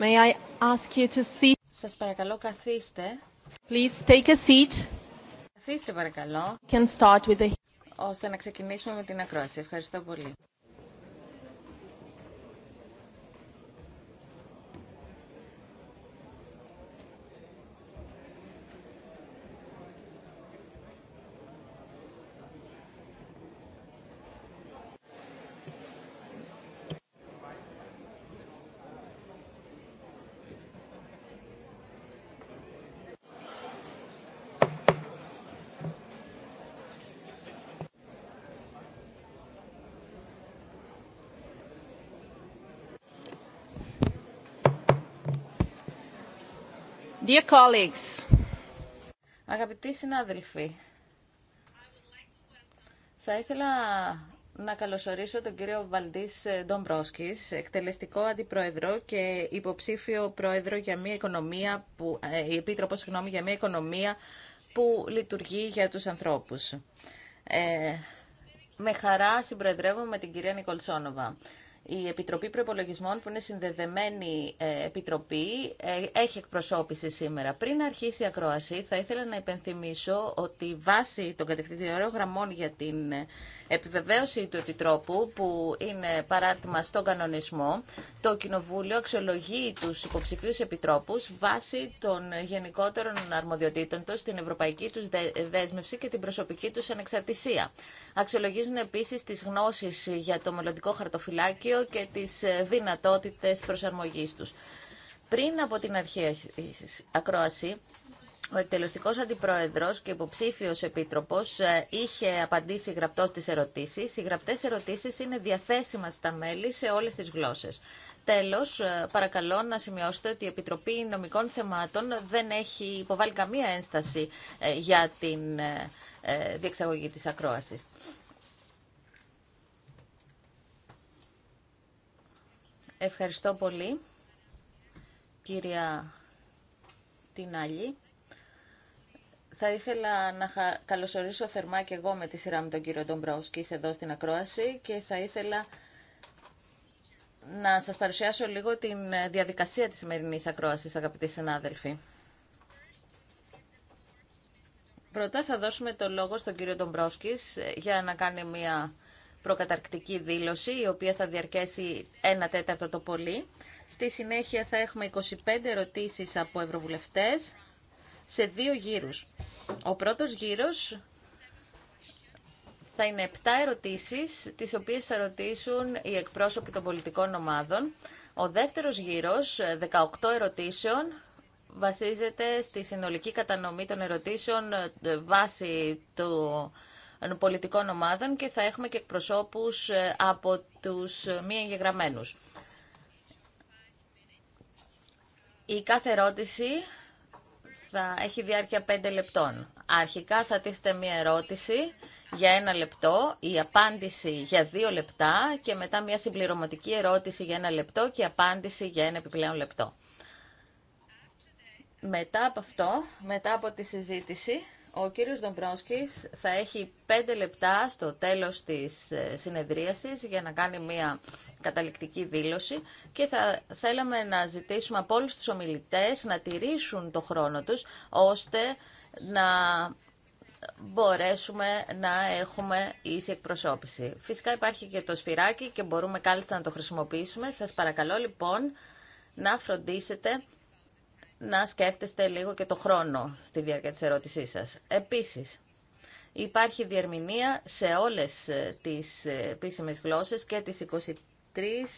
May I ask you to see... Σας παρακαλώ καθίστε. Please take a seat. Καθίστε παρακαλώ. Can start with the... ώστε να ξεκινήσουμε με την ακρόαση. Ευχαριστώ πολύ. Dear colleagues. Αγαπητοί συνάδελφοι, θα ήθελα να καλωσορίσω τον κύριο Βαλντής Ντομπρόσκης, εκτελεστικό αντιπρόεδρο και υποψήφιο πρόεδρο για μια οικονομία που, ε, επίτροπο, συγγνώμη, για μια οικονομία που λειτουργεί για τους ανθρώπους. Ε, με χαρά συμπροεδρεύω με την κυρία Νικολσόνοβα. Η Επιτροπή Προπολογισμών, που είναι συνδεδεμένη ε, επιτροπή, ε, έχει εκπροσώπηση σήμερα. Πριν αρχίσει η ακρόαση, θα ήθελα να υπενθυμίσω ότι βάσει των κατευθυντηριών γραμμών για την ε, επιβεβαίωση του Επιτρόπου, που είναι παράρτημα στον κανονισμό, το Κοινοβούλιο αξιολογεί του υποψηφίου επιτρόπου βάσει των γενικότερων αρμοδιοτήτων του, την ευρωπαϊκή του δέσμευση και την προσωπική του ανεξαρτησία. Αξιολογίζουν επίση τι γνώσει για το μελλοντικό χαρτοφυλάκιο και τις ε, δυνατότητες προσαρμογής τους. Πριν από την αρχή ακρόαση, ο εκτελεστικός αντιπρόεδρος και υποψήφιος επίτροπος ε, είχε απαντήσει γραπτό στις ερωτήσεις. Οι γραπτές ερωτήσεις είναι διαθέσιμα στα μέλη σε όλες τις γλώσσες. Τέλος, ε, παρακαλώ να σημειώσετε ότι η Επιτροπή Νομικών Θεμάτων δεν έχει υποβάλει καμία ένσταση για την διεξαγωγή της ακρόασης. Ευχαριστώ πολύ, κυρία Τινάλη. Θα ήθελα να καλωσορίσω θερμά και εγώ με τη σειρά μου τον κύριο Ντομπρόσκη εδώ στην Ακρόαση και θα ήθελα να σας παρουσιάσω λίγο την διαδικασία της σημερινής ακρόασης, αγαπητοί συνάδελφοι. Πρώτα θα δώσουμε το λόγο στον κύριο Ντομπρόσκης ε, για να κάνει μια προκαταρκτική δήλωση, η οποία θα διαρκέσει ένα τέταρτο το πολύ. Στη συνέχεια θα έχουμε 25 ερωτήσεις από ευρωβουλευτές σε δύο γύρους. Ο πρώτος γύρος θα είναι 7 ερωτήσεις, τις οποίες θα ρωτήσουν οι εκπρόσωποι των πολιτικών ομάδων. Ο δεύτερος γύρος, 18 ερωτήσεων, βασίζεται στη συνολική κατανομή των ερωτήσεων ε, βάσει του πολιτικών ομάδων και θα έχουμε και εκπροσώπους ε, από τους ε, μη εγγεγραμμένους. Η κάθε ερώτηση θα έχει διάρκεια πέντε λεπτών. Αρχικά θα τίθεται μία ερώτηση για ένα λεπτό, η απάντηση για δύο λεπτά και μετά μία συμπληρωματική ερώτηση για ένα λεπτό και απάντηση για ένα επιπλέον λεπτό. Μετά από αυτό, μετά από τη συζήτηση, ο κύριος Δομπρόσκης θα έχει πέντε λεπτά στο τέλος της ε, συνεδρίασης για να κάνει μια καταληκτική δήλωση και θα θέλαμε να ζητήσουμε από όλους τους ομιλητές να τηρήσουν το χρόνο τους ώστε να μπορέσουμε να έχουμε ίση εκπροσώπηση. Φυσικά υπάρχει και το σφυράκι και μπορούμε κάλλιστα να το χρησιμοποιήσουμε. Σας παρακαλώ λοιπόν να φροντίσετε να σκέφτεστε λίγο και το χρόνο στη διάρκεια της ερώτησής σας. Επίσης, υπάρχει διερμηνία σε όλες ε, τις ε, επίσημες γλώσσες και τις 23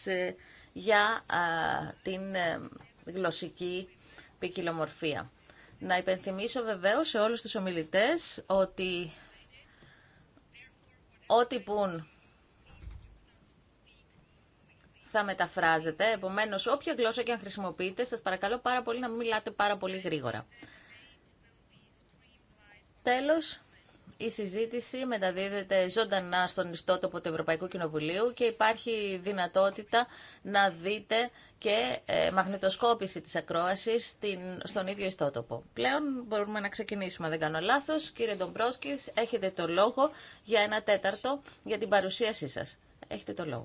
ε, για την γλωσσική ποικιλομορφία. Να υπενθυμίσω βεβαίως σε όλους τους ομιλητές ότι ό,τι πουν θα μεταφράζεται. επομένω, όποια γλώσσα και αν χρησιμοποιείτε, σας παρακαλώ πάρα πολύ να μην μιλάτε πάρα πολύ γρήγορα. Τέλος, η συζήτηση μεταδίδεται ζωντανά στον ιστότοπο του Ευρωπαϊκού Κοινοβουλίου και υπάρχει δυνατότητα να δείτε και ε, μαγνητοσκόπηση της ακρόασης στον ίδιο ιστότοπο. Πλέον μπορούμε να ξεκινήσουμε, δεν κάνω λάθος. Κύριε Ντομπρόσκη, έχετε το λόγο για ένα τέταρτο για την παρουσίασή σας. Έχετε το λόγο.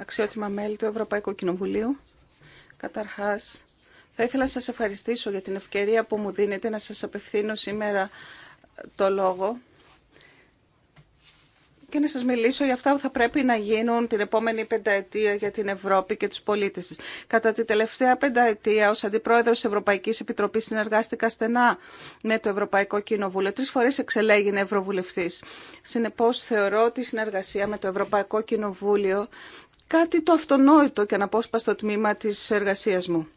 Αξιότιμα μέλη του Ευρωπαϊκού Κοινοβουλίου, καταρχάς θα ήθελα να σας ευχαριστήσω για την ευκαιρία που μου δίνετε να σας απευθύνω σήμερα το λόγο και να σας μιλήσω για αυτά που θα πρέπει να γίνουν την επόμενη πενταετία για την Ευρώπη και τους πολίτες της. Κατά τη τελευταία πενταετία, ως Αντιπρόεδρος της Ευρωπαϊκής Επιτροπής, συνεργάστηκα στενά με το Ευρωπαϊκό Κοινοβούλιο. Τρεις φορές εξελέγην Ευρωβουλευτής. Συνεπώς, θεωρώ τη συνεργασία με το Ευρωπαϊκό Κοινοβούλιο κάτι το αυτονόητο και αναπόσπαστο τμήμα της εργασίας μου.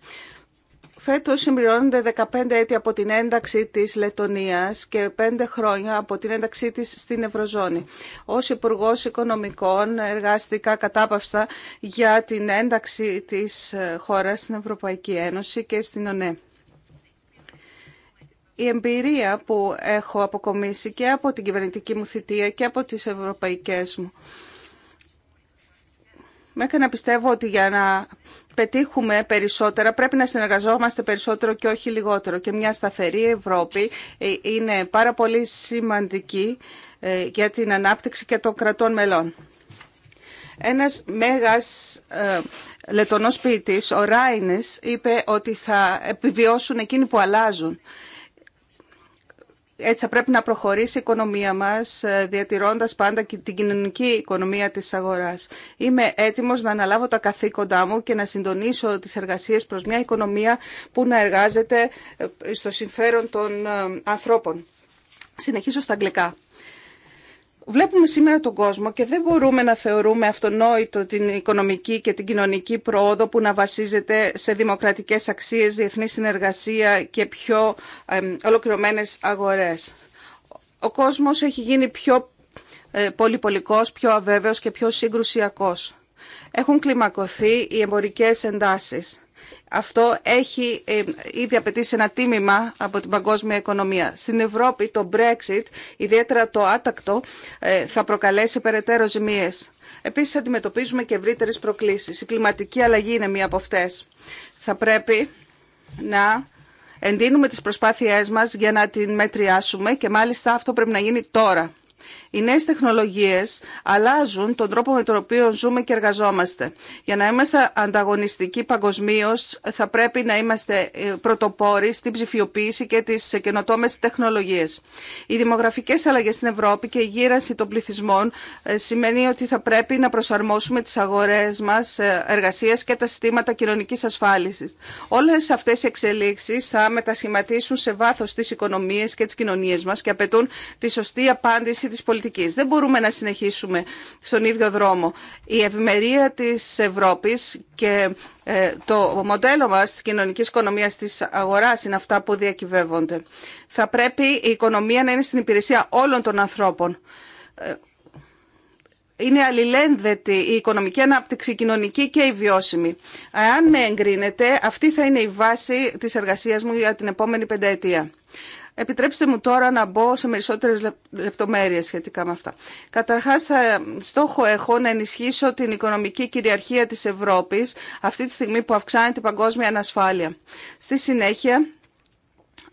Φέτος συμπληρώνονται 15 έτη από την ένταξη της Λετωνίας και 5 χρόνια από την ένταξή της στην Ευρωζώνη. Ως υπουργό Οικονομικών εργάστηκα κατάπαυστα για την ένταξη της ε, χώρας στην Ευρωπαϊκή Ένωση και στην ΟΝΕ. Η εμπειρία που έχω αποκομίσει και από την κυβερνητική μου θητεία και από τις ευρωπαϊκές μου με να πιστεύω ότι για να πετύχουμε περισσότερα, πρέπει να συνεργαζόμαστε περισσότερο και όχι λιγότερο. Και μια σταθερή Ευρώπη ε, είναι πάρα πολύ σημαντική ε, για την ανάπτυξη και των κρατών μελών. Ένας μέγας ε, λετωνός ποιητής, ο Ράινες, είπε ότι θα επιβιώσουν εκείνοι που αλλάζουν. Έτσι θα πρέπει να προχωρήσει η οικονομία μας, ε, διατηρώντας πάντα την κοινωνική οικονομία της αγοράς. Είμαι έτοιμος να αναλάβω τα καθήκοντά μου και να συντονίσω τις εργασίες προς μια οικονομία που να εργάζεται ε, στο συμφέρον των ε, ανθρώπων. Συνεχίζω στα αγγλικά. Βλέπουμε σήμερα τον κόσμο και δεν μπορούμε να θεωρούμε αυτονόητο την οικονομική και την κοινωνική πρόοδο που να βασίζεται σε δημοκρατικές αξίες, διεθνή συνεργασία και πιο ε, ολοκληρωμένες αγορές. Ο κόσμος έχει γίνει πιο ε, πολυπολικός, πιο αβέβαιος και πιο σύγκρουσιακός. Έχουν κλιμακωθεί οι εμπορικές εντάσεις. Αυτό έχει ε, ήδη απαιτήσει ένα τίμημα από την παγκόσμια οικονομία. Στην Ευρώπη το Brexit, ιδιαίτερα το άτακτο, ε, θα προκαλέσει περαιτέρω ζημίες. Επίσης αντιμετωπίζουμε και ευρύτερε προκλήσεις. Η κλιματική αλλαγή είναι μία από αυτές. Θα πρέπει να εντείνουμε τις προσπάθειές μας για να την μετριάσουμε και μάλιστα αυτό πρέπει να γίνει τώρα. Οι νέες τεχνολογίες αλλάζουν τον τρόπο με τον οποίο ζούμε και εργαζόμαστε. Για να είμαστε ανταγωνιστικοί παγκοσμίω, θα πρέπει να είμαστε ε, πρωτοπόροι στην ψηφιοποίηση και τις καινοτόμες τεχνολογίες. Οι δημογραφικές αλλαγές στην Ευρώπη και η γύραση των πληθυσμών ε, σημαίνει ότι θα πρέπει να προσαρμόσουμε τις αγορές μας ε, εργασίας και τα συστήματα κοινωνικής ασφάλισης. Όλες αυτές οι εξελίξεις θα μετασχηματίσουν σε βάθος τις οικονομίες και τις κοινωνίες μας και απαιτούν τη σωστή απάντηση της δεν μπορούμε να συνεχίσουμε στον ίδιο δρόμο. Η ευημερία της Ευρώπης και ε, το μοντέλο μας τη κοινωνική οικονομίας τη αγορά είναι αυτά που διακυβεύονται. Θα πρέπει η οικονομία να είναι στην υπηρεσία όλων των ανθρώπων. Ε, είναι αλληλένδετη η οικονομική ανάπτυξη, η κοινωνική και η βιώσιμη. Αν με εγκρίνετε, αυτή θα είναι η βάση της εργασίας μου για την επόμενη πενταετία. Επιτρέψτε μου τώρα να μπω σε περισσότερες λεπτομέρειες σχετικά με αυτά. Καταρχάς, θα, στόχο έχω να ενισχύσω την οικονομική κυριαρχία της Ευρώπης αυτή τη στιγμή που αυξάνεται η παγκόσμια ανασφάλεια. Στη συνέχεια,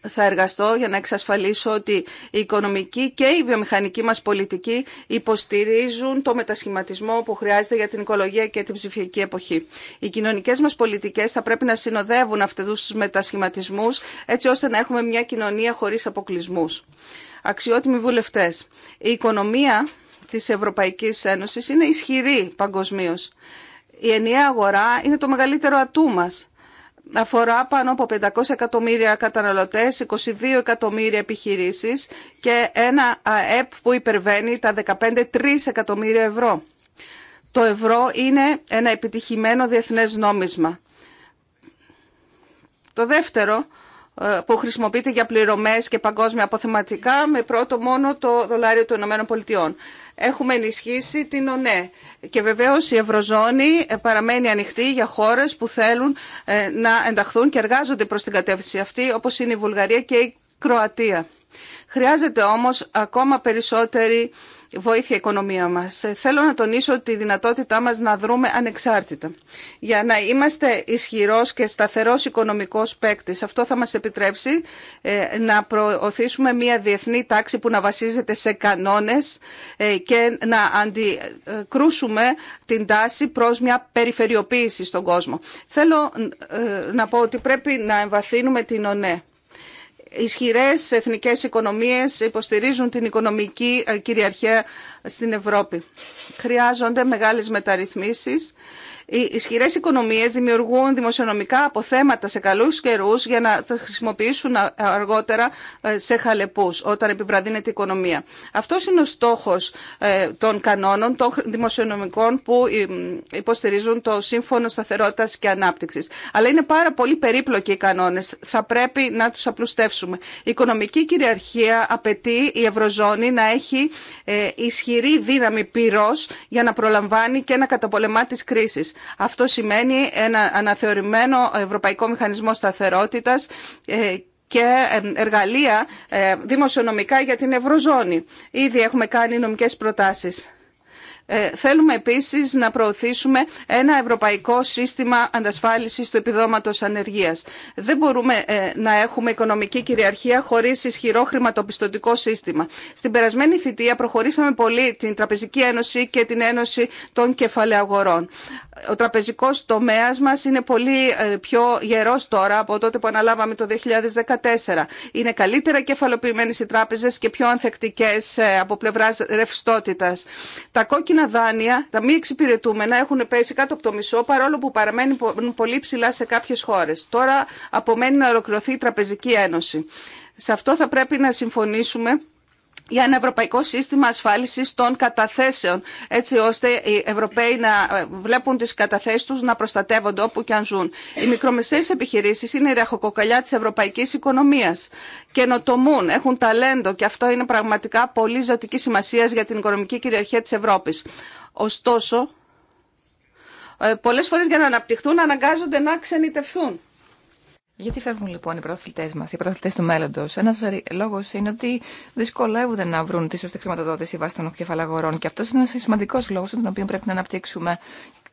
θα εργαστώ για να εξασφαλίσω ότι η οικονομική και η βιομηχανική μας πολιτική υποστηρίζουν το μετασχηματισμό που χρειάζεται για την οικολογία και την ψηφιακή εποχή. Οι κοινωνικές μας πολιτικές θα πρέπει να συνοδεύουν αυτούς τους μετασχηματισμούς έτσι ώστε να έχουμε μια κοινωνία χωρίς αποκλεισμούς. Αξιότιμοι βουλευτές, η οικονομία της Ευρωπαϊκής Ένωσης είναι ισχυρή παγκοσμίω. Η ενιαία αγορά είναι το μεγαλύτερο ατού μας αφορά πάνω από 500 εκατομμύρια καταναλωτές, 22 εκατομμύρια επιχειρήσεις και ένα ΑΕΠ που υπερβαίνει τα 15-3 εκατομμύρια ευρώ. Το ευρώ είναι ένα επιτυχημένο διεθνές νόμισμα. Το δεύτερο ε, που χρησιμοποιείται για πληρωμές και παγκόσμια αποθεματικά με πρώτο μόνο το δολάριο των Ηνωμένων Πολιτειών. Έχουμε ενισχύσει την ΟΝΕ και βεβαίως η Ευρωζώνη ε, παραμένει ανοιχτή για χώρες που θέλουν ε, να ενταχθούν και εργάζονται προς την κατεύθυνση αυτή όπως είναι η Βουλγαρία και η Κροατία. Χρειάζεται όμως ακόμα περισσότερη βοήθεια η οικονομία μας. Θέλω να τονίσω τη δυνατότητά μας να δρούμε ανεξάρτητα. Για να είμαστε ισχυρός και σταθερός οικονομικός παίκτη. Αυτό θα μας επιτρέψει ε, να προωθήσουμε μια διεθνή τάξη που να βασίζεται σε κανόνες ε, και να αντικρούσουμε την τάση προς μια περιφερειοποίηση στον κόσμο. Θέλω ε, να πω ότι πρέπει να εμβαθύνουμε την ΟΝΕ ισχυρές εθνικές οικονομίες υποστηρίζουν την οικονομική ε, κυριαρχία στην Ευρώπη. Χρειάζονται μεγάλες μεταρρυθμίσεις οι ισχυρέ οικονομίε δημιουργούν δημοσιονομικά αποθέματα σε καλού καιρού για να τα χρησιμοποιήσουν αργότερα ε, σε χαλεπού όταν επιβραδύνεται η οικονομία. Αυτό είναι ο στόχο ε, των κανόνων, των δημοσιονομικών που ε, υποστηρίζουν το Σύμφωνο σταθερότητα και ανάπτυξη. Αλλά είναι πάρα πολύ περίπλοκοι οι κανόνε, Θα πρέπει να του απλουστεύσουμε. Η οικονομική κυριαρχία απαιτεί η Ευρωζώνη να έχει ισχυρή δύναμη πυρός για να προλαμβάνει και να καταπολεμά τι κρίσει. Αυτό σημαίνει ένα αναθεωρημένο Ευρωπαϊκό Μηχανισμό Σταθερότητας ε, και ε, εργαλεία ε, δημοσιονομικά για την Ευρωζώνη. Ήδη έχουμε κάνει νομικές προτάσεις. Ε, θέλουμε επίσης να προωθήσουμε ένα ευρωπαϊκό σύστημα αντασφάλισης του επιδόματος ανεργίας. Δεν μπορούμε ε, να έχουμε οικονομική κυριαρχία χωρίς ισχυρό χρηματοπιστωτικό σύστημα. Στην περασμένη θητεία προχωρήσαμε πολύ την Τραπεζική Ένωση και την Ένωση των Κεφαλαιαγορών. Ο τραπεζικός τομέας μας είναι πολύ ε, πιο γερός τώρα από τότε που αναλάβαμε το 2014. Είναι καλύτερα κεφαλοποιημένες οι τράπεζες και πιο ανθεκτικές από πλευράς ρευστότητας. Τα ταπεινά δάνεια, τα μη εξυπηρετούμενα έχουν πέσει κάτω από το μισό παρόλο που παραμένουν πολύ ψηλά σε κάποιες χώρες. Τώρα απομένει να ολοκληρωθεί η Τραπεζική Ένωση. Σε αυτό θα πρέπει να συμφωνήσουμε για ένα ευρωπαϊκό σύστημα ασφάλισης των καταθέσεων, έτσι ώστε οι Ευρωπαίοι να ε, βλέπουν τις καταθέσεις τους να προστατεύονται όπου και αν ζουν. Οι μικρομεσαίες επιχειρήσεις είναι η ραχοκοκαλιά της ευρωπαϊκής οικονομίας. Καινοτομούν, έχουν ταλέντο και αυτό είναι πραγματικά πολύ ζωτική σημασία για την οικονομική κυριαρχία της Ευρώπης. Ωστόσο, ε, πολλές φορές για να αναπτυχθούν αναγκάζονται να ξενιτευθούν. Γιατί φεύγουν λοιπόν οι πρωταθλητέ μα, οι πρωταθλητέ του μέλλοντο. Ένα λόγο είναι ότι δυσκολεύονται να βρουν τη σωστή χρηματοδότηση βάσει των κεφαλαγορών. Και αυτό είναι ένα σημαντικό λόγο, τον οποίο πρέπει να αναπτύξουμε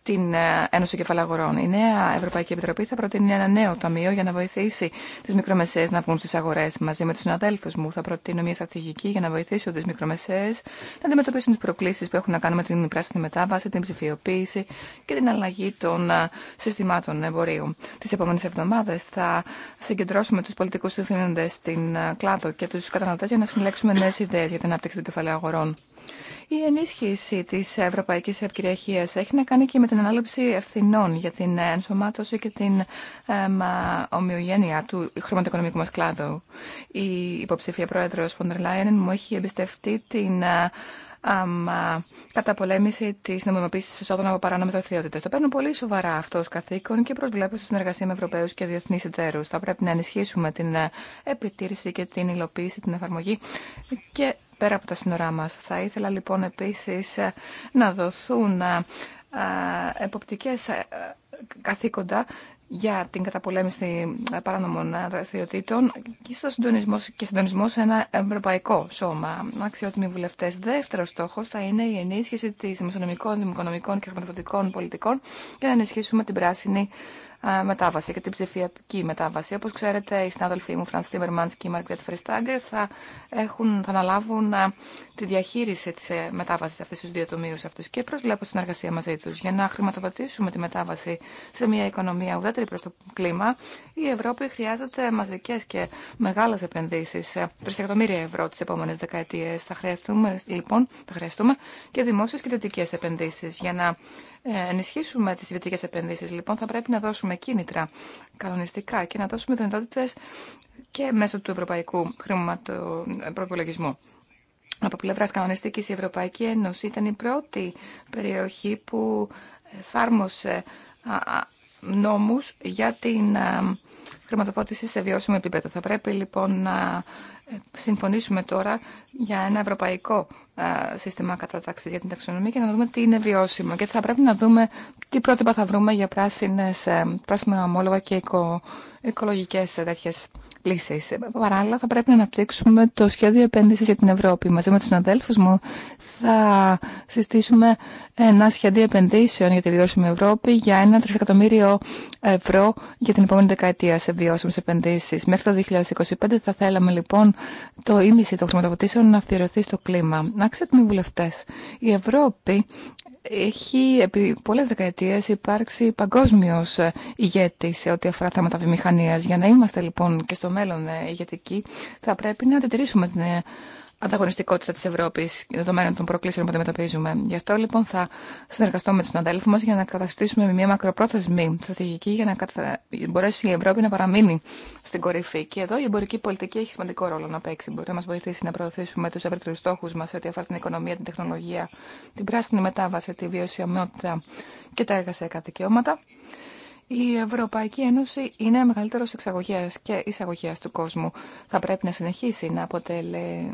την ε, Ένωση Κεφαλαγορών. Η νέα Ευρωπαϊκή Επιτροπή θα προτείνει ένα νέο ταμείο για να βοηθήσει τι μικρομεσαίε να βγουν στι αγορέ. Μαζί με του συναδέλφου μου θα προτείνω μια στρατηγική για να βοηθήσω τι μικρομεσαίε να αντιμετωπίσουν τι προκλήσει που έχουν να κάνουν με την πράσινη μετάβαση, την ψηφιοποίηση και την αλλαγή των ε, συστημάτων εμπορίου. Τι επόμενε εβδομάδε θα συγκεντρώσουμε του πολιτικού διευθύνοντε στην ε, κλάδο και του καταναλωτέ για να συλλέξουμε νέε ιδέε για την ανάπτυξη των κεφαλαίων η ενίσχυση τη ευρωπαϊκή ευκυριαρχία έχει να κάνει και με την ανάληψη ευθυνών για την ενσωμάτωση και την ομοιογένεια του χρηματοοικονομικού μα κλάδου. Η υποψήφια πρόεδρο Φοντερ Λάιεν μου έχει εμπιστευτεί την καταπολέμηση τη νομιμοποίηση εσόδων από παράνομε δραστηριότητε. Το παίρνω πολύ σοβαρά αυτό ω καθήκον και προσβλέπω στη συνεργασία με Ευρωπαίου και διεθνεί εταίρου. Θα πρέπει να ενισχύσουμε την ε, επιτήρηση και την υλοποίηση, την εφαρμογή και πέρα από τα σύνορά μας. Θα ήθελα λοιπόν επίσης ε, να δοθούν ε, ε, εποπτικές καθήκοντα για την καταπολέμηση παράνομων δραστηριοτήτων και στο συντονισμό και συντονισμό σε ένα ευρωπαϊκό σώμα. Αξιότιμοι βουλευτέ. Δεύτερο στόχο θα είναι η ενίσχυση τη δημοσιονομικών, δημοκονομικών και χρηματοδοτικών πολιτικών για να ενισχύσουμε την πράσινη ε, μετάβαση και την ψηφιακή μετάβαση. Όπως ξέρετε, οι συνάδελφοί μου, Φρανς Τίμερμαντς και η Μαργκρέτ Φριστάγκερ, θα, έχουν, θα αναλάβουν ε, τη διαχείριση της ε, μετάβασης αυτής του δύο τομείους αυτούς και προσβλέπω συνεργασία μαζί του. Για να χρηματοδοτήσουμε τη μετάβαση σε μια οικονομία ουδέτερη προς το κλίμα, η Ευρώπη χρειάζεται μαζικές και μεγάλες επενδύσεις, τρισεκατομμύρια ευρώ τι επόμενε δεκαετίες. Θα χρειαστούμε, λοιπόν, θα χρειαστούμε και δημόσιες και δυτικέ επενδύσεις. Για να ενισχύσουμε τις δυτικές επενδύσεις, λοιπόν, θα πρέπει να δώσουμε κίνητρα κανονιστικά και να δώσουμε δυνατότητε και μέσω του ευρωπαϊκού προπολογισμού. Από πλευρά κανονιστική, η Ευρωπαϊκή Ένωση ήταν η πρώτη περιοχή που εφάρμοσε νόμους για την χρηματοδότηση σε βιώσιμο επίπεδο. Θα πρέπει λοιπόν να συμφωνήσουμε τώρα για ένα ευρωπαϊκό σύστημα κατάταξη για την ταξινομία και να δούμε τι είναι βιώσιμο. Και θα πρέπει να δούμε τι πρότυπα θα βρούμε για πράσινες, ε, πράσινα ομόλογα και οικολογικέ οικολογικές πλήσει. Παράλληλα θα πρέπει να αναπτύξουμε το σχέδιο επένδυση για την Ευρώπη. Μαζί με του συναδέλφου μου θα συστήσουμε ένα σχέδιο επενδύσεων για τη βιώσιμη Ευρώπη για ένα τρισεκατομμύριο ευρώ για την επόμενη δεκαετία σε βιώσιμε επενδύσει. Μέχρι το 2025 θα θέλαμε λοιπόν το ίμιση των χρηματοδοτήσεων να αφιερωθεί στο κλίμα. Να ξέρετε βουλευτέ. η Ευρώπη έχει επί πολλές δεκαετίες υπάρξει παγκόσμιος ηγέτης σε ό,τι αφορά θέματα βιομηχανίας. Για να είμαστε λοιπόν και στο μέλλον ε, ηγετικοί θα πρέπει να αντιτηρήσουμε την ε, ανταγωνιστικότητα τη Ευρώπη δεδομένων των προκλήσεων που αντιμετωπίζουμε. Γι' αυτό λοιπόν θα συνεργαστώ με του συναδέλφου μα για να καταστήσουμε μια μακροπρόθεσμη στρατηγική για να κατα... μπορέσει η Ευρώπη να παραμείνει στην κορυφή. Και εδώ η εμπορική πολιτική έχει σημαντικό ρόλο να παίξει. Μπορεί να μα βοηθήσει να προωθήσουμε του ευρύτερου στόχου μα σε ό,τι αφορά την οικονομία, την τεχνολογία, την πράσινη μετάβαση, τη βιωσιμότητα και τα εργασιακά δικαιώματα. Η Ευρωπαϊκή Ένωση είναι μεγαλύτερο εξαγωγέας και εισαγωγέας του κόσμου. Θα πρέπει να συνεχίσει να αποτελεί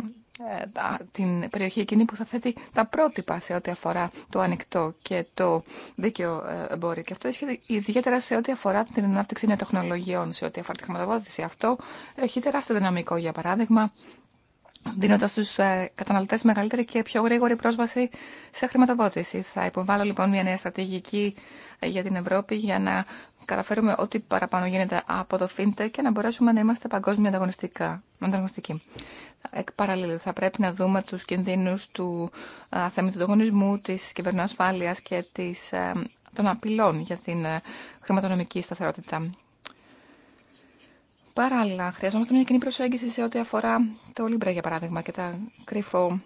ε, την περιοχή εκείνη που θα θέτει τα πρότυπα σε ό,τι αφορά το ανοιχτό και το δίκαιο ε, εμπόριο. Και αυτό ισχύει ιδιαίτερα σε ό,τι αφορά την ανάπτυξη νέων τεχνολογιών, σε ό,τι αφορά τη χρηματοδότηση. Αυτό έχει τεράστιο δυναμικό, για παράδειγμα, δίνοντα στου ε, καταναλωτέ μεγαλύτερη και πιο γρήγορη πρόσβαση σε χρηματοδότηση. Θα υποβάλω λοιπόν μια νέα στρατηγική για την Ευρώπη για να καταφέρουμε ό,τι παραπάνω γίνεται από το fintech και να μπορέσουμε να είμαστε παγκόσμια ανταγωνιστικά, ανταγωνιστικοί. Εκ θα πρέπει να δούμε τους κινδύνους του θέματο του ανταγωνισμού, της και της, ε, των απειλών για την ε, χρηματονομική σταθερότητα. Παράλληλα, χρειαζόμαστε μια κοινή προσέγγιση σε ό,τι αφορά το Libra, για παράδειγμα, και τα κρυφό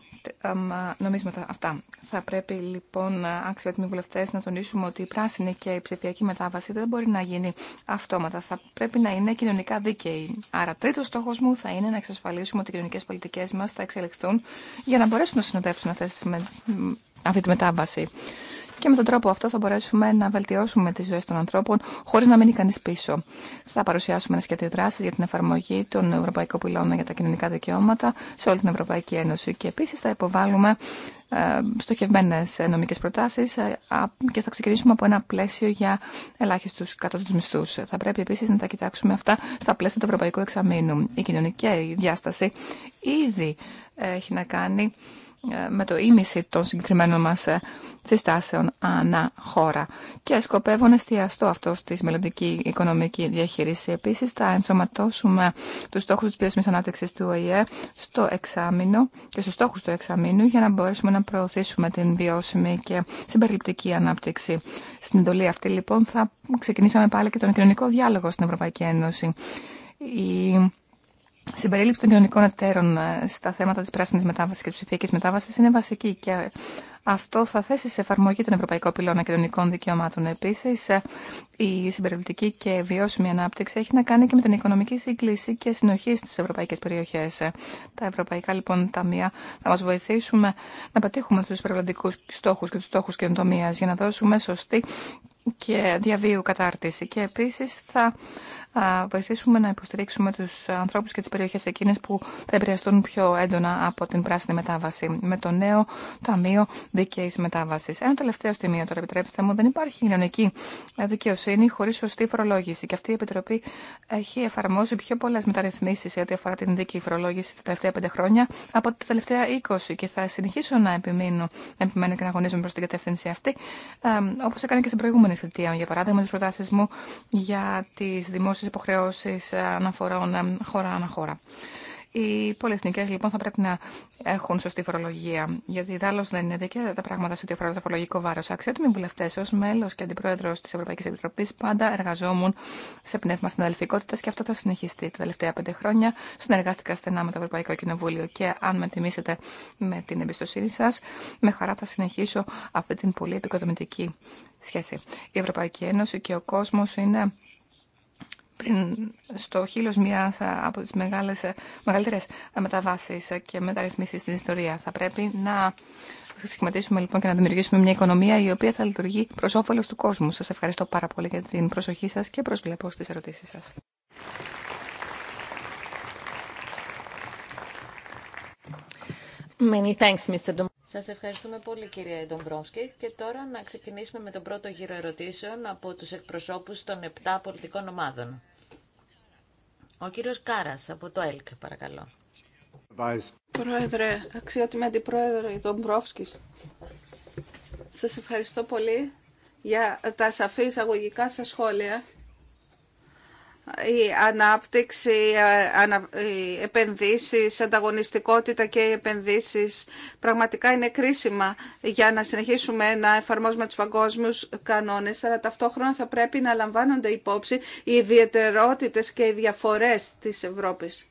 νομίσματα αυτά. Θα πρέπει λοιπόν, αξιότιμοι βουλευτέ, να τονίσουμε ότι η πράσινη και η ψηφιακή μετάβαση δεν μπορεί να γίνει αυτόματα. Θα πρέπει να είναι κοινωνικά δίκαιη. Άρα, τρίτο στόχο μου θα είναι να εξασφαλίσουμε ότι οι κοινωνικέ πολιτικέ μα θα εξελιχθούν για να μπορέσουν να συνοδεύσουν αυτή τη μετάβαση. Και με τον τρόπο αυτό θα μπορέσουμε να βελτιώσουμε τι ζωέ των ανθρώπων χωρί να μείνει κανεί πίσω. Θα παρουσιάσουμε ένα σχέδιο δράση για την εφαρμογή των Ευρωπαϊκών Πυλών για τα κοινωνικά δικαιώματα σε όλη την Ευρωπαϊκή Ένωση. Και επίση θα υποβάλουμε ε, στοχευμένε ε, νομικέ προτάσει ε, και θα ξεκινήσουμε από ένα πλαίσιο για ελάχιστου κατώτατου μισθού. Θα πρέπει επίση να τα κοιτάξουμε αυτά στα πλαίσια του Ευρωπαϊκού Εξαμήνου. Η κοινωνική διάσταση ήδη έχει να κάνει με το ίμιση των συγκεκριμένων μας συστάσεων ανά χώρα. Και σκοπεύω να εστιαστώ αυτό στη μελλοντική οικονομική διαχείριση. Επίση, θα ενσωματώσουμε του στόχου τη βιώσιμη ανάπτυξη του ΟΗΕ στο εξάμεινο και στου στόχου του εξαμήνου για να μπορέσουμε να προωθήσουμε την βιώσιμη και συμπεριληπτική ανάπτυξη. Στην εντολή αυτή, λοιπόν, θα ξεκινήσαμε πάλι και τον κοινωνικό διάλογο στην Ευρωπαϊκή Ένωση. Η συμπερίληψη των κοινωνικών εταίρων ε, στα θέματα τη πράσινη μετάβασης και τη ψηφιακή μετάβασης είναι βασική και αυτό θα θέσει σε εφαρμογή τον Ευρωπαϊκό Πυλώνα Κοινωνικών Δικαιωμάτων. Επίση, ε, η συμπεριληπτική και βιώσιμη ανάπτυξη έχει να κάνει και με την οικονομική σύγκληση και συνοχή στι ευρωπαϊκέ περιοχέ. Ε, τα ευρωπαϊκά λοιπόν ταμεία θα μα βοηθήσουν να πετύχουμε του περιβαλλοντικού στόχου και του στόχου καινοτομία για να δώσουμε σωστή και διαβίου κατάρτιση. Και επίση θα βοηθήσουμε να υποστηρίξουμε του ανθρώπου και τι περιοχέ εκείνε που θα επηρεαστούν πιο έντονα από την πράσινη μετάβαση με το νέο Ταμείο δίκαιη Μετάβαση. Ένα τελευταίο στιγμή, τώρα, επιτρέψτε μου, δεν υπάρχει κοινωνική δικαιοσύνη χωρί σωστή φορολόγηση και αυτή η Επιτροπή έχει εφαρμόσει πιο πολλέ μεταρρυθμίσει σε ό,τι αφορά την δίκαιη φορολόγηση τα τελευταία πέντε χρόνια από τα τελευταία 20 και θα συνεχίσω να επιμείνω, να επιμένω και να αγωνίζομαι προ την κατεύθυνση αυτή, ε, όπω έκανα και στην προηγούμενη θητεία, για παράδειγμα, τι προτάσει μου για τι δημόσιε τις υποχρεώσεις ε, αναφορών ε, χώρα ανά χώρα. Οι πολυεθνικές λοιπόν θα πρέπει να έχουν σωστή φορολογία, γιατί δάλλω δεν είναι δίκαια τα πράγματα σε ό,τι αφορά το φορολογικό βάρο. Αξιότιμοι βουλευτέ, ω μέλο και αντιπρόεδρο τη Ευρωπαϊκή Επιτροπή, πάντα εργαζόμουν σε πνεύμα συναδελφικότητα και αυτό θα συνεχιστεί. Τα τελευταία πέντε χρόνια συνεργάστηκα στενά με το Ευρωπαϊκό Κοινοβούλιο και αν με τιμήσετε με την εμπιστοσύνη σα, με χαρά θα συνεχίσω αυτή την πολύ επικοδομητική σχέση. Η Ευρωπαϊκή Ένωση και ο κόσμο είναι πριν στο χείλο μία από τι ε, μεγαλύτερε μεταβάσει και μεταρρυθμίσεις στην ιστορία. Θα πρέπει να σχηματίσουμε λοιπόν και να δημιουργήσουμε μια οικονομία η οποία θα λειτουργεί προ όφελο του κόσμου. Σας ευχαριστώ πάρα πολύ για την προσοχή σας και προσβλέπω στι ερωτήσει σα. Many thanks, Mr. Σας ευχαριστούμε πολύ κυρία Ντομπρόσκη και τώρα να ξεκινήσουμε με τον πρώτο γύρο ερωτήσεων από τους εκπροσώπους των 7 πολιτικών ομάδων. Ο κύριος Κάρας από το ΕΛΚ παρακαλώ. Πρόεδρε, αξιότιμη αντιπρόεδρε Ντομπρόμσκης, σας ευχαριστώ πολύ για τα σαφή εισαγωγικά σας σχόλια η ανάπτυξη, ε, οι επενδύσεις, ανταγωνιστικότητα και οι επενδύσεις πραγματικά είναι κρίσιμα για να συνεχίσουμε να εφαρμόζουμε τους παγκόσμιους κανόνες, αλλά ταυτόχρονα θα πρέπει να λαμβάνονται υπόψη οι ιδιαιτερότητες και οι διαφορές της Ευρώπης.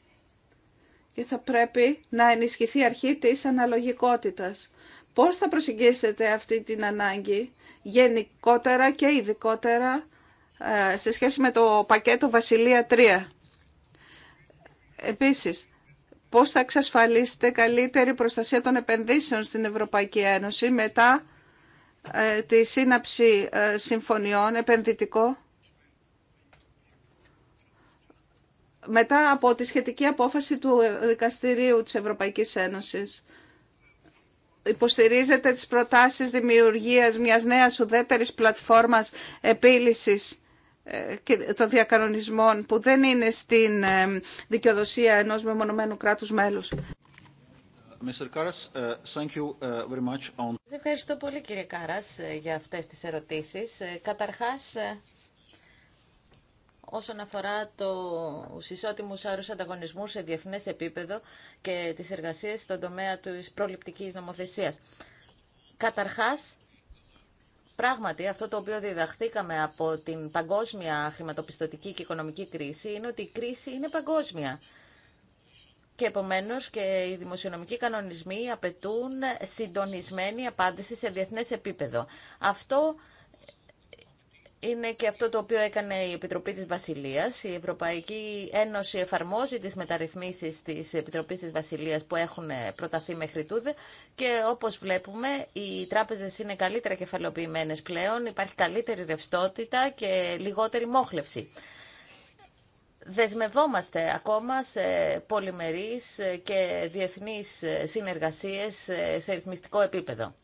Και θα πρέπει να ενισχυθεί η αρχή της αναλογικότητας. Πώς θα προσεγγίσετε αυτή την ανάγκη γενικότερα και ειδικότερα ε, σε σχέση με το πακέτο Βασιλεία 3. Επίσης, πώς θα εξασφαλίσετε καλύτερη προστασία των επενδύσεων στην Ευρωπαϊκή Ένωση μετά ε, τη σύναψη ε, συμφωνιών επενδυτικό μετά από τη σχετική απόφαση του Δικαστηρίου της Ευρωπαϊκής Ένωσης. Υποστηρίζετε τις προτάσεις δημιουργίας μιας νέας ουδέτερης πλατφόρμας επίλυσης ε, και των διακανονισμών που δεν είναι στην ε, δικαιοδοσία ενός μεμονωμένου κράτους μέλους. Mr. Karas, ε, thank you very much on... Σας ευχαριστώ πολύ κύριε Κάρας για αυτές τις ερωτήσεις. Καταρχάς, όσον αφορά το ισότιμους άρους ανταγωνισμού σε διεθνές επίπεδο και τις εργασίες στον τομέα της προληπτικής νομοθεσίας. Καταρχάς, Πράγματι, αυτό το οποίο διδαχθήκαμε από την παγκόσμια χρηματοπιστωτική και οικονομική κρίση είναι ότι η κρίση είναι παγκόσμια. Και επομένω και οι δημοσιονομικοί κανονισμοί απαιτούν συντονισμένη απάντηση σε διεθνέ επίπεδο. Αυτό είναι και αυτό το οποίο έκανε η Επιτροπή της Βασιλείας. Η Ευρωπαϊκή Ένωση εφαρμόζει τις μεταρρυθμίσεις της Επιτροπής της Βασιλείας που έχουν προταθεί μέχρι τούδε και όπως βλέπουμε οι τράπεζες είναι καλύτερα κεφαλοποιημένες πλέον, υπάρχει καλύτερη ρευστότητα και λιγότερη μόχλευση. Δεσμευόμαστε ακόμα σε πολυμερείς και διεθνείς συνεργασίες σε ρυθμιστικό επίπεδο.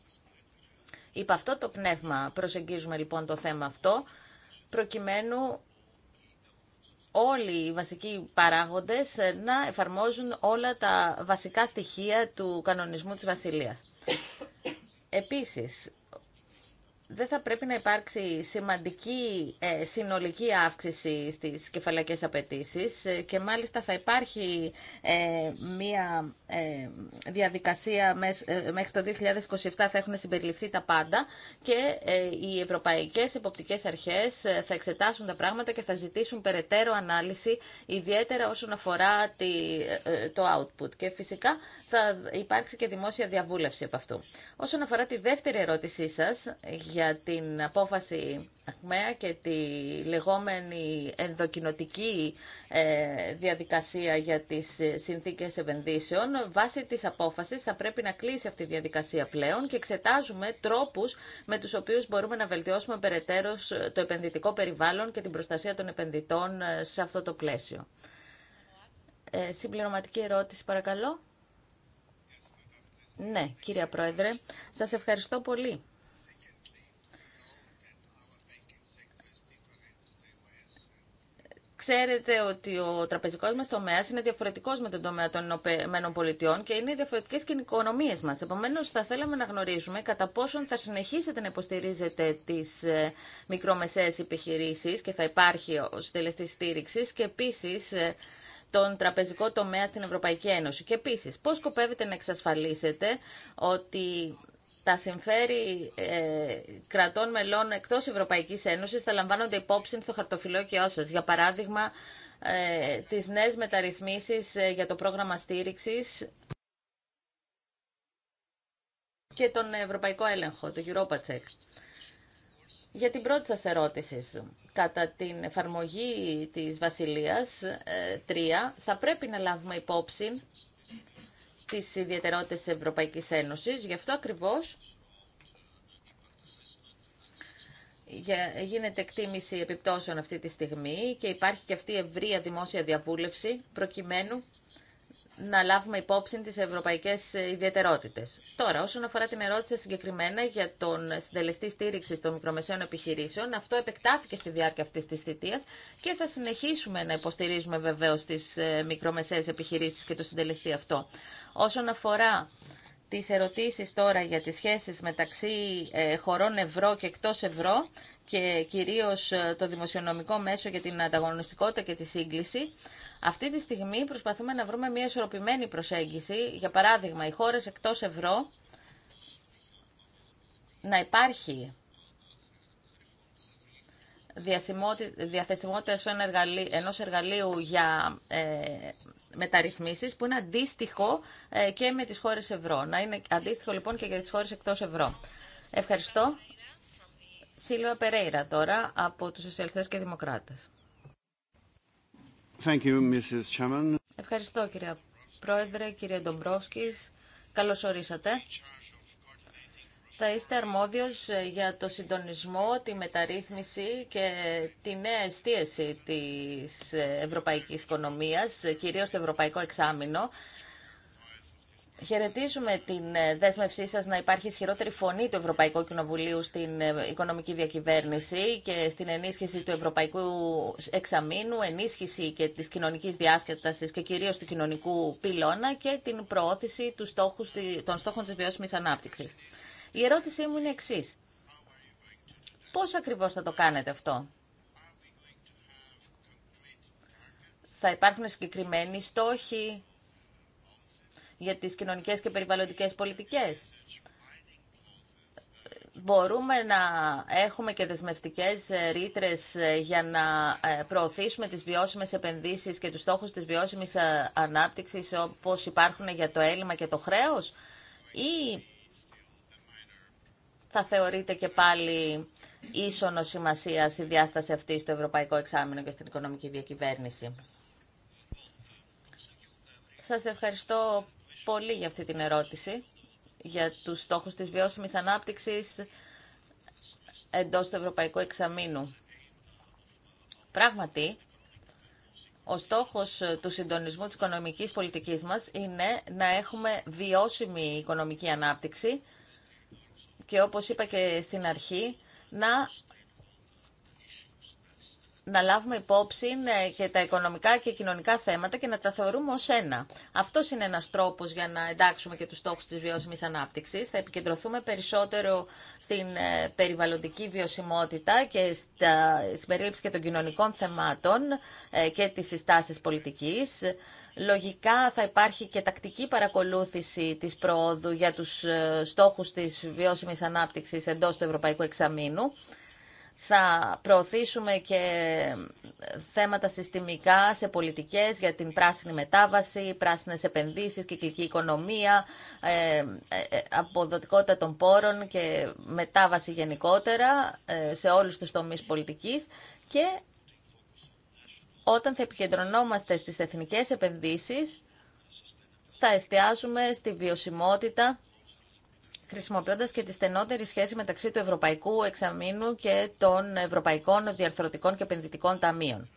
Υπ' αυτό το πνεύμα προσεγγίζουμε λοιπόν το θέμα αυτό, προκειμένου όλοι οι βασικοί παράγοντες να εφαρμόζουν όλα τα βασικά στοιχεία του κανονισμού της Βασιλείας. Επίσης, δεν θα πρέπει να υπάρξει σημαντική ε, συνολική αύξηση στις κεφαλακές απαιτήσει ε, και μάλιστα θα υπάρχει ε, μία διαδικασία μέχρι το 2027 θα έχουν συμπεριληφθεί τα πάντα και οι ευρωπαϊκές εποπτικές αρχές θα εξετάσουν τα πράγματα και θα ζητήσουν περαιτέρω ανάλυση ιδιαίτερα όσον αφορά το output και φυσικά θα υπάρξει και δημόσια διαβούλευση από αυτού. Όσον αφορά τη δεύτερη ερώτησή σας για την απόφαση ΑΚΜΕΑ και τη λεγόμενη ενδοκινοτική ε, διαδικασία για τις συνθήκες επενδύσεων. Βάσει της απόφασης θα πρέπει να κλείσει αυτή η διαδικασία πλέον και εξετάζουμε τρόπους με τους οποίους μπορούμε να βελτιώσουμε περαιτέρω το επενδυτικό περιβάλλον και την προστασία των επενδυτών ε, σε αυτό το πλαίσιο. Ε, συμπληρωματική ερώτηση παρακαλώ. Ναι, κύριε Πρόεδρε, σας ευχαριστώ πολύ. Ξέρετε ότι ο τραπεζικό μα τομέα είναι διαφορετικό με τον τομέα των ΗΠΑ και είναι διαφορετικέ και οι οικονομίε μα. Επομένω, θα θέλαμε να γνωρίζουμε κατά πόσον θα συνεχίσετε να υποστηρίζετε τι ε, μικρομεσαίε επιχειρήσει και θα υπάρχει ω τελεστή στήριξη και επίση ε, τον τραπεζικό τομέα στην Ευρωπαϊκή Ένωση. Και επίση, πώ σκοπεύετε να εξασφαλίσετε ότι τα συμφέρει ε, κρατών μελών εκτός Ευρωπαϊκής Ένωσης θα λαμβάνονται υπόψη στο και σας. Για παράδειγμα, ε, τις νέες μεταρρυθμίσεις ε, για το πρόγραμμα στήριξης και τον Ευρωπαϊκό Έλεγχο, το Europa Για την πρώτη σας ερώτηση, κατά την εφαρμογή της Βασιλείας 3, θα πρέπει να λάβουμε υπόψη τις ιδιαιτερότητες της Ευρωπαϊκής Ένωσης. Γι' αυτό ακριβώς γίνεται εκτίμηση επιπτώσεων αυτή τη στιγμή και υπάρχει και αυτή η ευρεία δημόσια διαβούλευση προκειμένου να λάβουμε υπόψη τις ευρωπαϊκές ιδιαιτερότητες. Τώρα, όσον αφορά την ερώτηση συγκεκριμένα για τον συντελεστή στήριξη των μικρομεσαίων επιχειρήσεων, αυτό επεκτάθηκε στη διάρκεια αυτής της θητείας και θα συνεχίσουμε να υποστηρίζουμε βεβαίως τις ε, μικρομεσαίες επιχειρήσεις και το συντελεστή αυτό. Όσον αφορά τις ερωτήσεις τώρα για τις σχέσεις μεταξύ ε, χωρών ευρώ και εκτός ευρώ και κυρίως ε, το δημοσιονομικό μέσο για την ανταγωνιστικότητα και τη σύγκληση. Αυτή τη στιγμή προσπαθούμε να βρούμε μια ισορροπημένη προσέγγιση. Για παράδειγμα, οι χώρες εκτός ευρώ να υπάρχει διαθεσιμότητα ενός εργαλείου για ε, που είναι αντίστοιχο ε, και με τις χώρες ευρώ. Να είναι αντίστοιχο λοιπόν και για τις χώρες εκτός ευρώ. Ευχαριστώ. Σίλβα Περέιρα τώρα από τους Σοσιαλιστές και Δημοκράτες. Ευχαριστώ κύριε Πρόεδρε, κύριε Ντομπρόσκης. Καλώς ορίσατε θα είστε αρμόδιος ε, για το συντονισμό, τη μεταρρύθμιση και τη νέα εστίαση της ε, ευρωπαϊκής οικονομίας, ε, κυρίως το ευρωπαϊκό εξάμεινο. Χαιρετίζουμε την δέσμευσή σας να υπάρχει ισχυρότερη φωνή του Ευρωπαϊκού Κοινοβουλίου στην οικονομική διακυβέρνηση και στην ενίσχυση του Ευρωπαϊκού Εξαμήνου, ενίσχυση και της κοινωνικής διάσκετασης και κυρίως του κοινωνικού πυλώνα και την προώθηση των στόχων της βιώσιμης ανάπτυξης. Η ερώτησή μου είναι εξή. Πώς ακριβώς θα το κάνετε αυτό. Θα υπάρχουν συγκεκριμένοι στόχοι για τις κοινωνικές και περιβαλλοντικές πολιτικές. Μπορούμε να έχουμε και δεσμευτικές ρήτρε για να ε, προωθήσουμε τις βιώσιμες επενδύσεις και τους στόχους της βιώσιμης ε, ανάπτυξης όπως υπάρχουν για το έλλειμμα και το χρέος ή θα θεωρείται και πάλι ίσονο σημασία η διάσταση αυτή στο Ευρωπαϊκό Εξάμεινο και στην οικονομική διακυβέρνηση. Σας ευχαριστώ πολύ για αυτή την ερώτηση, για τους στόχους της βιώσιμης ανάπτυξης εντός του Ευρωπαϊκού Εξαμήνου. Πράγματι, ο στόχος του συντονισμού της οικονομικής πολιτικής μας είναι να έχουμε βιώσιμη οικονομική ανάπτυξη, και όπως είπα και στην αρχή να να λάβουμε υπόψη ε, και τα οικονομικά και κοινωνικά θέματα και να τα θεωρούμε ως ένα. Αυτό είναι ένας τρόπος για να εντάξουμε και τους στόχους της βιώσιμης ανάπτυξης. Θα επικεντρωθούμε περισσότερο στην ε, περιβαλλοντική βιωσιμότητα και στην περίληψη και των κοινωνικών θεμάτων ε, και τις συστάσεις πολιτικής. Λογικά θα υπάρχει και τακτική παρακολούθηση της προόδου για τους στόχους της βιώσιμης ανάπτυξης εντός του Ευρωπαϊκού Εξαμήνου θα προωθήσουμε και θέματα συστημικά σε πολιτικές για την πράσινη μετάβαση, πράσινες επενδύσεις, κυκλική οικονομία, ε, ε, ε, αποδοτικότητα των πόρων και μετάβαση γενικότερα σε όλους τους τομείς πολιτικής και όταν θα επικεντρωνόμαστε στις εθνικές επενδύσεις θα εστιάζουμε στη βιωσιμότητα Χρησιμοποιώντα και τη στενότερη σχέση μεταξύ του Ευρωπαϊκού Εξαμήνου και των Ευρωπαϊκών Διαρθρωτικών και Επενδυτικών Ταμείων.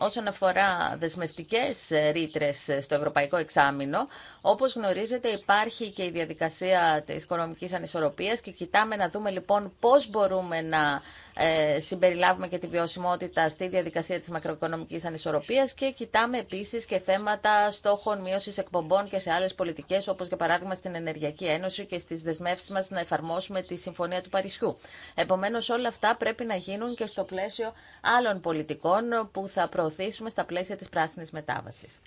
όσον αφορά δεσμευτικές ε, ρήτρε ε, στο Ευρωπαϊκό Εξάμεινο. Όπως γνωρίζετε υπάρχει και η διαδικασία της οικονομικής ανισορροπίας και κοιτάμε να δούμε λοιπόν πώς μπορούμε να ε, συμπεριλάβουμε και τη βιωσιμότητα στη διαδικασία της μακροοικονομικής ανισορροπίας και κοιτάμε επίσης και θέματα στόχων μείωσης εκπομπών και σε άλλες πολιτικές όπως για παράδειγμα στην Ενεργειακή Ένωση και στις δεσμεύσεις μας να εφαρμόσουμε τη Συμφωνία του Παρισιού. Επομένως όλα αυτά πρέπει να γίνουν και στο πλαίσιο άλλων πολιτικών που θα προωθήσουμε στα πλαίσια της πράσινης μετάβασης.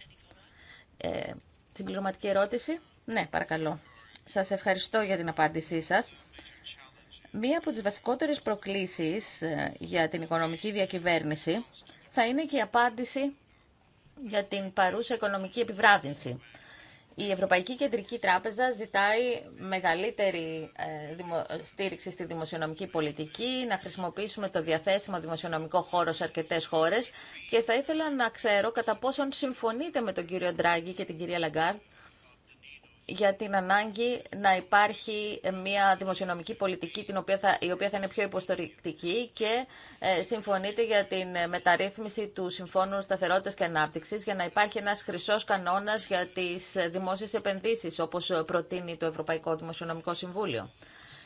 Ε, συμπληρωματική ερώτηση. Ναι, παρακαλώ. Σας ευχαριστώ για την απάντησή σας. Μία από τις βασικότερες προκλήσεις ε, για την οικονομική διακυβέρνηση θα είναι και η απάντηση για την παρούσα οικονομική επιβράδυνση. Η Ευρωπαϊκή Κεντρική Τράπεζα ζητάει μεγαλύτερη ε, στήριξη στη δημοσιονομική πολιτική, να χρησιμοποιήσουμε το διαθέσιμο δημοσιονομικό χώρο σε αρκετέ χώρε και θα ήθελα να ξέρω κατά πόσον συμφωνείτε με τον κύριο Ντράγκη και την κυρία Λαγκάρτ για την ανάγκη να υπάρχει μια δημοσιονομική πολιτική την οποία θα, η οποία θα είναι πιο υποστηρικτική και ε, συμφωνείται για την μεταρρύθμιση του Συμφώνου Σταθερότητας και Ανάπτυξης για να υπάρχει ένας χρυσός κανόνας για τις δημόσιες επενδύσεις όπως προτείνει το Ευρωπαϊκό Δημοσιονομικό Συμβούλιο.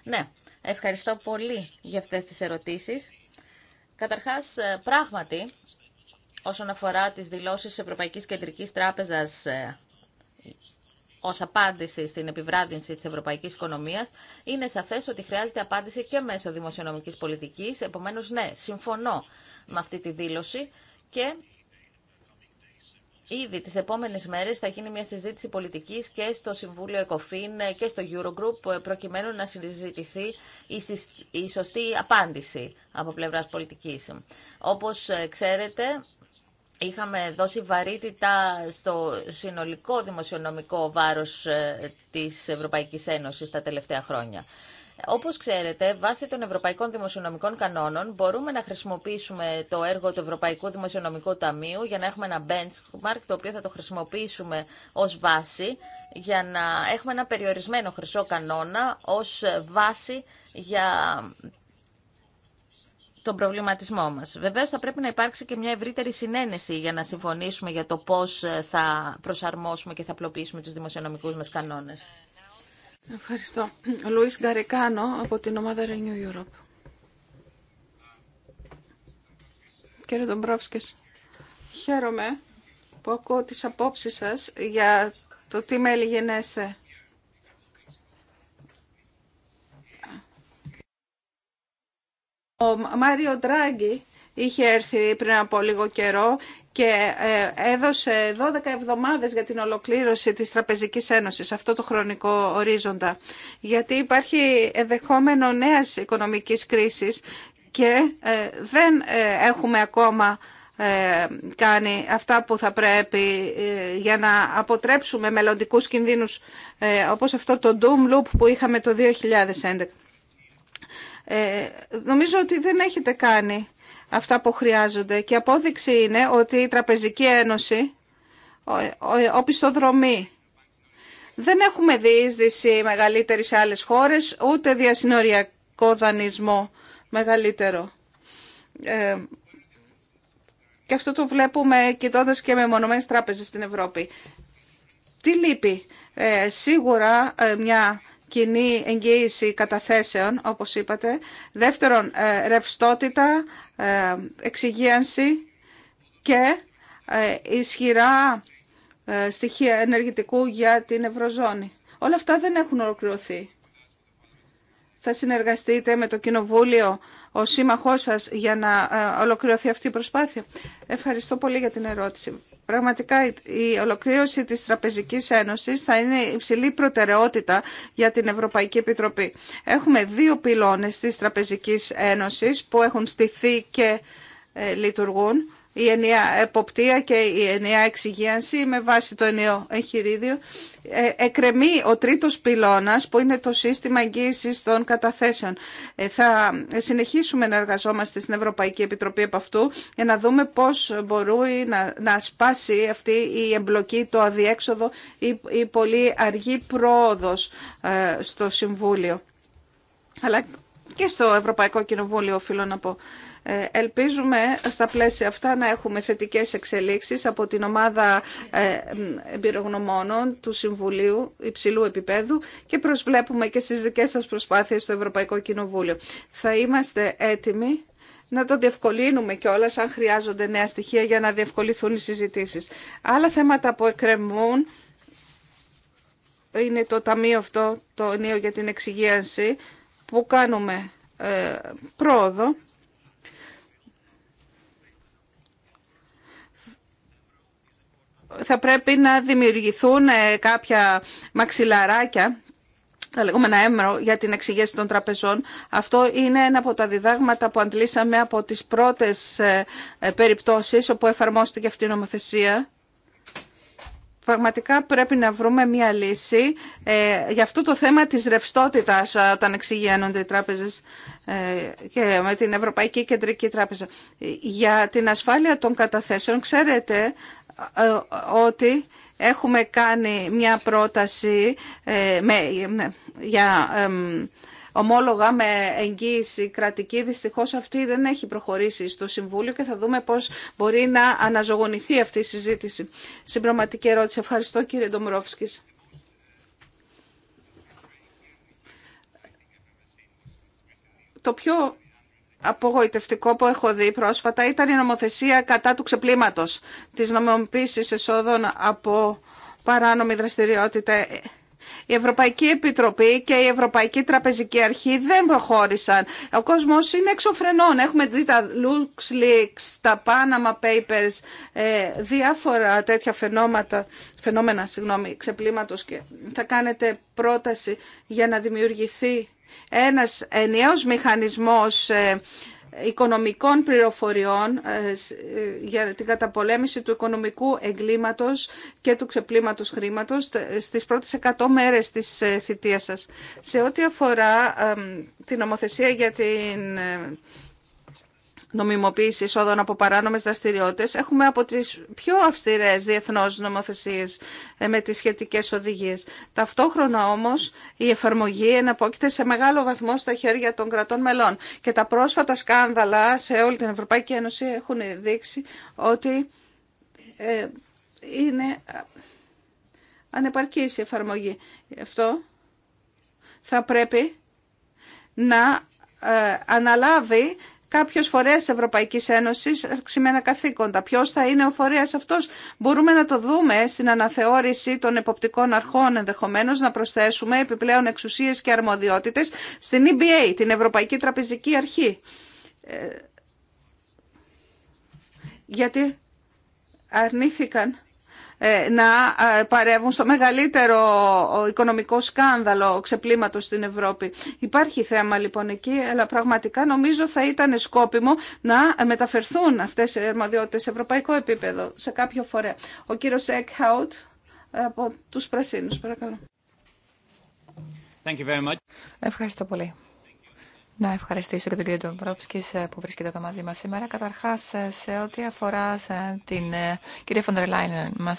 Ναι, ευχαριστώ πολύ για αυτές τις ερωτήσεις. Καταρχάς, ε, πράγματι, όσον αφορά τις δηλώσεις της Ευρωπαϊκής Κεντρικής Τράπεζας ε, Ω απάντηση στην επιβράδυνση της ευρωπαϊκής οικονομίας, είναι σαφές ότι χρειάζεται απάντηση και μέσω δημοσιονομικής πολιτικής. Επομένως, ναι, συμφωνώ με αυτή τη δήλωση και Ήδη τι επόμενε μέρες θα γίνει μια συζήτηση πολιτικής και στο Συμβούλιο ΕΚΟΦΗΝ και στο Eurogroup προκειμένου να συζητηθεί η σωστή απάντηση από πλευρά πολιτική. Όπω ε, ξέρετε, είχαμε δώσει βαρύτητα στο συνολικό δημοσιονομικό βάρος ε, της Ευρωπαϊκής Ένωσης τα τελευταία χρόνια. Όπως ξέρετε, βάσει των Ευρωπαϊκών Δημοσιονομικών Κανόνων, μπορούμε να χρησιμοποιήσουμε το έργο του Ευρωπαϊκού Δημοσιονομικού Ταμείου για να έχουμε ένα benchmark το οποίο θα το χρησιμοποιήσουμε ως βάση για να έχουμε ένα περιορισμένο χρυσό κανόνα ως βάση για τον προβληματισμό μας. Βεβαίω θα πρέπει να υπάρξει και μια ευρύτερη συνένεση για να συμφωνήσουμε για το πώς ε, θα προσαρμόσουμε και θα απλοποιήσουμε του δημοσιονομικούς μας κανόνες. Ευχαριστώ. Ο Λουίς Γκαρικάνο από την ομάδα Renew Europe. Κύριε Ντομπρόφσκε, χαίρομαι που ακούω τις απόψεις σας για το τι μέλη γενέστε. Ο Μάριο Ντράγκη είχε έρθει πριν από λίγο καιρό και ε, έδωσε 12 εβδομάδες για την ολοκλήρωση της Τραπεζικής Ένωσης, αυτό το χρονικό ορίζοντα. Γιατί υπάρχει εδεχόμενο νέας οικονομικής κρίσης και ε, δεν ε, έχουμε ακόμα κάνει αυτά που θα πρέπει για να αποτρέψουμε μελλοντικούς κινδύνους όπως αυτό το doom loop που είχαμε το 2011. Ε, νομίζω ότι δεν έχετε κάνει αυτά που χρειάζονται και απόδειξη είναι ότι η Τραπεζική Ένωση οπισθοδρομεί. Δεν έχουμε διείσδυση μεγαλύτερη σε άλλες χώρες, ούτε διασυνοριακό δανεισμό μεγαλύτερο. Ε, και αυτό το βλέπουμε κοιτώντα και με μονομένες τράπεζες στην Ευρώπη. Τι λείπει. Ε, σίγουρα μια κοινή εγγύηση καταθέσεων, όπως είπατε. Δεύτερον, ε, ρευστότητα, ε, εξυγίανση και ε, ισχυρά στοιχεία ενεργητικού για την Ευρωζώνη. Όλα αυτά δεν έχουν ολοκληρωθεί. Θα συνεργαστείτε με το Κοινοβούλιο ο σύμμαχός σας για να ολοκληρωθεί αυτή η προσπάθεια. Ευχαριστώ πολύ για την ερώτηση. Πραγματικά η ολοκλήρωση της Τραπεζικής Ένωσης θα είναι υψηλή προτεραιότητα για την Ευρωπαϊκή Επιτροπή. Έχουμε δύο πυλώνες της Τραπεζικής Ένωσης που έχουν στηθεί και ε, λειτουργούν η ενιαία εποπτεία και η ενιαία εξυγίανση με βάση το ενιαίο εγχειρίδιο. Ε, εκρεμεί ο τρίτος πυλώνας που είναι το σύστημα εγγύησης των καταθέσεων. Ε, θα συνεχίσουμε να εργαζόμαστε στην Ευρωπαϊκή Επιτροπή από αυτού για να δούμε πώς μπορεί να, να σπάσει αυτή η εμπλοκή, το αδιέξοδο ή η πολύ αργή πρόοδος ε, στο Συμβούλιο. Αλλά και στο Ευρωπαϊκό Κοινοβούλιο οφείλω να πω. Ε, ελπίζουμε στα πλαίσια αυτά να έχουμε θετικές εξελίξεις από την ομάδα ε, εμπειρογνωμόνων του Συμβουλίου Υψηλού Επιπέδου και προσβλέπουμε και στις δικές σας προσπάθειες στο Ευρωπαϊκό Κοινοβούλιο. Θα είμαστε έτοιμοι να το διευκολύνουμε κιόλα αν χρειάζονται νέα στοιχεία για να διευκολυθούν οι συζητήσεις. Άλλα θέματα που εκκρεμούν είναι το ταμείο αυτό, το νέο για την εξυγίανση, που κάνουμε ε, πρόοδο Θα πρέπει να δημιουργηθούν ε, κάποια μαξιλαράκια τα λεγόμενα έμερο για την εξηγέση των τραπεζών. Αυτό είναι ένα από τα διδάγματα που αντλήσαμε από τις πρώτες ε, ε, περιπτώσεις όπου εφαρμόστηκε αυτή η νομοθεσία. Πραγματικά πρέπει να βρούμε μία λύση για αυτό το θέμα της ρευστότητα όταν εξηγένονται οι τράπεζες και με την Ευρωπαϊκή Κεντρική Τράπεζα. Για την ασφάλεια των καταθέσεων, ξέρετε ε, ότι έχουμε κάνει μια πρόταση ε, για ομόλογα με εγγύηση κρατική. Δυστυχώς αυτή δεν έχει προχωρήσει στο Συμβούλιο και θα δούμε πώς μπορεί να αναζωογονηθεί αυτή η συζήτηση. Συμπροματική ερώτηση. Ευχαριστώ κύριε Ντομρόφσκης. Το πιο απογοητευτικό που έχω δει πρόσφατα ήταν η νομοθεσία κατά του ξεπλήματος της νομιμοποίησης εσόδων από παράνομη δραστηριότητα. Η Ευρωπαϊκή Επιτροπή και η Ευρωπαϊκή Τραπεζική Αρχή δεν προχώρησαν. Ο κόσμος είναι εξωφρενών. Έχουμε δει τα LuxLeaks, τα Panama Papers, ε, διάφορα τέτοια φαινόματα, φαινόμενα συγγνώμη, ξεπλήματος και θα κάνετε πρόταση για να δημιουργηθεί ένας ενιαίος μηχανισμός ε, οικονομικών πληροφοριών ε, ε, για την καταπολέμηση του οικονομικού εγκλήματος και του ξεπλήματος χρήματος στις πρώτες 100 μέρες της θητείας σας. Σε ό,τι αφορά την νομοθεσία για την νομιμοποίηση εισόδων από παράνομες δραστηριότητες. Έχουμε από τις πιο αυστηρές διεθνώς νομοθεσίες ε, με τις σχετικές οδηγίες. Ταυτόχρονα όμως η εφαρμογή εναπόκειται σε μεγάλο βαθμό στα χέρια των κρατών μελών. Και τα πρόσφατα σκάνδαλα σε όλη την Ευρωπαϊκή Ένωση έχουν δείξει ότι ε, είναι ανεπαρκής η εφαρμογή. Αυτό θα πρέπει να ε, αναλάβει κάποιο φορέα Ευρωπαϊκή Ένωση αυξημένα καθήκοντα. Ποιο θα είναι ο φορέα αυτό, μπορούμε να το δούμε στην αναθεώρηση των εποπτικών αρχών, ενδεχομένω να προσθέσουμε επιπλέον εξουσίε και αρμοδιότητε στην EBA, την Ευρωπαϊκή Τραπεζική Αρχή. Ε, γιατί αρνήθηκαν ε, να ε, παρεύουν στο μεγαλύτερο οικονομικό σκάνδαλο ξεπλήματος στην Ευρώπη. Υπάρχει θέμα λοιπόν εκεί, αλλά πραγματικά νομίζω θα ήταν σκόπιμο να μεταφερθούν αυτές οι αρμοδιότητες σε ευρωπαϊκό επίπεδο, σε κάποιο φορέ. Ο κύριος Εκχάουτ από τους Πρασίνους, παρακαλώ. Thank you very much. Ευχαριστώ πολύ. Να ευχαριστήσω και τον κύριο Ντομπρόφσκη ε, που βρίσκεται εδώ μαζί μα σήμερα. Καταρχά, ε, σε ό,τι αφορά ε, την κυρία Φοντερ Λάινεν, μα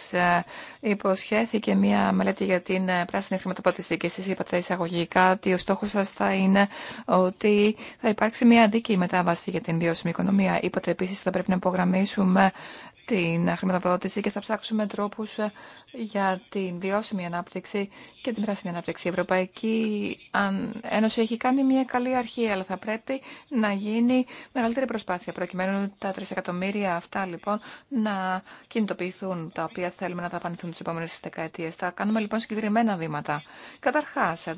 υποσχέθηκε μία μελέτη για την πράσινη χρηματοδότηση και εσεί είπατε εισαγωγικά ότι ο στόχο σα θα είναι ότι θα υπάρξει μία αντίκη μετάβαση για την βιώσιμη οικονομία. Είπατε επίση ότι θα πρέπει να υπογραμμίσουμε την χρηματοδότηση και θα ψάξουμε τρόπους ε, για την βιώσιμη ανάπτυξη και την πράσινη ανάπτυξη. Η Ευρωπαϊκή Ένωση έχει κάνει μια καλή αρχή, αλλά θα πρέπει να γίνει μεγαλύτερη προσπάθεια προκειμένου τα τρισεκατομμύρια αυτά λοιπόν να κινητοποιηθούν, τα οποία θέλουμε να δαπανηθούν τι επόμενε δεκαετίε. Θα κάνουμε λοιπόν συγκεκριμένα βήματα. Καταρχά ε,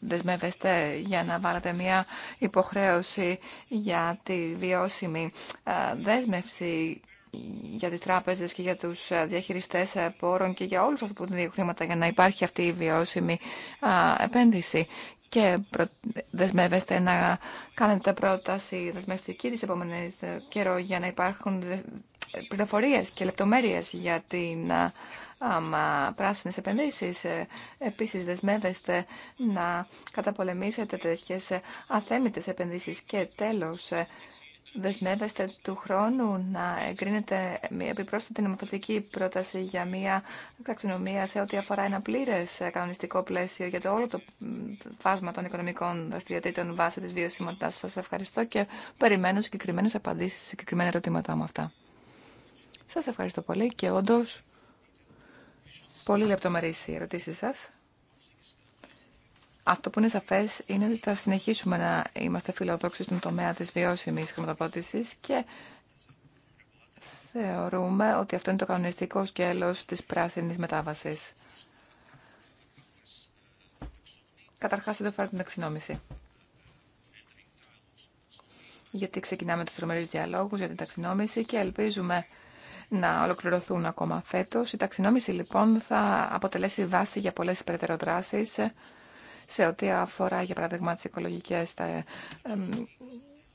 δεσμεύεστε για να βάλετε μια υποχρέωση για τη βιώσιμη ε, δέσμευση για τις τράπεζες και για τους ε, διαχειριστές πόρων και για όλους αυτούς που δίνουν χρήματα για να υπάρχει αυτή η βιώσιμη επένδυση. Και δεσμεύεστε να κάνετε πρόταση δεσμευτική τις επόμενες ε, καιρό για να υπάρχουν πληροφορίες και λεπτομέρειες για την άμα πράσινες επενδύσεις. Ε, επίσης δεσμεύεστε να καταπολεμήσετε τέτοιες αθέμητες επενδύσεις και τέλος δεσμεύεστε του χρόνου να εγκρίνετε μια επιπρόσθετη νομοθετική πρόταση για μια ταξινομία σε ό,τι αφορά ένα πλήρε κανονιστικό πλαίσιο για το όλο το φάσμα των οικονομικών δραστηριοτήτων βάσει τη βιωσιμότητά σα. ευχαριστώ και περιμένω συγκεκριμένε απαντήσει σε συγκεκριμένα ερωτήματά μου αυτά. Σα ευχαριστώ πολύ και όντω πολύ λεπτομερεί η ερωτήση σα. Αυτό που είναι σαφέ είναι ότι θα συνεχίσουμε να είμαστε φιλοδόξοι στον τομέα τη βιώσιμη χρηματοδότηση και θεωρούμε ότι αυτό είναι το κανονιστικό σκέλος της πράσινη μετάβασης. Καταρχάς, εδώ φέρω την ταξινόμηση. Γιατί ξεκινάμε του τρομερεί διαλόγου για την ταξινόμηση και ελπίζουμε να ολοκληρωθούν ακόμα φέτο. Η ταξινόμηση, λοιπόν, θα αποτελέσει βάση για πολλέ περαιτέρω σε ό,τι αφορά, για παράδειγμα, τι οικολογικέ, τα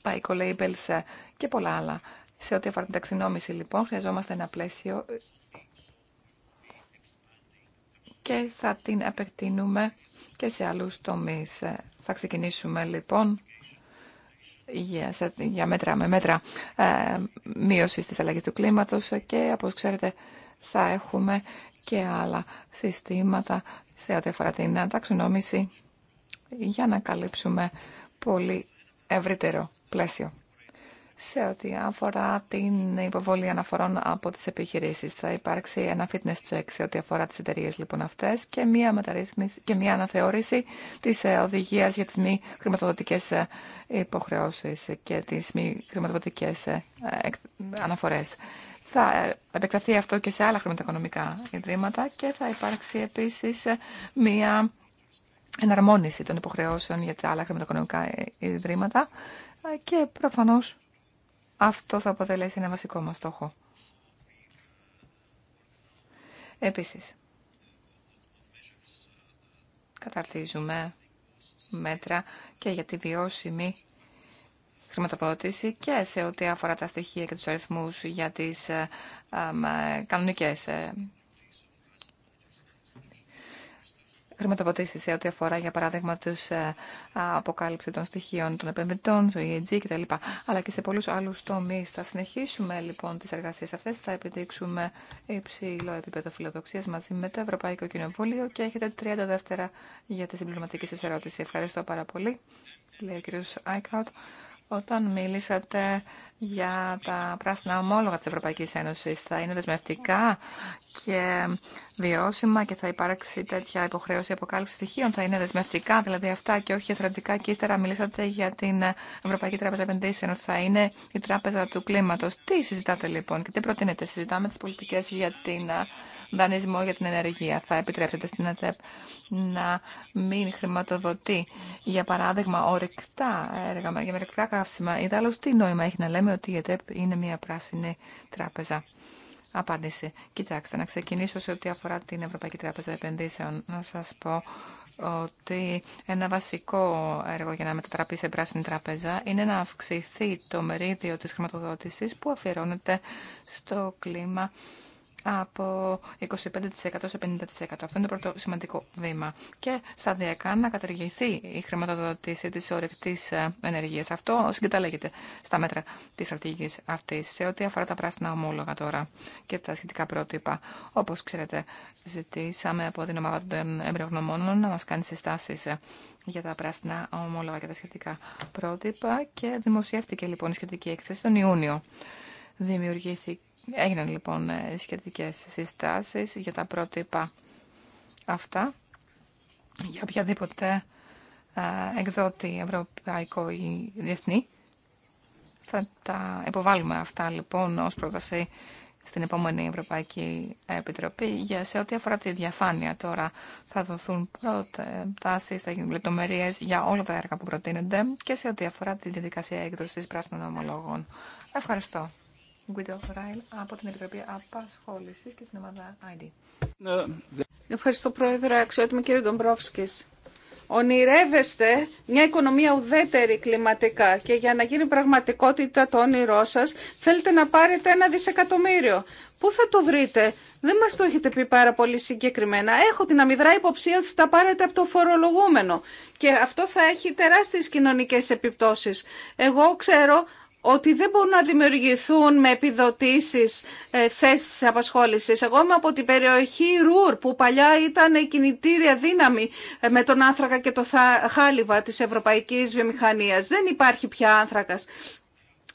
πάικο labels και πολλά άλλα. Σε ό,τι αφορά την ταξινόμηση, λοιπόν, χρειαζόμαστε ένα πλαίσιο και θα την επεκτείνουμε και σε άλλους τομείς. Θα ξεκινήσουμε, λοιπόν, για μέτρα με μέτρα ε, μείωση της αλλαγής του κλίματος και όπως ξέρετε θα έχουμε και άλλα συστήματα σε ό,τι αφορά την ανταξινόμηση, για να καλύψουμε πολύ ευρύτερο πλαίσιο. Σε ό,τι αφορά την υποβολή αναφορών από τις επιχειρήσεις, θα υπάρξει ένα fitness check σε ό,τι αφορά τις εταιρείε λοιπόν αυτές και μία, μεταρρύθμιση, και μία αναθεώρηση της ε, οδηγίας για τις μη χρηματοδοτικές ε, υποχρεώσεις και τις μη χρηματοδοτικές ε, αναφορές. Θα επεκταθεί αυτό και σε άλλα χρηματοοικονομικά ιδρύματα και θα υπάρξει επίσης μία εναρμόνιση των υποχρεώσεων για τα άλλα χρηματοοικονομικά ιδρύματα και προφανώς αυτό θα αποτελέσει ένα βασικό μας στόχο. Επίσης, καταρτίζουμε μέτρα και για τη βιώσιμη χρηματοδότηση και σε ό,τι αφορά τα στοιχεία και τους αριθμούς για τις ε, ε, κανονικές ε, χρηματοδοτήσει σε ό,τι αφορά, για παράδειγμα, του αποκάλυψη των στοιχείων των επενδυτών, το EEG κτλ. Αλλά και σε πολλού άλλου τομεί. Θα συνεχίσουμε λοιπόν τι εργασίε αυτέ. Θα επιδείξουμε υψηλό επίπεδο φιλοδοξία μαζί με το Ευρωπαϊκό Κοινοβούλιο και έχετε 30 δεύτερα για τη συμπληρωματική σα ερώτηση. Ευχαριστώ πάρα πολύ, λέει ο κ. Άικαουτ. Όταν μίλησατε για τα πράσινα ομόλογα της Ευρωπαϊκής Ένωσης, θα είναι δεσμευτικά και βιώσιμα και θα υπάρξει τέτοια υποχρέωση αποκάλυψης στοιχείων, θα είναι δεσμευτικά δηλαδή αυτά και όχι εθραντικά. Και ύστερα μιλήσατε για την Ευρωπαϊκή Τράπεζα Επενδύσεων, θα είναι η τράπεζα του κλίματος. Τι συζητάτε λοιπόν και τι προτείνετε, συζητάμε τις πολιτικές για την δανεισμό για την ενεργεία. Θα επιτρέψετε στην ΕΤΕΠ να μην χρηματοδοτεί, για παράδειγμα, ορεκτά έργα για μερικά καύσιμα. άλλο τι νόημα έχει να λέμε ότι η ΕΤΕΠ είναι μια πράσινη τράπεζα. Απάντηση. Κοιτάξτε, να ξεκινήσω σε ό,τι αφορά την Ευρωπαϊκή Τράπεζα Επενδύσεων. Να σα πω ότι ένα βασικό έργο για να μετατραπεί σε πράσινη τραπέζα είναι να αυξηθεί το μερίδιο της χρηματοδότησης που αφιερώνεται στο κλίμα από 25% σε 50%. Αυτό είναι το πρώτο σημαντικό βήμα. Και σταδιακά να καταργηθεί η χρηματοδότηση τη ορεικτής ενεργείας. Αυτό συγκαταλέγεται στα μέτρα τη στρατηγική αυτή, σε ό,τι αφορά τα πράσινα ομόλογα τώρα και τα σχετικά πρότυπα. Όπω ξέρετε, ζητήσαμε από την ομάδα των εμπειρογνωμόνων να μα κάνει συστάσει ε, για τα πράσινα ομόλογα και τα σχετικά πρότυπα και δημοσιεύτηκε λοιπόν η σχετική έκθεση τον Ιούνιο. Δημιουργήθηκε Έγιναν λοιπόν ε, σχετικές συστάσεις για τα πρότυπα αυτά, για οποιαδήποτε ε, εκδότη ευρωπαϊκό ή διεθνή. Θα τα υποβάλουμε αυτά λοιπόν ως πρόταση στην επόμενη Ευρωπαϊκή Επιτροπή. Για σε ό,τι αφορά τη διαφάνεια τώρα θα δοθούν προτάσει, ε, θα γίνουν λεπτομερίε για όλα τα έργα που προτείνονται και σε ό,τι αφορά τη διαδικασία έκδοση πράσινων ομολόγων. Ευχαριστώ από την Επιτροπή Απασχόληση και την ομάδα ID. Ευχαριστώ Πρόεδρε, Αξιότιμο κύριε Ντομπρόφσκη. Ονειρεύεστε μια οικονομία ουδέτερη κλιματικά και για να γίνει πραγματικότητα το όνειρό σα, θέλετε να πάρετε ένα δισεκατομμύριο. Πού θα το βρείτε, δεν μα το έχετε πει πάρα πολύ συγκεκριμένα. Έχω την αμυδρά υποψία ότι θα τα πάρετε από το φορολογούμενο και αυτό θα έχει τεράστιε κοινωνικέ επιπτώσει. Εγώ ξέρω ότι δεν μπορούν να δημιουργηθούν με επιδοτήσεις ε, θέσεις απασχόλησης. Εγώ είμαι από την περιοχή Ρουρ που παλιά ήταν η κινητήρια δύναμη ε, με τον άνθρακα και το χάλιβα της ευρωπαϊκής βιομηχανίας. Δεν υπάρχει πια άνθρακας.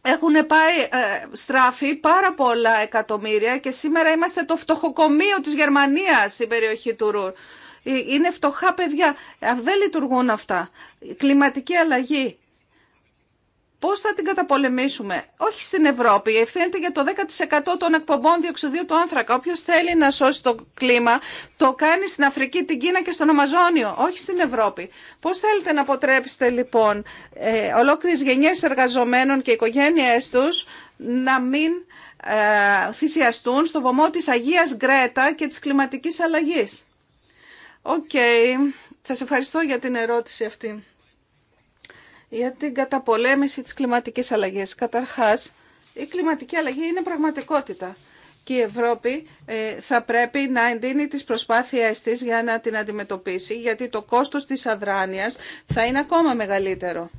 Έχουν πάει ε, στράφη πάρα πολλά εκατομμύρια και σήμερα είμαστε το φτωχοκομείο της Γερμανίας στην περιοχή του Ρουρ. Ε, είναι φτωχά παιδιά. Δεν λειτουργούν αυτά. Κλιματική αλλαγή Πώς θα την καταπολεμήσουμε, όχι στην Ευρώπη, ευθύνεται για το 10% των εκπομπών διοξιδίου του άνθρακα. Όποιο θέλει να σώσει το κλίμα, το κάνει στην Αφρική, την Κίνα και στον Αμαζόνιο, όχι στην Ευρώπη. Πώς θέλετε να αποτρέψετε λοιπόν ε, ολόκληρες γενιές εργαζομένων και οικογένειές τους να μην ε, θυσιαστούν στο βωμό τη αγία Γκρέτα και τη κλιματική αλλαγή. Οκ, okay. σας ευχαριστώ για την ερώτηση αυτή για την καταπολέμηση της κλιματικής αλλαγής. Καταρχάς, η κλιματική αλλαγή είναι πραγματικότητα και η Ευρώπη ε, θα πρέπει να εντείνει τις προσπάθειές της για να την αντιμετωπίσει, γιατί το κόστος της αδράνειας θα είναι ακόμα μεγαλύτερο.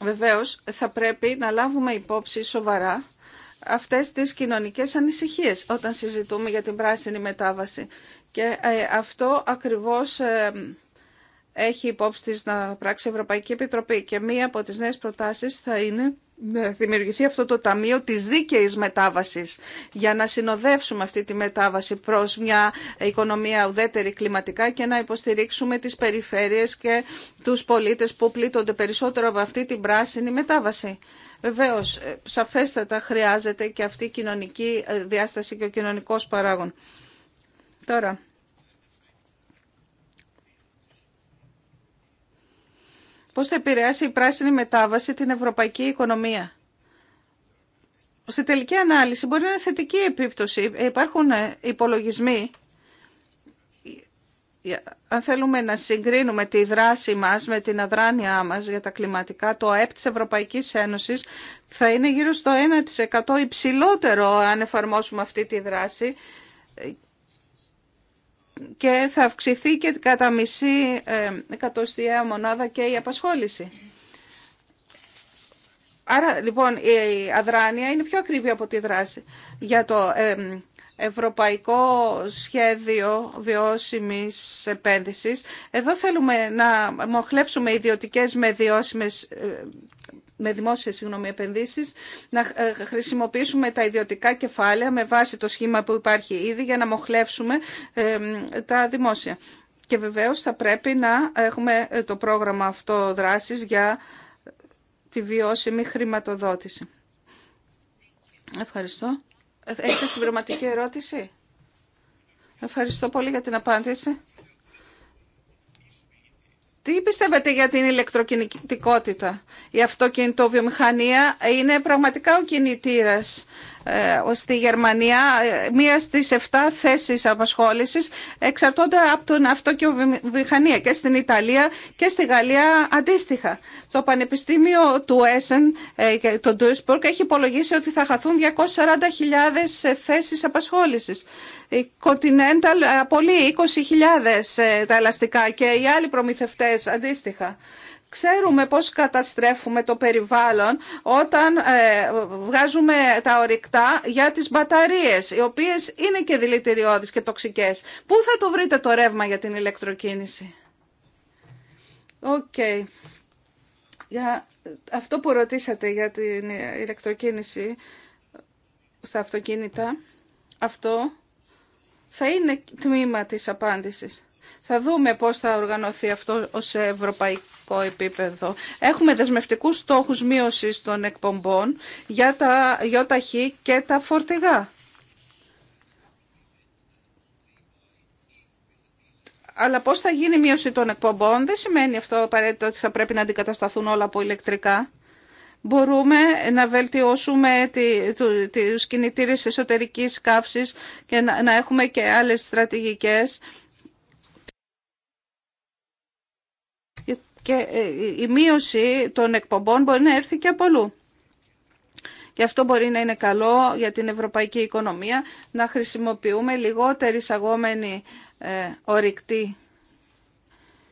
Βεβαίως, θα πρέπει να λάβουμε υπόψη σοβαρά αυτές τις κοινωνικές ανησυχίες όταν συζητούμε για την πράσινη μετάβαση. Και ε, αυτό ακριβώς ε, έχει υπόψη της να πράξει η Ευρωπαϊκή Επιτροπή. Και μία από τις νέες προτάσεις θα είναι να δημιουργηθεί αυτό το Ταμείο της Δίκαιης Μετάβασης για να συνοδεύσουμε αυτή τη μετάβαση προς μια οικονομία ουδέτερη κλιματικά και να υποστηρίξουμε τις περιφέρειες και τους πολίτες που πλήττονται περισσότερο από αυτή την πράσινη μετάβαση. Βεβαίω, ε, σαφέστατα χρειάζεται και αυτή η κοινωνική ε, διάσταση και ο κοινωνικός παράγων. Τώρα, Πώς θα επηρεάσει η πράσινη μετάβαση την ευρωπαϊκή οικονομία. Στη τελική ανάλυση μπορεί να είναι θετική επίπτωση. Ε, υπάρχουν ε, υπολογισμοί αν θέλουμε να συγκρίνουμε τη δράση μας με την αδράνειά μας για τα κλιματικά, το ΑΕΠ της Ευρωπαϊκής Ένωσης θα είναι γύρω στο 1% υψηλότερο αν εφαρμόσουμε αυτή τη δράση και θα αυξηθεί και κατά μισή ε, εκατοστιαία μονάδα και η απασχόληση. Άρα λοιπόν η αδράνεια είναι πιο ακριβή από τη δράση. Για το ε, Ευρωπαϊκό Σχέδιο Βιώσιμης Επένδυσης, εδώ θέλουμε να μοχλεύσουμε ιδιωτικές με βιώσιμες ε, με δημόσιες συγγνώμη, επενδύσεις, να ε, χρησιμοποιήσουμε τα ιδιωτικά κεφάλαια με βάση το σχήμα που υπάρχει ήδη για να μοχλεύσουμε τα δημόσια. Και βεβαίως θα πρέπει να έχουμε ε, το πρόγραμμα αυτό δράσης για τη βιώσιμη χρηματοδότηση. Ευχαριστώ. Ε, έχετε συμπληρωματική ερώτηση. Ευχαριστώ πολύ για την απάντηση. Τι πιστεύετε για την ηλεκτροκινητικότητα. Η αυτοκινητοβιομηχανία είναι πραγματικά ο κινητήρας ε, στη Γερμανία ε, μία στις 7 θέσεις απασχόλησης εξαρτώνται από την αυτοκιοβιχανία και στην Ιταλία και στη Γαλλία αντίστοιχα. Το Πανεπιστήμιο του Έσεν, το Duisburg, έχει υπολογίσει ότι θα χαθούν 240.000 θέσεις απασχόλησης. Η Continental απολύει 20.000 ε, τα ελαστικά και οι άλλοι προμηθευτές αντίστοιχα. Ξέρουμε πώς καταστρέφουμε το περιβάλλον όταν ε, βγάζουμε τα ορυκτά για τις μπαταρίες, οι οποίες είναι και δηλητηριώδεις και τοξικές. Πού θα το βρείτε το ρεύμα για την ηλεκτροκίνηση. Οκ. Για αυτό που ρωτήσατε για την ηλεκτροκίνηση στα αυτοκίνητα, αυτό θα είναι τμήμα της απάντησης. Θα δούμε πώς θα οργανωθεί αυτό σε ευρωπαϊκό επίπεδο. Έχουμε δεσμευτικούς στόχους μείωσης των εκπομπών για τα ΙΟΤΑΧΗ και τα φορτηγά. Αλλά πώς θα γίνει η μείωση των εκπομπών δεν σημαίνει αυτό απαραίτητα ότι θα πρέπει να αντικατασταθούν όλα από ηλεκτρικά. Μπορούμε να βελτιώσουμε τους κινητήρες εσωτερικής καύσης και να έχουμε και άλλες στρατηγικές Και ε, η μείωση των εκπομπών μπορεί να έρθει και από αλλού. Και αυτό μπορεί να είναι καλό για την ευρωπαϊκή οικονομία, να χρησιμοποιούμε λιγότερη εισαγόμενη ε,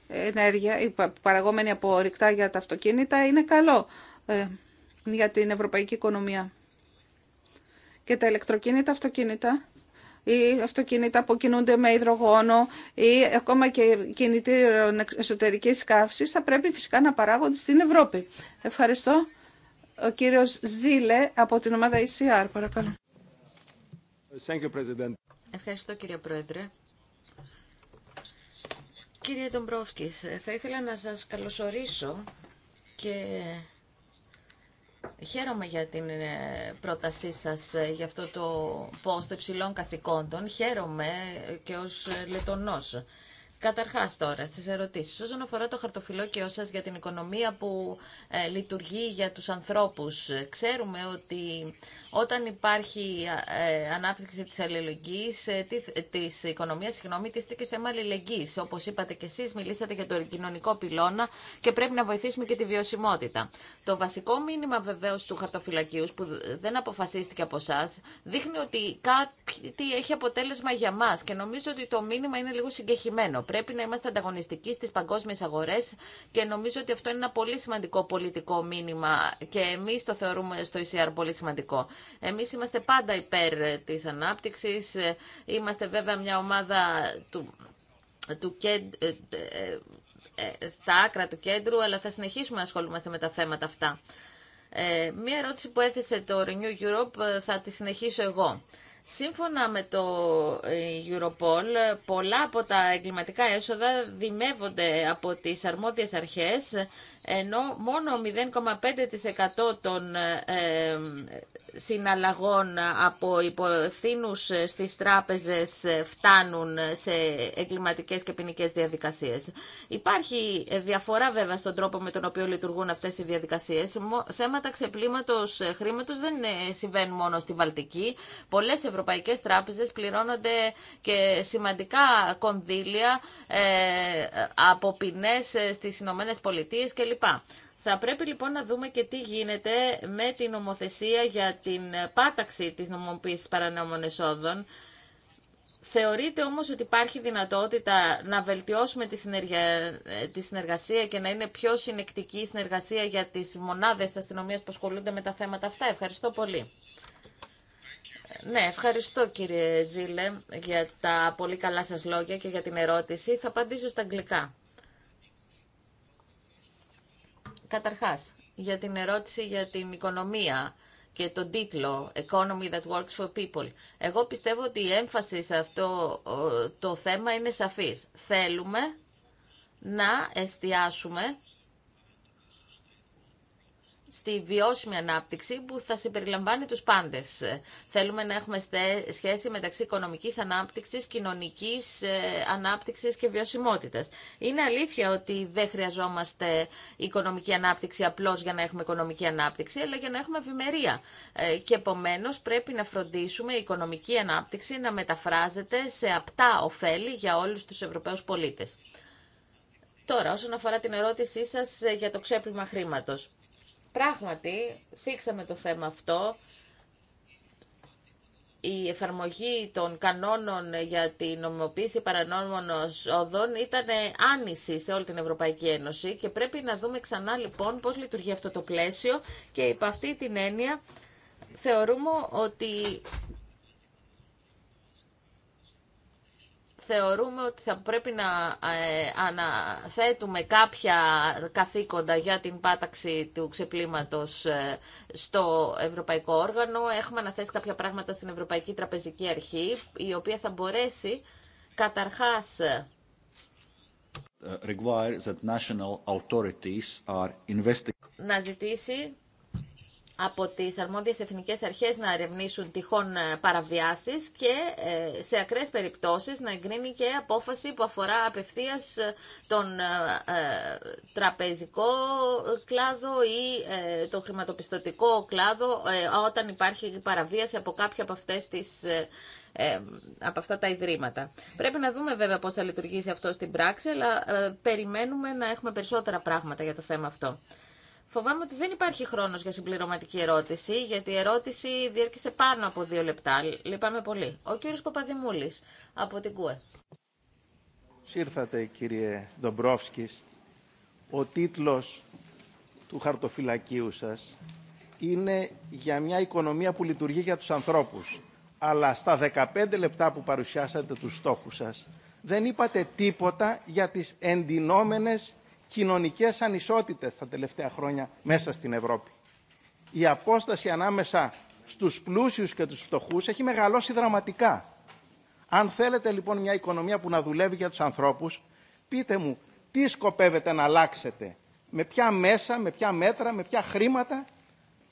ενέργεια, παραγόμενη από ορυκτά για τα αυτοκίνητα, είναι καλό ε, για την ευρωπαϊκή οικονομία. Και τα ηλεκτροκίνητα αυτοκίνητα ή αυτοκίνητα που κινούνται με υδρογόνο ή ακόμα και κινητήρων εσωτερικής καύσης θα πρέπει φυσικά να παράγονται στην Ευρώπη. Ευχαριστώ. Ο κύριος Ζήλε από την ομάδα ECR, παρακαλώ. Ευχαριστώ κύριε Πρόεδρε. Κύριε Ντομπρόφσκης, θα ήθελα να σας καλωσορίσω και Χαίρομαι για την ε, πρότασή σας ε, για αυτό το πόστο υψηλών καθηκόντων. Χαίρομαι ε, και ως λετονός. Καταρχά τώρα, στι ερωτήσει. όσον αφορά το χαρτοφυλόκιό σα για την οικονομία που ε, λειτουργεί για του ανθρώπου, ξέρουμε ότι όταν υπάρχει ε, ανάπτυξη τη αλληλεγγύη, ε, της οικονομίας, συγγνώμη, τίθεται και θέμα αλληλεγγύη. Όπως είπατε και εσεί, μιλήσατε για τον κοινωνικό πυλώνα και πρέπει να βοηθήσουμε και τη βιωσιμότητα. Το βασικό μήνυμα βεβαίω του χαρτοφυλακίου, που δεν αποφασίστηκε από εσά, δείχνει ότι κάτι έχει αποτέλεσμα για μα και νομίζω ότι το μήνυμα είναι λίγο συγκεχημένο πρέπει να είμαστε ανταγωνιστικοί στις παγκόσμιες αγορές και νομίζω ότι αυτό είναι ένα πολύ σημαντικό πολιτικό μήνυμα και εμείς το θεωρούμε στο ECR πολύ σημαντικό. Εμείς είμαστε πάντα υπέρ της ανάπτυξης, είμαστε βέβαια μια ομάδα του, του ε, ε, ε, στα άκρα του κέντρου, αλλά θα συνεχίσουμε να ασχολούμαστε με τα θέματα αυτά. Ε, μία ερώτηση που έθεσε το Renew Europe θα τη συνεχίσω εγώ. Σύμφωνα με το ε, Europol, πολλά από τα εγκληματικά έσοδα δημεύονται από τις αρμόδιες αρχές, ενώ μόνο 0,5% των ε, συναλλαγών από υποθήνους στις τράπεζες φτάνουν σε εγκληματικές και ποινικέ διαδικασίες. Υπάρχει διαφορά βέβαια στον τρόπο με τον οποίο λειτουργούν αυτές οι διαδικασίες. Θέματα ξεπλήματος χρήματος δεν ε, συμβαίνουν μόνο στη Βαλτική. Πολλές ευρωπαϊκές τράπεζες πληρώνονται και σημαντικά κονδύλια ε, από ποινές ε, στις Ηνωμένε Πολιτείε κλπ. Θα πρέπει λοιπόν να δούμε και τι γίνεται με την νομοθεσία για την πάταξη της νομοποίησης παρανόμων εσόδων. Θεωρείτε όμως ότι υπάρχει δυνατότητα να βελτιώσουμε τη, ε, τη συνεργασία και να είναι πιο συνεκτική η συνεργασία για τις μονάδες της αστυνομίας που ασχολούνται με τα θέματα αυτά. Ευχαριστώ πολύ. Ναι, ευχαριστώ κύριε Ζήλε για τα πολύ καλά σας λόγια και για την ερώτηση. Θα απαντήσω στα αγγλικά. Καταρχάς, για την ερώτηση για την οικονομία και τον τίτλο «Economy that works for people». Εγώ πιστεύω ότι η έμφαση σε αυτό το θέμα είναι σαφής. Θέλουμε να εστιάσουμε στη βιώσιμη ανάπτυξη που θα συμπεριλαμβάνει τους πάντες. Θέλουμε να έχουμε σχέση μεταξύ οικονομικής ανάπτυξης, κοινωνικής ε, ανάπτυξης και βιωσιμότητας. Είναι αλήθεια ότι δεν χρειαζόμαστε οικονομική ανάπτυξη απλώς για να έχουμε οικονομική ανάπτυξη, αλλά για να έχουμε ευημερία. Ε, και επομένως πρέπει να φροντίσουμε η οικονομική ανάπτυξη να μεταφράζεται σε απτά ωφέλη για όλους τους Ευρωπαίους πολίτες. Τώρα, όσον αφορά την ερώτησή σας ε, για το ξέπλυμα χρήματος. Πράγματι, θίξαμε το θέμα αυτό. Η εφαρμογή των κανόνων για την νομιμοποίηση παρανόμων οδών ήταν άνηση σε όλη την Ευρωπαϊκή Ένωση και πρέπει να δούμε ξανά λοιπόν πώς λειτουργεί αυτό το πλαίσιο και υπ' αυτή την έννοια θεωρούμε ότι θεωρούμε ότι θα πρέπει να ε, αναθέτουμε κάποια καθήκοντα για την πάταξη του ξεπλήματος ε, στο Ευρωπαϊκό Όργανο. Έχουμε αναθέσει κάποια πράγματα στην Ευρωπαϊκή Τραπεζική Αρχή, η οποία θα μπορέσει καταρχάς ε, uh, that να ζητήσει από τις αρμόδιες εθνικές αρχές να ερευνήσουν τυχόν ε, παραβιάσεις και ε, σε ακραίες περιπτώσεις να εγκρίνει και απόφαση που αφορά απευθείας ε, τον τραπεζικό κλάδο ή το χρηματοπιστωτικό κλάδο όταν υπάρχει παραβίαση από κάποια από αυτές τις από αυτά τα ιδρύματα. Πρέπει να δούμε βέβαια πώς θα λειτουργήσει αυτό στην πράξη, αλλά περιμένουμε να έχουμε περισσότερα πράγματα για το θέμα αυτό. Φοβάμαι ότι δεν υπάρχει χρόνο για συμπληρωματική ερώτηση, γιατί η ερώτηση διέρχεσε πάνω από δύο λεπτά. Λυπάμαι πολύ. Ο κύριο Παπαδημούλη από την ΚΟΕ. Σύρθατε, κύριε Ντομπρόφσκη. Ο τίτλο του χαρτοφυλακίου σα είναι για μια οικονομία που λειτουργεί για του ανθρώπου. Αλλά στα 15 λεπτά που παρουσιάσατε του στόχου σα, δεν είπατε τίποτα για τι εντυνόμενες κοινωνικές ανισότητες τα τελευταία χρόνια μέσα στην Ευρώπη. Η απόσταση ανάμεσα στους πλούσιους και τους φτωχούς έχει μεγαλώσει δραματικά. Αν θέλετε λοιπόν μια οικονομία που να δουλεύει για τους ανθρώπους, πείτε μου τι σκοπεύετε να αλλάξετε, με ποια μέσα, με ποια μέτρα, με ποια χρήματα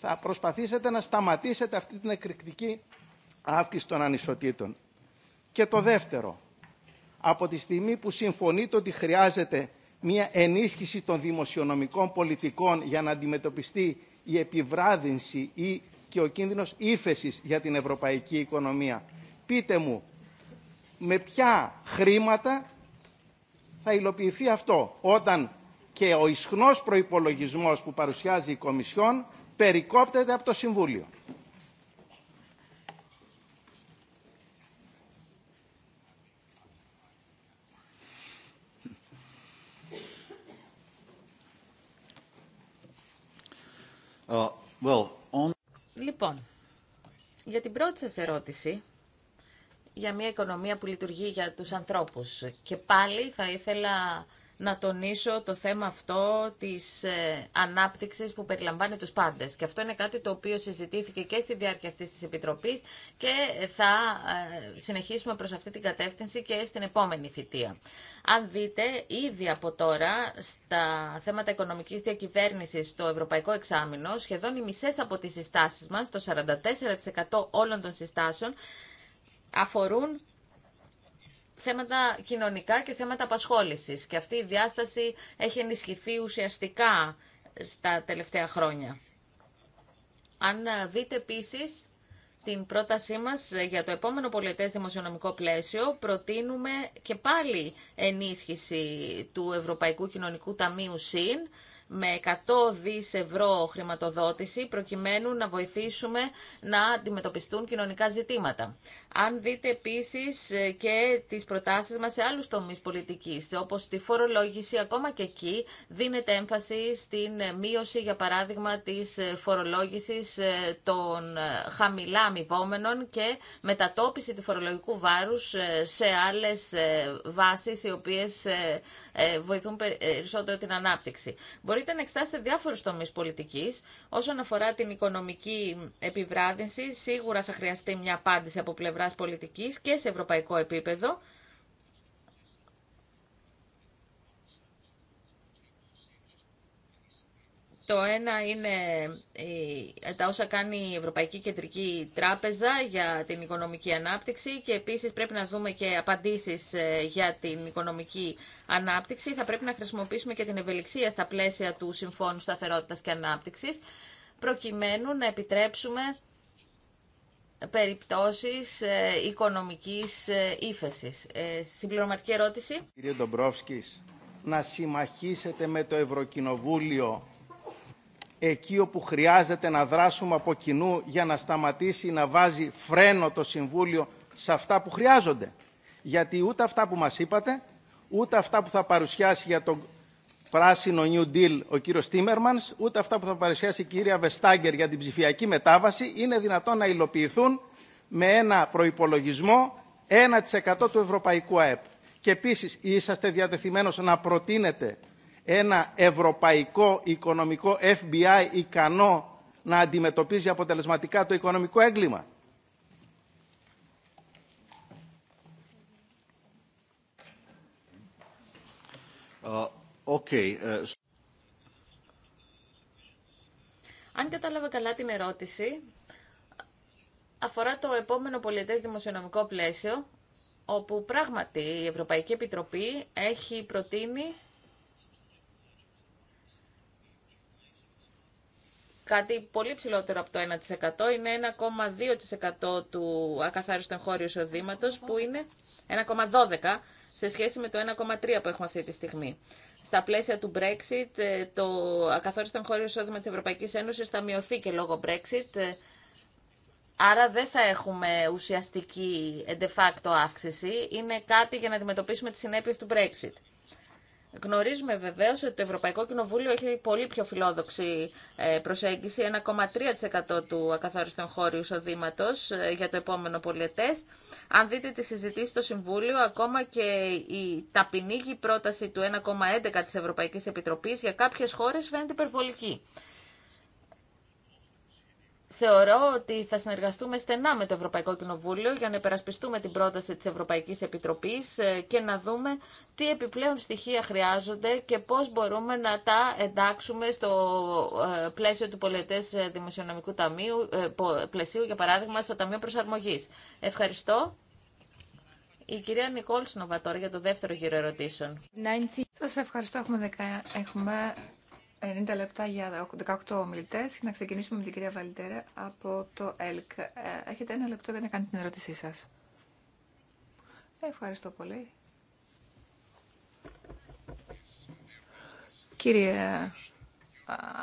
θα προσπαθήσετε να σταματήσετε αυτή την εκρηκτική αύξηση των ανισοτήτων. Και το δεύτερο, από τη στιγμή που συμφωνείτε ότι χρειάζεται μια ενίσχυση των δημοσιονομικών πολιτικών για να αντιμετωπιστεί η επιβράδυνση ή και ο κίνδυνος ύφεση για την ευρωπαϊκή οικονομία. Πείτε μου, με ποια χρήματα θα υλοποιηθεί αυτό, όταν και ο ισχνός προϋπολογισμός που παρουσιάζει η Κομισιόν περικόπτεται από το Συμβούλιο. Uh, well, Λοιπόν, για την πρώτη σας ερώτηση, για μια οικονομία που λειτουργεί για τους ανθρώπους. Και πάλι θα ήθελα να τονίσω το θέμα αυτό της ε, ανάπτυξης που περιλαμβάνει τους πάντες. Και αυτό είναι κάτι το οποίο συζητήθηκε και στη διάρκεια αυτής της Επιτροπής και θα ε, συνεχίσουμε προς αυτή την κατεύθυνση και στην επόμενη φοιτεία. Αν δείτε, ήδη από τώρα, στα θέματα οικονομικής διακυβέρνησης στο Ευρωπαϊκό Εξάμεινο, σχεδόν οι μισές από τις συστάσεις μας, το 44% όλων των συστάσεων, αφορούν θέματα κοινωνικά και θέματα απασχόλησης. Και αυτή η διάσταση έχει ενισχυθεί ουσιαστικά στα τελευταία χρόνια. Αν δείτε επίσης την πρότασή μας για το επόμενο πολιτές δημοσιονομικό πλαίσιο προτείνουμε και πάλι ενίσχυση του Ευρωπαϊκού Κοινωνικού Ταμείου ΣΥΝ με 100 δις ευρώ χρηματοδότηση προκειμένου να βοηθήσουμε να αντιμετωπιστούν κοινωνικά ζητήματα. Αν δείτε επίσης ε, και τις προτάσεις μας σε άλλους τομείς πολιτικής, όπως τη φορολόγηση, ακόμα και εκεί δίνεται έμφαση στην μείωση, για παράδειγμα, της φορολόγησης ε, των ε, χαμηλά αμοιβόμενων και μετατόπιση του φορολογικού βάρους σε άλλες βάσεις οι οποίες βοηθούν περισσότερο την ανάπτυξη μπορείτε να εξετάσετε διάφορους τομείς πολιτικής. Όσον αφορά την οικονομική επιβράδυνση, σίγουρα θα χρειαστεί μια απάντηση από πλευράς πολιτικής και σε ευρωπαϊκό επίπεδο. Το ένα είναι τα όσα κάνει η Ευρωπαϊκή Κεντρική Τράπεζα για την οικονομική ανάπτυξη και επίσης πρέπει να δούμε και απαντήσεις ε, για την οικονομική ανάπτυξη. Θα πρέπει να χρησιμοποιήσουμε και την ευελιξία στα πλαίσια του Συμφώνου Σταθερότητας και Ανάπτυξης προκειμένου να επιτρέψουμε περιπτώσεις ε, οικονομικής ε, ύφεσης. Συμπληρωματική ερώτηση. Κύριε Ντομπρόφσκης, να συμμαχίσετε με το Ευρωκοινοβούλιο εκεί όπου χρειάζεται να δράσουμε από κοινού για να σταματήσει να βάζει φρένο το Συμβούλιο σε αυτά που χρειάζονται. Γιατί ούτε αυτά που μας είπατε, ούτε αυτά που θα παρουσιάσει για τον πράσινο New Deal ο κύριος Τίμερμανς, ούτε αυτά που θα παρουσιάσει η κυρία Βεστάγκερ για την ψηφιακή μετάβαση, είναι δυνατόν να υλοποιηθούν με ένα προϋπολογισμό 1% του Ευρωπαϊκού ΑΕΠ. Και επίσης είσαστε διατεθειμένος να προτείνετε ένα ευρωπαϊκό οικονομικό FBI ικανό να αντιμετωπίζει αποτελεσματικά το οικονομικό έγκλημα. Uh, Αν κατάλαβα καλά την ερώτηση, αφορά το επόμενο πολιτες δημοσιονομικό πλαίσιο, όπου πράγματι η Ευρωπαϊκή Επιτροπή έχει προτείνει κάτι πολύ ψηλότερο από το 1%. Είναι 1,2% του ακαθάριστου εγχώριου εισοδήματος που είναι 1,12% σε σχέση με το 1,3% που έχουμε αυτή τη στιγμή. Στα πλαίσια του Brexit, ε, το ακαθάριστο εγχώριο εισόδημα της Ευρωπαϊκής Ένωσης θα μειωθεί και λόγω Brexit. Ε, άρα δεν θα έχουμε ουσιαστική de facto αύξηση. Είναι κάτι για να αντιμετωπίσουμε τις συνέπειες του Brexit. Γνωρίζουμε βεβαίω ότι το Ευρωπαϊκό Κοινοβούλιο έχει πολύ πιο φιλόδοξη ε, προσέγγιση, 1,3% του ακαθάριστου εγχώριου εισοδήματο ε, για το επόμενο πολιετέ. Αν δείτε τη συζητήσει στο Συμβούλιο, ακόμα και η ταπεινή πρόταση του 1,11% τη Ευρωπαϊκή Επιτροπή για κάποιε χώρε φαίνεται υπερβολική θεωρώ ότι θα συνεργαστούμε στενά με το Ευρωπαϊκό Κοινοβούλιο για να υπερασπιστούμε την πρόταση της Ευρωπαϊκής Επιτροπής ε, και να δούμε τι επιπλέον στοιχεία χρειάζονται και πώς μπορούμε να τα εντάξουμε στο ε, πλαίσιο του πολιτές δημοσιονομικού ταμείου, ε, πλαισίου, για παράδειγμα, στο Ταμείο Προσαρμογής. Ευχαριστώ. Η κυρία Νικόλ Σνοβατόρ για το δεύτερο γύρο ερωτήσεων. Σας ευχαριστώ. Έχουμε, Έχουμε 90 λεπτά για 18 ομιλητέ και να ξεκινήσουμε με την κυρία Βαλιτέρα από το ΕΛΚ. Ε, έχετε ένα λεπτό για να κάνετε την ερώτησή σα. Ευχαριστώ πολύ. Κύριε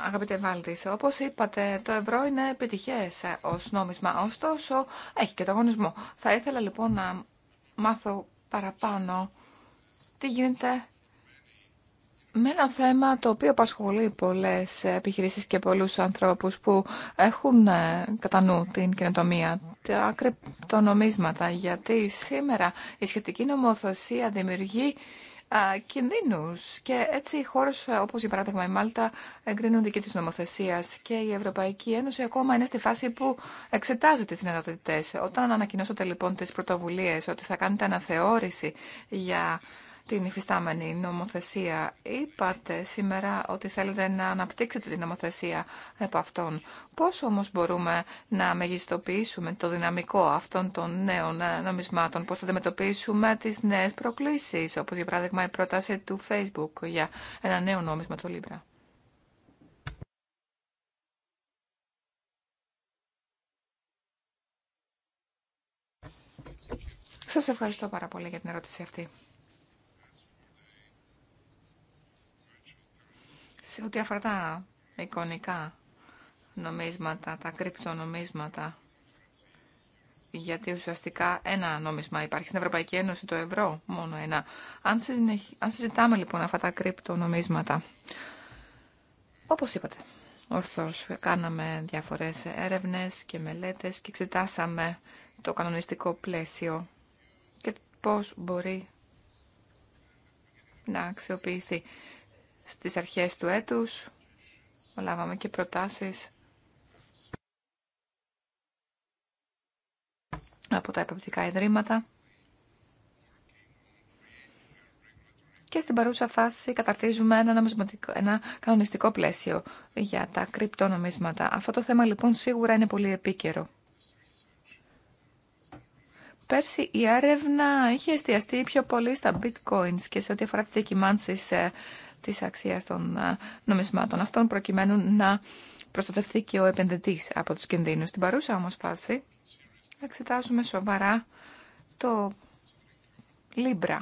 αγαπητέ Βάλτη, όπως είπατε, το ευρώ είναι επιτυχές ω νόμισμα, ωστόσο έχει και αγωνισμό. Θα ήθελα λοιπόν να μάθω παραπάνω τι γίνεται με ένα θέμα το οποίο απασχολεί πολλές επιχειρήσεις και πολλούς ανθρώπους που έχουν ε, κατά νου την κοινοτομία, τα κρυπτονομίσματα, γιατί σήμερα η σχετική νομοθεσία δημιουργεί κινδύνους και έτσι οι χώρες ε, όπως για παράδειγμα η Μάλτα εγκρίνουν δική της νομοθεσίας και η Ευρωπαϊκή Ένωση ακόμα είναι στη φάση που εξετάζει τις δυνατότητες. Όταν ανακοινώσατε λοιπόν τις πρωτοβουλίες ότι θα κάνετε αναθεώρηση για την υφιστάμενη νομοθεσία. Είπατε σήμερα ότι θέλετε να αναπτύξετε την νομοθεσία επ' αυτών. Πώς όμως μπορούμε να μεγιστοποιήσουμε το δυναμικό αυτών των νέων νομισμάτων, πώς θα αντιμετωπίσουμε τις νέες προκλήσεις, όπως για παράδειγμα η πρόταση του Facebook για ένα νέο νόμισμα, το Libra. Σας ευχαριστώ πάρα πολύ για την ερώτηση αυτή. σε ό,τι αφορά τα εικονικά νομίσματα, τα κρυπτονομίσματα, γιατί ουσιαστικά ένα νόμισμα υπάρχει στην Ευρωπαϊκή Ένωση, το ευρώ, μόνο ένα. Αν, αν συζητάμε λοιπόν αυτά τα κρυπτονομίσματα, όπως είπατε, ορθώς κάναμε διάφορες έρευνες και μελέτες και εξετάσαμε το κανονιστικό πλαίσιο και πώς μπορεί να αξιοποιηθεί στις αρχές του έτους λάβαμε και προτάσεις από τα επαπτικά ιδρύματα. Και στην παρούσα φάση καταρτίζουμε ένα, ένα κανονιστικό πλαίσιο για τα κρυπτονομίσματα. Αυτό το θέμα λοιπόν σίγουρα είναι πολύ επίκαιρο. Πέρσι η έρευνα είχε εστιαστεί πιο πολύ στα bitcoins και σε ό,τι αφορά τις διακυμάνσεις της αξίας των ε, νομισμάτων αυτών προκειμένου να προστατευτεί και ο επενδυτής από τους κινδύνους. Στην παρούσα όμως φάση εξετάζουμε σοβαρά το Libra,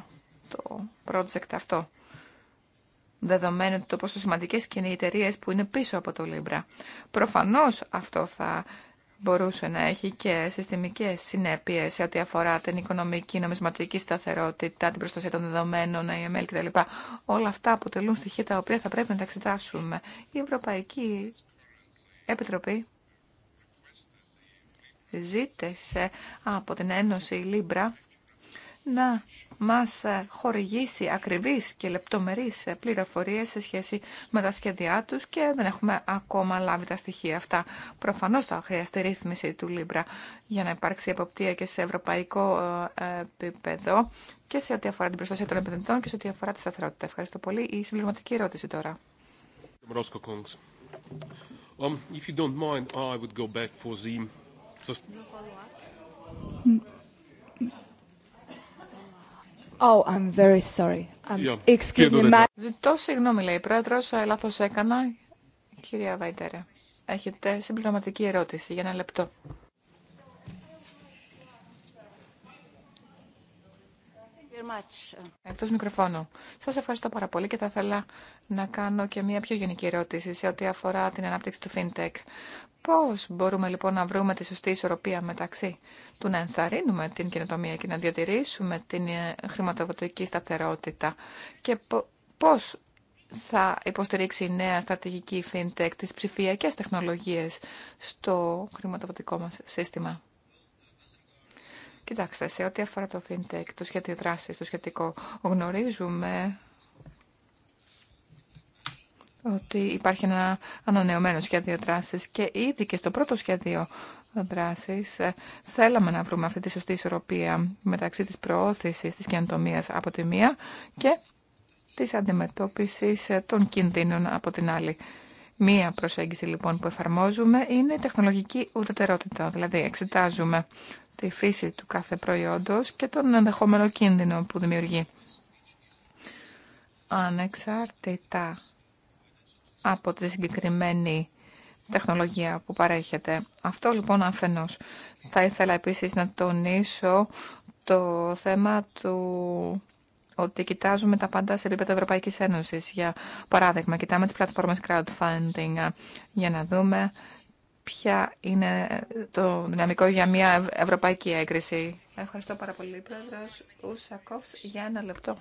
το project αυτό δεδομένου το πόσο σημαντικέ και είναι οι εταιρείε που είναι πίσω από το Libra. Προφανώς αυτό θα μπορούσε να έχει και συστημικές συνέπειες σε ό,τι αφορά την οικονομική, νομισματική σταθερότητα, την προστασία των δεδομένων, ML κτλ. Όλα αυτά αποτελούν στοιχεία τα οποία θα πρέπει να τα εξετάσουμε. Η Ευρωπαϊκή Επιτροπή ζήτησε από την Ένωση Λίμπρα να μας χορηγήσει ακριβείς και λεπτομερείς πληροφορίες σε σχέση με τα σχέδιά τους και δεν έχουμε ακόμα λάβει τα στοιχεία αυτά. Προφανώς θα χρειαστεί ρύθμιση του Λίμπρα για να υπάρξει εποπτεία και σε ευρωπαϊκό ε, επίπεδο και σε ό,τι αφορά την προστασία των επενδυτών και σε ό,τι αφορά τη σταθερότητα. Ευχαριστώ πολύ. Η συμπληρωματική ερώτηση τώρα. Oh, um, Ζητώ συγγνώμη, λέει η πρόεδρο, ε, λάθο έκανα. Κυρία Βαϊτέρα, έχετε συμπληρωματική ερώτηση για ένα λεπτό. Εκτός μικροφώνου. Σας ευχαριστώ πάρα πολύ και θα ήθελα να κάνω και μια πιο γενική ερώτηση σε ό,τι αφορά την ανάπτυξη του FinTech. Πώς μπορούμε λοιπόν να βρούμε τη σωστή ισορροπία μεταξύ του να ενθαρρύνουμε την καινοτομία και να διατηρήσουμε την ε, χρηματοδοτική σταθερότητα και πώς θα υποστηρίξει η νέα στρατηγική FinTech τις ψηφιακές τεχνολογίες στο χρηματοδοτικό μας σύστημα. Κοιτάξτε, σε ό,τι αφορά το fintech, το σχετικό δράση, το σχετικό, γνωρίζουμε ότι υπάρχει ένα ανανεωμένο σχέδιο δράση και ήδη και στο πρώτο σχέδιο δράση ε, θέλαμε να βρούμε αυτή τη σωστή ισορροπία μεταξύ της προώθηση της καινοτομία από τη μία και τη αντιμετώπιση ε, των κινδύνων από την άλλη. Μία προσέγγιση λοιπόν που εφαρμόζουμε είναι η τεχνολογική ουδετερότητα, δηλαδή εξετάζουμε τη φύση του κάθε προϊόντος και τον ενδεχόμενο κίνδυνο που δημιουργεί. Ανεξάρτητα από τη συγκεκριμένη τεχνολογία που παρέχεται. Αυτό λοιπόν αφενός. Θα ήθελα επίσης να τονίσω το θέμα του ότι κοιτάζουμε τα πάντα σε επίπεδο Ευρωπαϊκής Ένωσης. Για παράδειγμα, κοιτάμε τις πλατφόρμες crowdfunding για να δούμε ποια είναι το δυναμικό για μια ευρωπαϊκή έγκριση. Ευχαριστώ πάρα πολύ, Πρόεδρος Ουσακόφς, για ένα λεπτό.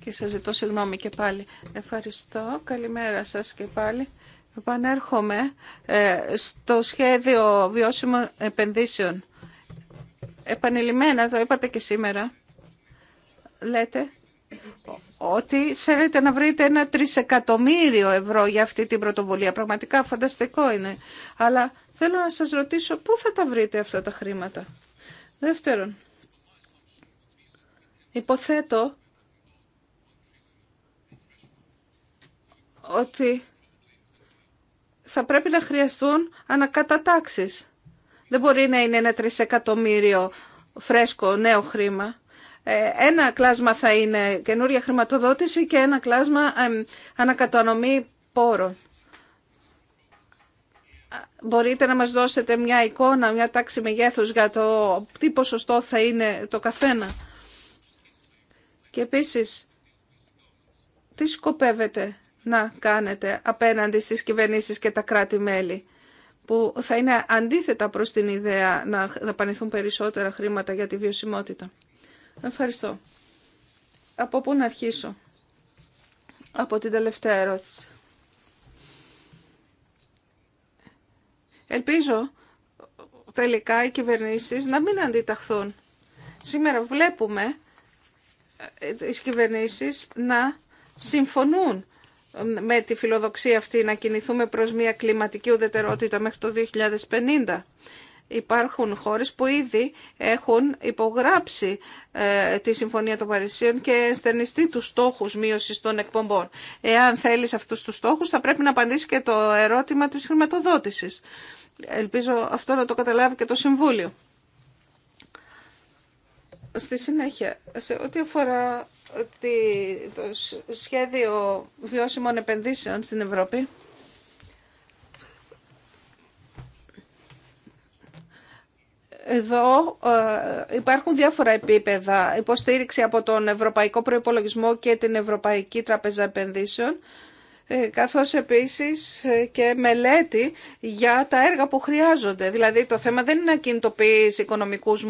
Και σας ζητώ συγγνώμη και πάλι. Ευχαριστώ. Καλημέρα σας και πάλι. Επανέρχομαι ε, στο σχέδιο βιώσιμων επενδύσεων. Επανειλημμένα, το είπατε και σήμερα, λέτε ότι θέλετε να βρείτε ένα τρισεκατομμύριο ευρώ για αυτή την πρωτοβουλία. Πραγματικά φανταστικό είναι. Αλλά θέλω να σας ρωτήσω πού θα τα βρείτε αυτά τα χρήματα. Δεύτερον, υποθέτω ότι θα πρέπει να χρειαστούν ανακατατάξεις. Δεν μπορεί να είναι ένα τρισεκατομμύριο φρέσκο νέο χρήμα. Ε, ένα κλάσμα θα είναι καινούρια χρηματοδότηση και ένα κλάσμα ανακατανομή πόρων. Μπορείτε να μας δώσετε μια εικόνα, μια τάξη μεγέθους για το τι ποσοστό θα είναι το καθένα. Και επίσης, τι σκοπεύετε να κάνετε απέναντι στις κυβερνήσεις και τα κράτη-μέλη που θα είναι αντίθετα προς την ιδέα να δαπανηθούν περισσότερα χρήματα για τη βιωσιμότητα. Ευχαριστώ. Από πού να αρχίσω. Από την τελευταία ερώτηση. Ελπίζω τελικά οι κυβερνήσεις να μην αντιταχθούν. Σήμερα βλέπουμε ε, τις κυβερνήσεις να συμφωνούν με τη φιλοδοξία αυτή να κινηθούμε προς μια κλιματική ουδετερότητα μέχρι το 2050. Υπάρχουν χώρες που ήδη έχουν υπογράψει ε, τη Συμφωνία των Παρισίων και στενιστεί τους στόχους μείωσης των εκπομπών. Εάν θέλεις αυτούς τους στόχους θα πρέπει να απαντήσει και το ερώτημα της χρηματοδότησης. Ελπίζω αυτό να το καταλάβει και το Συμβούλιο. Στη συνέχεια, σε ό,τι αφορά το σχέδιο βιώσιμων επενδύσεων στην Ευρώπη, εδώ ε, υπάρχουν διάφορα επίπεδα υποστήριξη από τον Ευρωπαϊκό Προϋπολογισμό και την Ευρωπαϊκή Τραπεζα Επενδύσεων ε, καθώς επίσης ε, και μελέτη για τα έργα που χρειάζονται. Δηλαδή το θέμα δεν είναι να κινητοποιείς οικονομικούς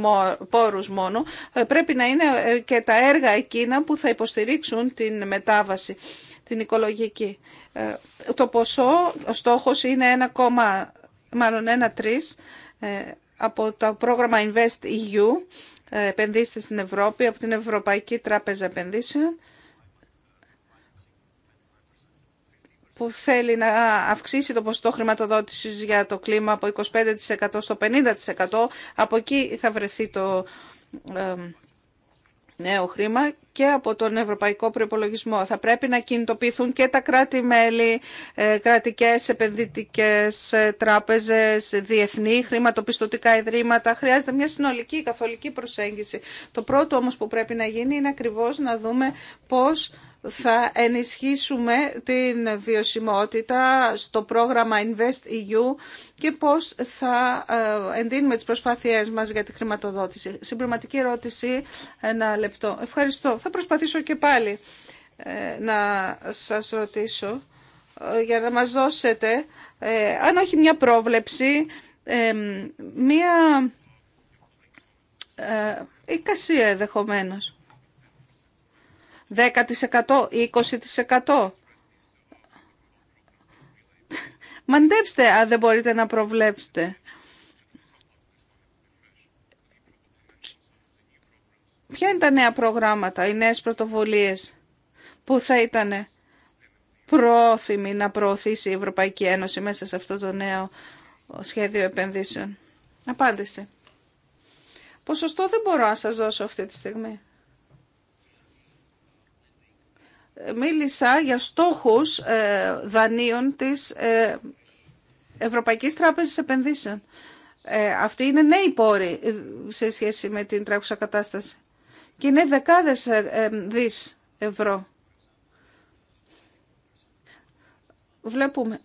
πόρους μόνο, πρέπει να είναι και τα έργα εκείνα που θα υποστηρίξουν την μετάβαση, την οικολογική. Το ποσό, ο στόχος είναι 1,3 από το πρόγραμμα Invest EU, ε, επενδύσεις στην Ευρώπη, από την Ευρωπαϊκή Τράπεζα Επενδύσεων, που θέλει να αυξήσει το ποσοστό χρηματοδότησης για το κλίμα από 25% στο 50%. Από εκεί θα βρεθεί το ε, νέο χρήμα και από τον Ευρωπαϊκό Προπολογισμό. Θα πρέπει να κινητοποιηθούν και τα κράτη-μέλη, ε, κρατικές επενδυτικές ε, τράπεζες, διεθνή χρηματοπιστωτικά ιδρύματα. Χρειάζεται μια συνολική καθολική προσέγγιση. Το πρώτο όμως που πρέπει να γίνει είναι ακριβώς να δούμε πώς θα ενισχύσουμε την βιωσιμότητα στο πρόγραμμα Invest EU και πώς θα ε, εντείνουμε τις προσπάθειές μας για τη χρηματοδότηση. Συμπληρωματική ερώτηση, ένα λεπτό. Ευχαριστώ. Θα προσπαθήσω και πάλι ε, να σας ρωτήσω ε, για να μας δώσετε, αν όχι μια πρόβλεψη, μια εικασία ενδεχομένω. 10% ή 20%. Μαντέψτε αν δεν μπορείτε να προβλέψετε. Ποια είναι τα νέα προγράμματα, οι νέες πρωτοβουλίες που θα ήταν πρόθυμοι να προωθήσει η Ευρωπαϊκή Ένωση μέσα σε αυτό το νέο σχέδιο επενδύσεων. Απάντηση. Ποσοστό δεν μπορώ να σας δώσω αυτή τη στιγμή. μίλησα για στόχους ε, δανείων της ε, Ευρωπαϊκής Τράπεζας Επενδύσεων. Ε, Αυτή είναι νέοι πόροι σε σχέση με την τρέχουσα κατάσταση. Και είναι δεκάδες δις ευρώ. Βλέπουμε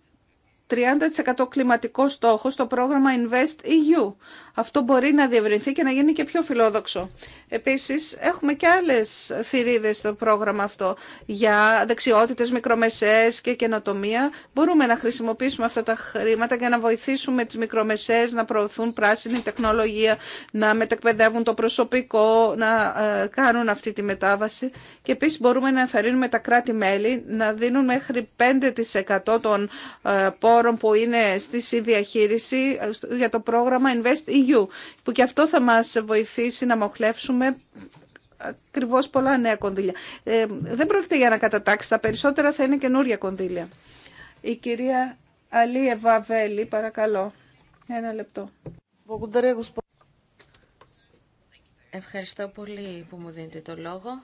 30% κλιματικό στόχο στο πρόγραμμα Invest EU. Αυτό μπορεί να διευρυνθεί και να γίνει και πιο φιλόδοξο. Επίσης, έχουμε και άλλες θηρίδες στο πρόγραμμα αυτό για δεξιότητες, μικρομεσαίες και καινοτομία. Μπορούμε να χρησιμοποιήσουμε αυτά τα χρήματα για να βοηθήσουμε τις μικρομεσαίες να προωθούν πράσινη τεχνολογία, να μετεκπαιδεύουν το προσωπικό, να ε, κάνουν αυτή τη μετάβαση. Και επίσης μπορούμε να ενθαρρύνουμε τα κράτη-μέλη να δίνουν μέχρι 5% των ε, πόρων που είναι στη συνδιαχείριση ε, για το πρόγραμμα Invest EU που και αυτό θα μας βοηθήσει να μοχλεύσουμε ακριβώ πολλά νέα κονδύλια. Ε, δεν πρόκειται για να κατατάξει, τα περισσότερα θα είναι καινούρια κονδύλια. Η κυρία Αλή Ευαβέλη, παρακαλώ. Ένα λεπτό. Ευχαριστώ πολύ που μου δίνετε το λόγο.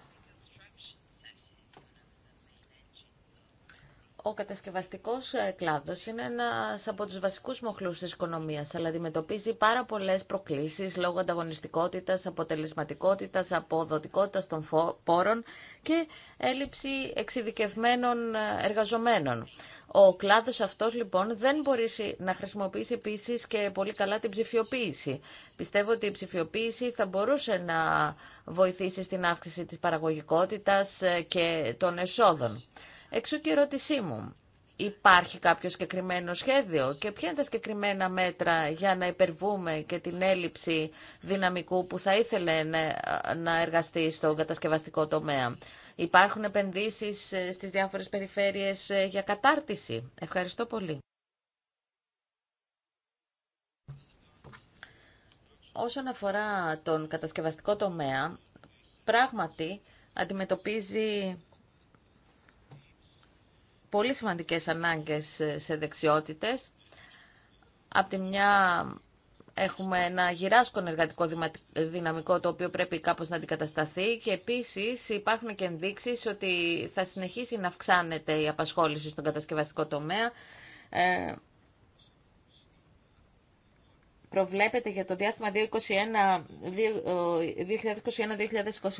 Ο κατασκευαστικός ε, κλάδος είναι ένας από τους βασικούς μοχλούς της οικονομίας, αλλά αντιμετωπίζει πάρα πολλές προκλήσεις λόγω ανταγωνιστικότητας, αποτελεσματικότητας, αποδοτικότητας των πόρων και έλλειψη εξειδικευμένων ε, εργαζομένων. Ο κλάδος αυτός λοιπόν δεν μπορεί να χρησιμοποιήσει επίση και πολύ καλά την ψηφιοποίηση. Πιστεύω ότι η ψηφιοποίηση θα μπορούσε να βοηθήσει στην αύξηση της παραγωγικότητας ε, και των εσόδων. Εξού και η ερώτησή μου. Υπάρχει κάποιο συγκεκριμένο σχέδιο και ποια είναι τα συγκεκριμένα μέτρα για να υπερβούμε και την έλλειψη δυναμικού που θα ήθελε να εργαστεί στον κατασκευαστικό τομέα. Υπάρχουν επενδύσεις ε, στις διάφορες περιφέρειες ε, για κατάρτιση. Ευχαριστώ πολύ. Όσον αφορά τον κατασκευαστικό τομέα, πράγματι αντιμετωπίζει πολύ σημαντικές ανάγκες ε, σε δεξιότητες. Απ' τη μια έχουμε ένα γυράσκον εργατικό δυναμικό το οποίο πρέπει κάπως να αντικατασταθεί και επίσης υπάρχουν και ενδείξεις ότι θα συνεχίσει να αυξάνεται η απασχόληση στον κατασκευαστικό τομέα. Ε, προβλέπεται για το διάστημα 2021-2025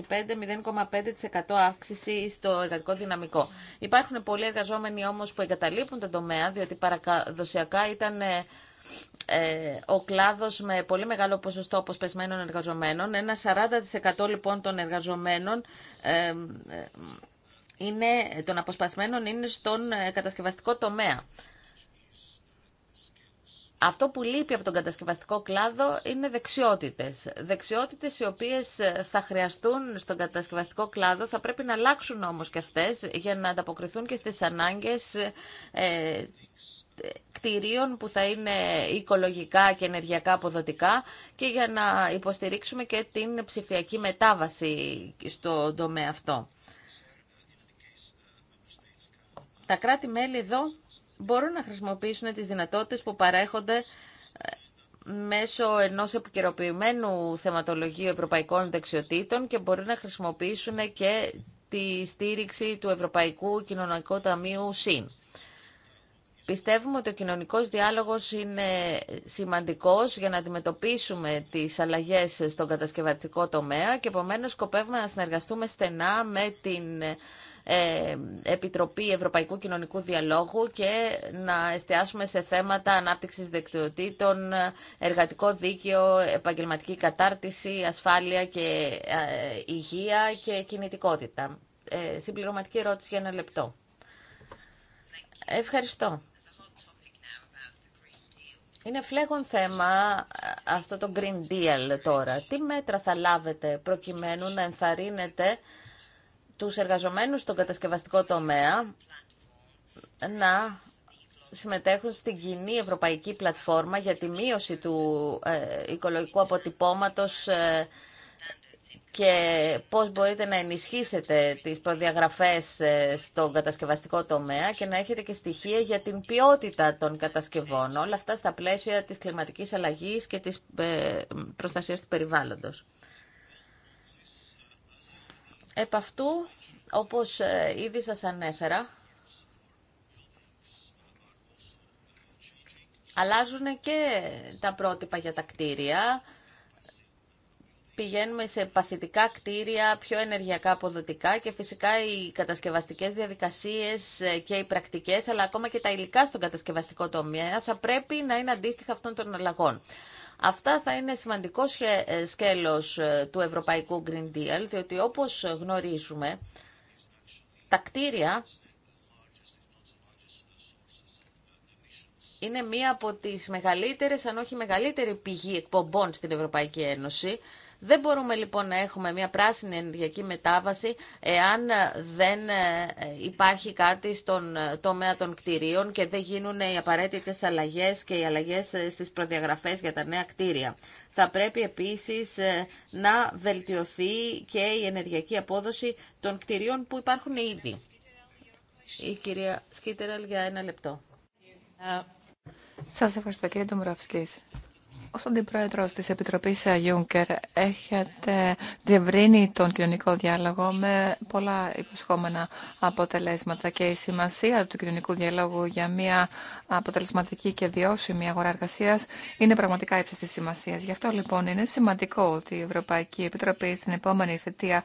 0,5% ε, αύξηση στο εργατικό δυναμικό. Υπάρχουν πολλοί εργαζόμενοι όμως που εγκαταλείπουν τον τομέα, διότι παραδοσιακά ήταν ε, ε, ο κλάδος με πολύ μεγάλο ποσοστό αποσπεσμένων εργαζομένων. Ένα 40% λοιπόν των εργαζομένων είναι, των αποσπασμένων είναι στον κατασκευαστικό τομέα. Αυτό που λείπει από τον κατασκευαστικό κλάδο είναι δεξιότητες. Δεξιότητες οι οποίες ε, θα χρειαστούν στον κατασκευαστικό κλάδο, θα πρέπει να αλλάξουν όμως και αυτές για να ανταποκριθούν και στις ανάγκες ε, ε κτηρίων που θα είναι οικολογικά και ενεργειακά αποδοτικά και για να υποστηρίξουμε και την ψηφιακή μετάβαση στον τομέα αυτό. Τα κράτη-μέλη εδώ μπορούν να χρησιμοποιήσουν τις δυνατότητες που παρέχονται ε, μέσω ενός επικαιροποιημένου θεματολογίου ευρωπαϊκών δεξιοτήτων και μπορούν να χρησιμοποιήσουν και τη στήριξη του Ευρωπαϊκού Κοινωνικού Ταμείου ΣΥΝ. Πιστεύουμε ότι ο κοινωνικός διάλογος είναι σημαντικός για να αντιμετωπίσουμε τις αλλαγές στον κατασκευατικό τομέα και επομένως σκοπεύουμε να συνεργαστούμε στενά με την ε, Επιτροπή Ευρωπαϊκού Κοινωνικού Διαλόγου και να εστιάσουμε σε θέματα ανάπτυξης δεκτυωτήτων, εργατικό δίκαιο, επαγγελματική κατάρτιση, ασφάλεια και ε, υγεία και κινητικότητα. Ε, συμπληρωματική ερώτηση για ένα λεπτό. Ευχαριστώ. Είναι φλέγον θέμα αυτό το Green Deal τώρα. Τι μέτρα θα λάβετε προκειμένου να ενθαρρύνετε τους εργαζομένους στον κατασκευαστικό τομέα να συμμετέχουν στην κοινή ευρωπαϊκή πλατφόρμα για τη μείωση του ε, οικολογικού αποτυπώματος ε, και πώς μπορείτε να ενισχύσετε τις προδιαγραφές ε, στον κατασκευαστικό τομέα και να έχετε και στοιχεία για την ποιότητα των κατασκευών. Όλα αυτά στα πλαίσια της κλιματικής αλλαγής και της προστασίας του περιβάλλοντος. Επ' αυτού, όπως ε, ήδη σας ανέφερα, αλλάζουν και τα πρότυπα για τα κτίρια. Πηγαίνουμε σε παθητικά κτίρια, πιο ενεργειακά αποδοτικά και φυσικά οι κατασκευαστικές διαδικασίες ε, και οι πρακτικές, αλλά ακόμα και τα υλικά στον κατασκευαστικό τομέα θα πρέπει να είναι αντίστοιχα αυτών των αλλαγών. Αυτά θα είναι σημαντικό ε, σκέλος ε, του Ευρωπαϊκού Green Deal, διότι όπως γνωρίζουμε, τα κτίρια είναι μία από τις μεγαλύτερες, αν όχι μεγαλύτερη πηγή εκπομπών στην Ευρωπαϊκή Ένωση δεν μπορούμε λοιπόν να έχουμε μια πράσινη ενεργειακή μετάβαση εάν δεν ε, υπάρχει κάτι στον ε, τομέα των κτηρίων και δεν γίνουν οι απαραίτητες αλλαγές και οι αλλαγές ε, στις προδιαγραφές για τα νέα κτίρια. Θα πρέπει επίσης να βελτιωθεί και η ενεργειακή απόδοση των κτηρίων που υπάρχουν ήδη. Η κυρία Σκίτεραλ για ένα λεπτό. Σας ευχαριστώ κύριε Ντομουράφσκης. Ως αντιπρόεδρος της Επιτροπής Ιούνκερ, έχετε διευρύνει τον κοινωνικό διάλογο με πολλά υποσχόμενα αποτελέσματα και η σημασία του κοινωνικού διάλογου για μια αποτελεσματική και βιώσιμη αγορά εργασία είναι πραγματικά ύψης της σημασίας. Γι' αυτό λοιπόν είναι σημαντικό ότι η Ευρωπαϊκή Επιτροπή στην επόμενη θετία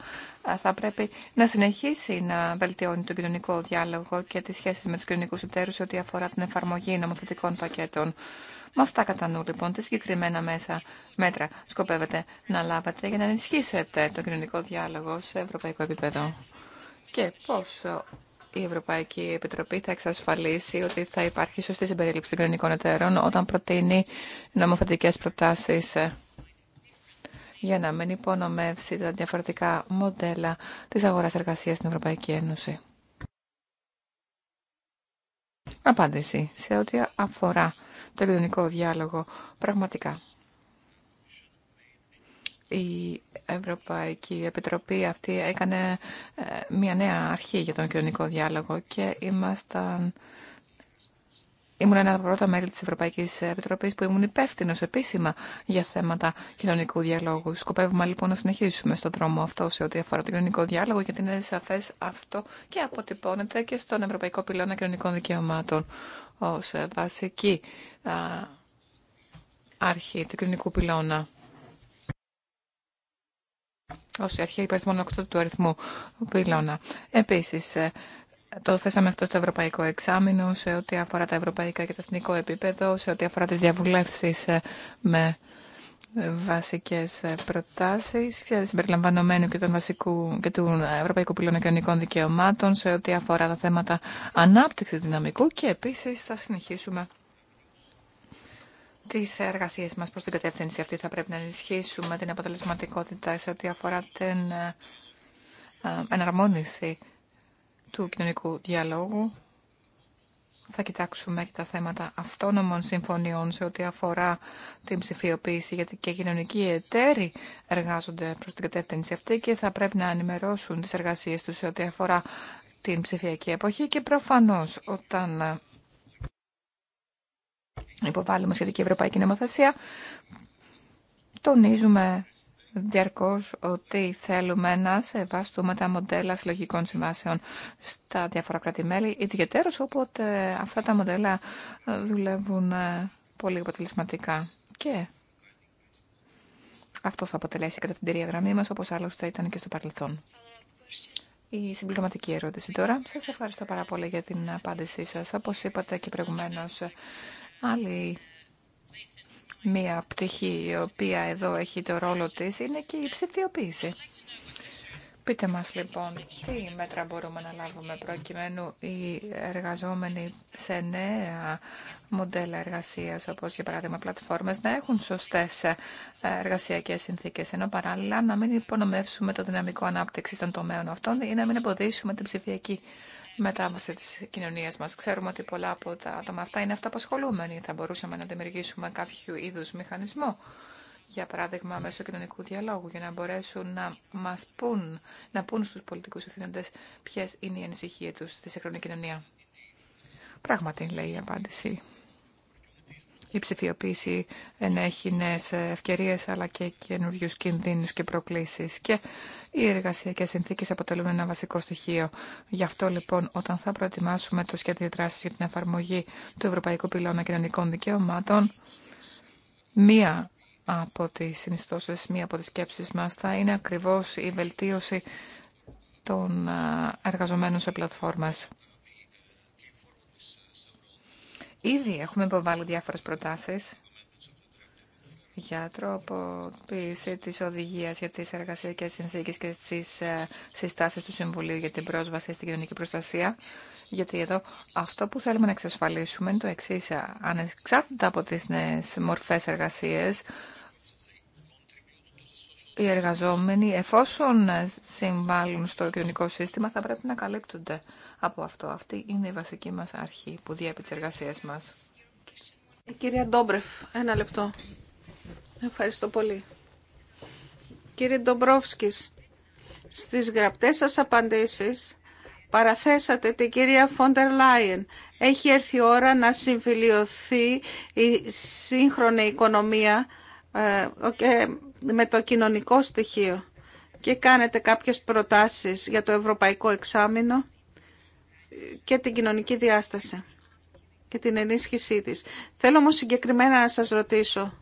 ε, θα πρέπει να συνεχίσει να βελτιώνει τον κοινωνικό διάλογο και τις σχέσεις με τους κοινωνικούς εταίρους ό,τι αφορά την εφαρμογή νομοθετικών πακέτων. Με αυτά κατά νου, λοιπόν, τι συγκεκριμένα μέσα, μέτρα σκοπεύετε να λάβετε για να ενισχύσετε τον κοινωνικό διάλογο σε ευρωπαϊκό επίπεδο. Και πώς η Ευρωπαϊκή Επιτροπή θα εξασφαλίσει ότι θα υπάρχει σωστή συμπερίληψη των κοινωνικών εταίρων όταν προτείνει νομοθετικές προτάσεις για να μην υπονομεύσει τα διαφορετικά μοντέλα της αγοράς εργασίας στην Ευρωπαϊκή Ένωση. Απάντηση σε ό,τι αφορά το κοινωνικό διάλογο. Πραγματικά, η Ευρωπαϊκή Επιτροπή αυτή έκανε ε, μια νέα αρχή για τον κοινωνικό διάλογο και ήμασταν Ήμουν ένα από τα πρώτα μέλη της Ευρωπαϊκής Επιτροπής που ήμουν υπεύθυνο επίσημα για θέματα κοινωνικού διαλόγου. Σκοπεύουμε λοιπόν να συνεχίσουμε στον δρόμο αυτό σε ό,τι αφορά τον κοινωνικό διάλογο, γιατί είναι σαφέ αυτό και αποτυπώνεται και στον Ευρωπαϊκό Πυλώνα Κοινωνικών Δικαιωμάτων ως βασική αρχή του κοινωνικού πυλώνα. Ως αρχή υπερθμών 8 του αριθμού πυλώνα. Επίσης, ε, το θέσαμε αυτό στο Ευρωπαϊκό Εξάμεινο, σε ό,τι αφορά τα ευρωπαϊκά και το εθνικό επίπεδο, σε ό,τι αφορά τις διαβουλεύσεις ε, με ε, βασικές ε, προτάσεις, συμπεριλαμβανομένου και, βασικού, και του Ευρωπαϊκού Πυλώνα Κοινωνικών Δικαιωμάτων, σε ό,τι αφορά τα θέματα ανάπτυξης δυναμικού και επίσης θα συνεχίσουμε τις εργασίες μας προς την κατεύθυνση αυτή. Θα πρέπει να ενισχύσουμε την αποτελεσματικότητα σε ό,τι αφορά την εναρμόνιση του κοινωνικού διαλόγου. Θα κοιτάξουμε και τα θέματα αυτόνομων συμφωνιών σε ό,τι αφορά την ψηφιοποίηση, γιατί και οι κοινωνικοί εταίροι εργάζονται προς την κατεύθυνση αυτή και θα πρέπει να ενημερώσουν τις εργασίες τους σε ό,τι αφορά την ψηφιακή εποχή και προφανώς όταν υποβάλλουμε σχετική ευρωπαϊκή νομοθεσία, τονίζουμε διαρκώς ότι θέλουμε να σεβαστούμε τα μοντέλα συλλογικών συμβάσεων στα διάφορα κράτη-μέλη, ιδιαίτερως όποτε αυτά τα μοντέλα ε, δουλεύουν ε, πολύ αποτελεσματικά. Και αυτό θα αποτελέσει κατά την τηρια γραμμή μας, όπως άλλωστε ήταν και στο παρελθόν. Η συμπληρωματική ερώτηση τώρα. Σας ευχαριστώ πάρα πολύ για την απάντησή σας. Όπως είπατε και προηγουμένως, άλλοι μία πτυχή η οποία εδώ έχει το ρόλο της είναι και η ψηφιοποίηση. Πείτε μας λοιπόν τι μέτρα μπορούμε να λάβουμε προκειμένου οι εργαζόμενοι σε νέα μοντέλα εργασίας όπως για παράδειγμα πλατφόρμες να έχουν σωστές εργασιακές συνθήκες ενώ παράλληλα να μην υπονομεύσουμε το δυναμικό ανάπτυξη των τομέων αυτών ή να μην εμποδίσουμε την ψηφιακή μετάβαση τη κοινωνία μας. Ξέρουμε ότι πολλά από τα άτομα αυτά είναι αυταπασχολούμενοι. Θα μπορούσαμε να δημιουργήσουμε κάποιο είδους μηχανισμό, για παράδειγμα μέσω κοινωνικού διαλόγου, για να μπορέσουν να μας πούν, να πούν στους πολιτικούς ευθύνοντες ποιες είναι οι ανησυχίες τους στη σύγχρονη κοινωνία. Πράγματι, λέει η απάντηση η ψηφιοποίηση ενέχει νέες ευκαιρίες αλλά και καινούριου κινδύνους και προκλήσεις και οι εργασιακές συνθήκες αποτελούν ένα βασικό στοιχείο. Γι' αυτό λοιπόν όταν θα προετοιμάσουμε το σχέδιο δράσης για την εφαρμογή του Ευρωπαϊκού Πυλώνα Κοινωνικών Δικαιωμάτων, μία από τις συνιστώσεις, μία από τις σκέψεις μας θα είναι ακριβώς η βελτίωση των εργαζομένων σε πλατφόρμες. Ήδη έχουμε υποβάλει διάφορες προτάσεις για τροποποίηση τη οδηγία για τι εργασιακές συνθήκες και τι ε, συστάσεις του Συμβουλίου για την πρόσβαση στην κοινωνική προστασία. Γιατί εδώ αυτό που θέλουμε να εξασφαλίσουμε είναι το εξή. Ανεξάρτητα από τις μορφές μορφέ εργασίε, οι εργαζόμενοι, εφόσον συμβάλλουν στο κοινωνικό σύστημα, θα πρέπει να καλύπτονται από αυτό. Αυτή είναι η βασική μας αρχή που διέπει τις εργασίες μας. Κύριε κυρία Ντόμπρεφ, ένα λεπτό. Ευχαριστώ πολύ. Κύριε Ντομπρόφσκης, στις γραπτές σας απαντήσεις παραθέσατε την κυρία Φόντερ Λάιεν. Έχει έρθει η ώρα να συμφιλειωθεί η σύγχρονη οικονομία ε, και με το κοινωνικό στοιχείο και κάνετε κάποιες προτάσεις για το ευρωπαϊκό εξάμεινο και την κοινωνική διάσταση και την ενίσχυσή της. Θέλω όμως συγκεκριμένα να σας ρωτήσω,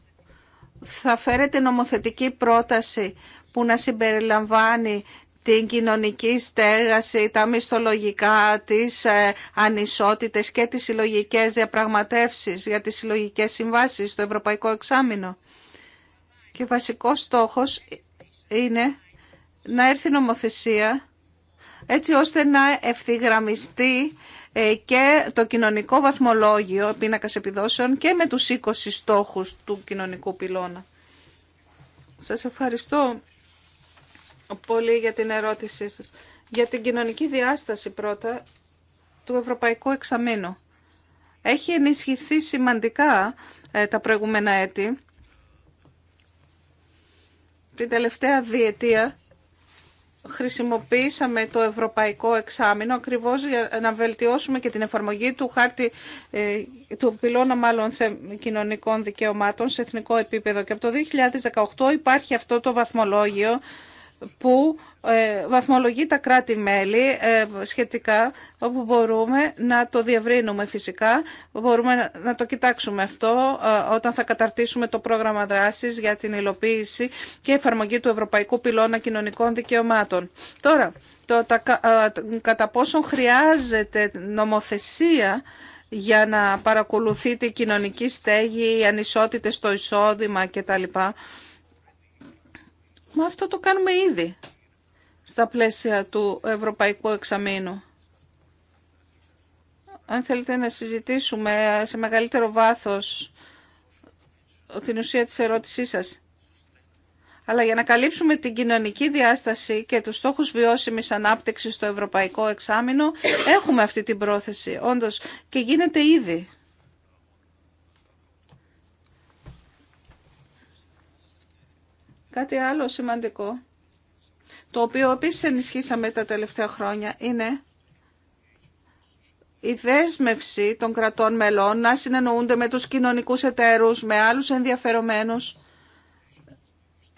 θα φέρετε νομοθετική πρόταση που να συμπεριλαμβάνει την κοινωνική στέγαση, τα μισθολογικά, τις ε, ανισότητες και τις συλλογικέ διαπραγματεύσεις για τις συλλογικέ συμβάσεις στο Ευρωπαϊκό Εξάμεινο. Και βασικός στόχος είναι να έρθει νομοθεσία έτσι ώστε να ευθυγραμμιστεί ε, και το κοινωνικό βαθμολόγιο πίνακας επιδόσεων και με τους 20 στόχους του κοινωνικού πυλώνα. Σας ευχαριστώ πολύ για την ερώτησή σας. Για την κοινωνική διάσταση πρώτα του Ευρωπαϊκού Εξαμήνου. Έχει ενισχυθεί σημαντικά ε, τα προηγούμενα έτη. Την τελευταία διετία χρησιμοποίησαμε το ευρωπαϊκό εξάμεινο ακριβώς για να βελτιώσουμε και την εφαρμογή του χάρτη ε, του πυλώνα μάλλον κοινωνικών δικαιωμάτων σε εθνικό επίπεδο. Και από το 2018 υπάρχει αυτό το βαθμολόγιο που ε, βαθμολογεί τα κράτη-μέλη ε, σχετικά όπου μπορούμε να το διευρύνουμε φυσικά. Μπορούμε να το κοιτάξουμε αυτό ε, όταν θα καταρτήσουμε το πρόγραμμα δράσης για την υλοποίηση και εφαρμογή του Ευρωπαϊκού Πυλώνα Κοινωνικών Δικαιωμάτων. Τώρα, το κατά πόσο χρειάζεται νομοθεσία για να παρακολουθείτε η κοινωνική στέγη, οι ανισότητες στο εισόδημα κτλ. Μα αυτό το κάνουμε ήδη στα πλαίσια του Ευρωπαϊκού Εξαμήνου. Αν θέλετε να συζητήσουμε σε μεγαλύτερο βάθος την ουσία της ερώτησής σας. Αλλά για να καλύψουμε την κοινωνική διάσταση και τους στόχους βιώσιμης ανάπτυξης στο Ευρωπαϊκό Εξάμεινο, έχουμε αυτή την πρόθεση, όντως, και γίνεται ήδη. Κάτι άλλο σημαντικό το οποίο επίσης ενισχύσαμε τα τελευταία χρόνια, είναι η δέσμευση των κρατών μελών να συνεννοούνται με τους κοινωνικούς εταίρους, με άλλους ενδιαφερομένους.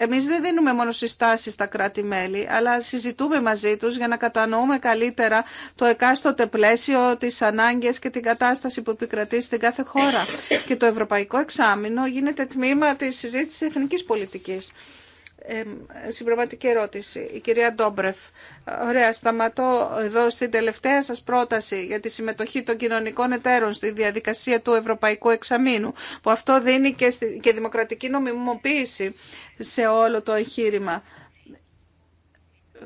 Εμείς δεν δίνουμε μόνο συστάσεις στα κράτη-μέλη, αλλά συζητούμε μαζί τους για να κατανοούμε καλύτερα το εκάστοτε πλαίσιο, τις ανάγκες και την κατάσταση που επικρατεί στην κάθε χώρα. Και το Ευρωπαϊκό Εξάμεινο γίνεται τμήμα της συζήτησης εθνικής πολιτικής. Συμπροματική ερώτηση. Η κυρία Ντόμπρεφ. Ωραία, σταματώ εδώ στην τελευταία σας πρόταση για τη συμμετοχή των κοινωνικών εταίρων στη διαδικασία του Ευρωπαϊκού Εξαμήνου, που αυτό δίνει και, στη, και δημοκρατική νομιμοποίηση σε όλο το εγχείρημα.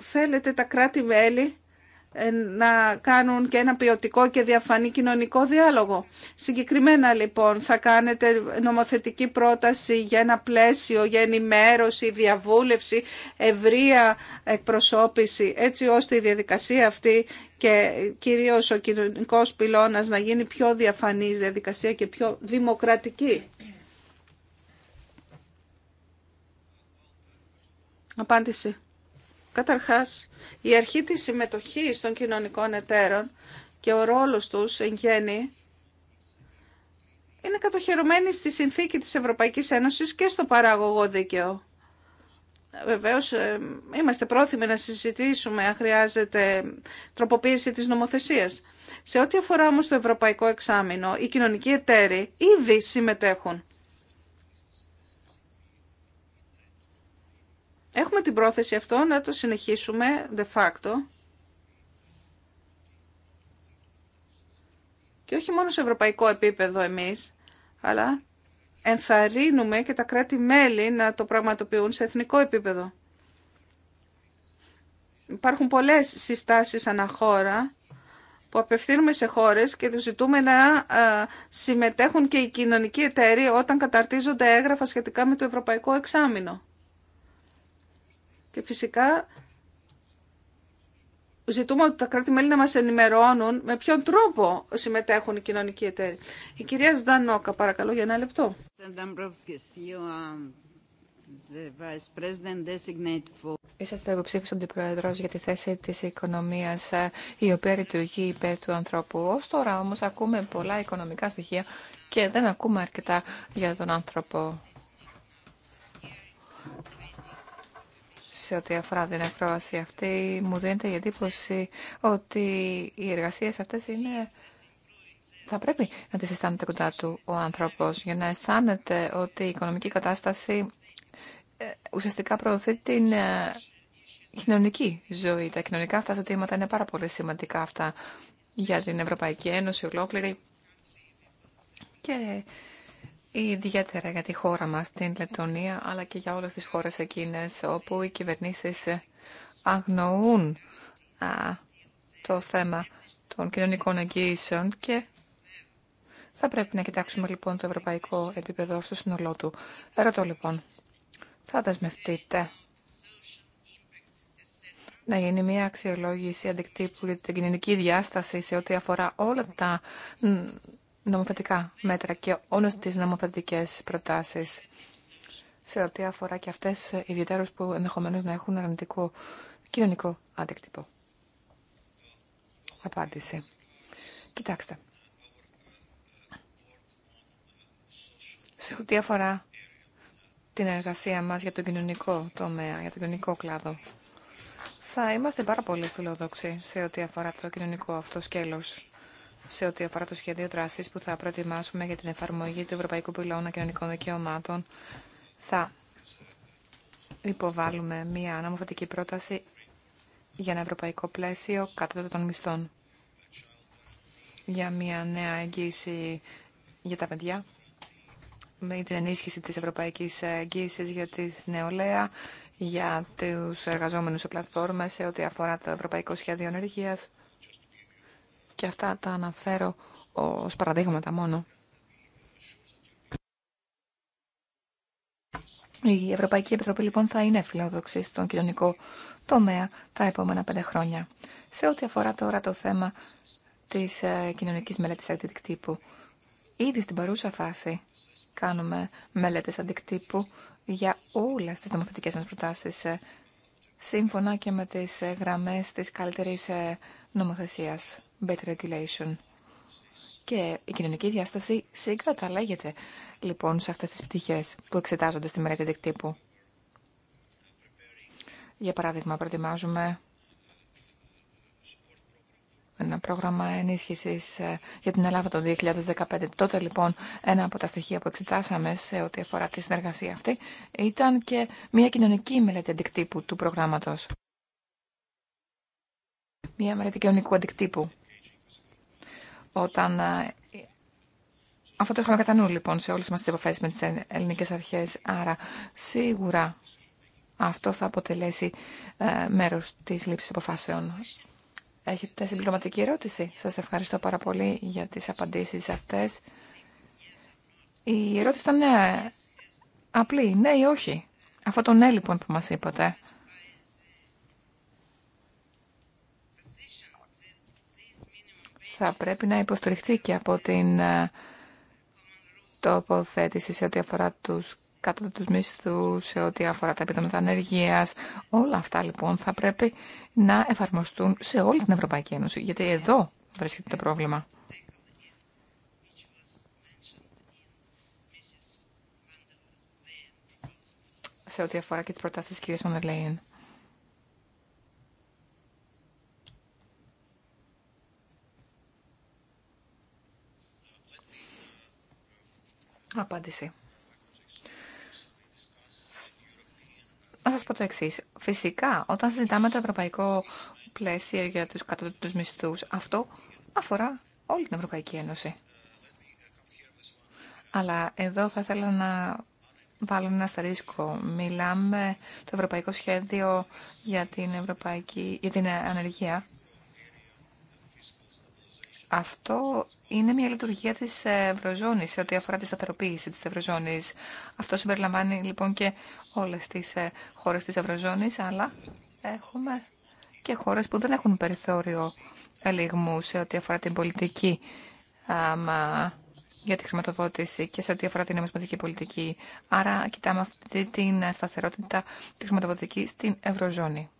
Θέλετε τα κράτη-μέλη ε, να κάνουν και ένα ποιοτικό και διαφανή κοινωνικό διάλογο. Συγκεκριμένα λοιπόν θα κάνετε νομοθετική πρόταση για ένα πλαίσιο, για ενημέρωση, διαβούλευση, ευρεία εκπροσώπηση έτσι ώστε η διαδικασία αυτή και κυρίως ο κοινωνικός πυλώνας να γίνει πιο διαφανής διαδικασία και πιο δημοκρατική. Απάντηση. Καταρχάς, η αρχή της συμμετοχής των κοινωνικών εταίρων και ο ρόλος τους εν γέννη είναι κατοχυρωμένη στη συνθήκη της Ευρωπαϊκής Ένωσης και στο παράγωγο δίκαιο. Βεβαίως, ε, είμαστε πρόθυμοι να συζητήσουμε αν χρειάζεται τροποποίηση της νομοθεσίας. Σε ό,τι αφορά όμως το Ευρωπαϊκό Εξάμεινο, οι κοινωνικοί εταίροι ήδη συμμετέχουν. Έχουμε την πρόθεση αυτό να το συνεχίσουμε de facto και όχι μόνο σε ευρωπαϊκό επίπεδο εμείς, αλλά ενθαρρύνουμε και τα κράτη-μέλη να το πραγματοποιούν σε εθνικό επίπεδο. Υπάρχουν πολλές συστάσεις αναχώρα που απευθύνουμε σε χώρες και τους ζητούμε να ε, συμμετέχουν και οι κοινωνικοί εταίροι όταν καταρτίζονται έγγραφα σχετικά με το ευρωπαϊκό εξάμεινο. Και φυσικά ζητούμε ότι τα κράτη-μέλη να μας ενημερώνουν με ποιον τρόπο συμμετέχουν οι κοινωνικοί εταίροι. Η κυρία Σδανόκα, παρακαλώ, για ένα λεπτό. Είσαστε υποψήφιο αντιπρόεδρο για τη θέση τη οικονομία ε, η οποία λειτουργεί υπέρ του ανθρώπου. Ω τώρα όμω ακούμε πολλά οικονομικά στοιχεία και δεν ακούμε αρκετά για τον άνθρωπο σε ό,τι αφορά την ακρόαση αυτή, μου δίνεται η εντύπωση ότι οι εργασίες αυτές είναι... Θα πρέπει να τις αισθάνεται κοντά του ο άνθρωπος για να αισθάνεται ότι η οικονομική κατάσταση ε, ουσιαστικά προωθεί την ε, κοινωνική ζωή. Τα κοινωνικά αυτά ζητήματα είναι πάρα πολύ σημαντικά αυτά για την Ευρωπαϊκή Ένωση ολόκληρη ιδιαίτερα για τη χώρα μας, την Λετωνία, αλλά και για όλες τις χώρες εκείνες όπου οι κυβερνήσεις αγνοούν το θέμα των κοινωνικών εγγύησεων και θα πρέπει να κοιτάξουμε λοιπόν το ευρωπαϊκό επίπεδο στο σύνολό του. Ρωτώ λοιπόν, θα δεσμευτείτε να γίνει μια αξιολόγηση αντικτύπου για την κοινωνική διάσταση σε ό,τι αφορά όλα τα νομοθετικά μέτρα και όλες τις νομοθετικές προτάσεις σε ό,τι αφορά και αυτές ιδιαίτερως που ενδεχομένως να έχουν αρνητικό κοινωνικό αντίκτυπο. Απάντηση. Κοιτάξτε. Σε ό,τι αφορά την εργασία μας για τον κοινωνικό τομέα, για τον κοινωνικό κλάδο, θα είμαστε πάρα πολύ φιλοδόξοι σε ό,τι αφορά το κοινωνικό αυτό σκέλος σε ό,τι αφορά το σχέδιο δράσης που θα προετοιμάσουμε για την εφαρμογή του Ευρωπαϊκού Πυλώνα Κοινωνικών Δικαιωμάτων, θα υποβάλουμε μία αναμοφωτική πρόταση για ένα ευρωπαϊκό πλαίσιο κατά των μισθών. Για μία νέα εγγύηση για τα παιδιά, με την ενίσχυση της ευρωπαϊκής εγγύησης για τη νεολαία, για τους εργαζόμενους σε πλατφόρμες, σε ό,τι αφορά το Ευρωπαϊκό Σχέδιο Ενεργείας και αυτά τα αναφέρω ως παραδείγματα μόνο. Η Ευρωπαϊκή Επιτροπή λοιπόν θα είναι φιλόδοξη στον κοινωνικό τομέα τα επόμενα πέντε χρόνια. Σε ό,τι αφορά τώρα το θέμα της ε, κοινωνικής μελέτης αντικτύπου, ήδη στην παρούσα φάση κάνουμε μελέτες αντικτύπου για όλες τις νομοθετικές μας προτάσεις, ε, σύμφωνα και με τις ε, γραμμές της καλύτερης νομοθεσίας better regulation. Και η κοινωνική διάσταση συγκαταλέγεται λοιπόν σε αυτές τις πτυχές που εξετάζονται στη μελέτη δικτύπου. Για παράδειγμα, προετοιμάζουμε ένα πρόγραμμα ενίσχυσης ε, για την Ελλάδα το 2015. Τότε λοιπόν ένα από τα στοιχεία που εξετάσαμε σε ό,τι αφορά τη συνεργασία αυτή ήταν και μια κοινωνική μελέτη αντικτύπου του προγράμματος. Μια μελέτη κοινωνικού αντικτύπου όταν ε, αυτό το είχαμε κατά νου λοιπόν σε όλες μας τις επαφές με τις ελληνικές αρχές. Άρα σίγουρα αυτό θα αποτελέσει ε, μέρος της λήψης αποφάσεων. Έχετε συμπληρωματική ερώτηση. Σας ευχαριστώ πάρα πολύ για τις απαντήσεις αυτές. Η ερώτηση ήταν ναι, απλή, ναι ή όχι. Αυτό το ναι λοιπόν που μας είπατε θα πρέπει να υποστηριχθεί και από την ε, τοποθέτηση σε ό,τι αφορά τους κάτω τους μισθούς, σε ό,τι αφορά τα επιδόματα ανεργία. Όλα αυτά λοιπόν θα πρέπει να εφαρμοστούν σε όλη την Ευρωπαϊκή Ένωση, γιατί εδώ βρίσκεται το πρόβλημα. Σε ό,τι αφορά και τις προτάσεις της κυρίας Απάντηση. Να σας πω το εξή. Φυσικά, όταν συζητάμε το ευρωπαϊκό πλαίσιο για τους κατώτατους μισθούς, αυτό αφορά όλη την Ευρωπαϊκή Ένωση. Αλλά εδώ θα ήθελα να βάλω ένα σταρίσκο, Μιλάμε το ευρωπαϊκό σχέδιο για την, ευρωπαϊκή, για την ανεργία. Αυτό είναι μια λειτουργία της Ευρωζώνης σε ό,τι αφορά τη σταθεροποίηση της Ευρωζώνης. Αυτό συμπεριλαμβάνει λοιπόν και όλες τις ε, χώρες της Ευρωζώνης, αλλά έχουμε και χώρες που δεν έχουν περιθώριο ελιγμού σε ό,τι αφορά την πολιτική για τη χρηματοδότηση και σε ό,τι αφορά την νομισματική πολιτική. Άρα κοιτάμε αυτή την σταθερότητα τη χρηματοδοτική στην Ευρωζώνη.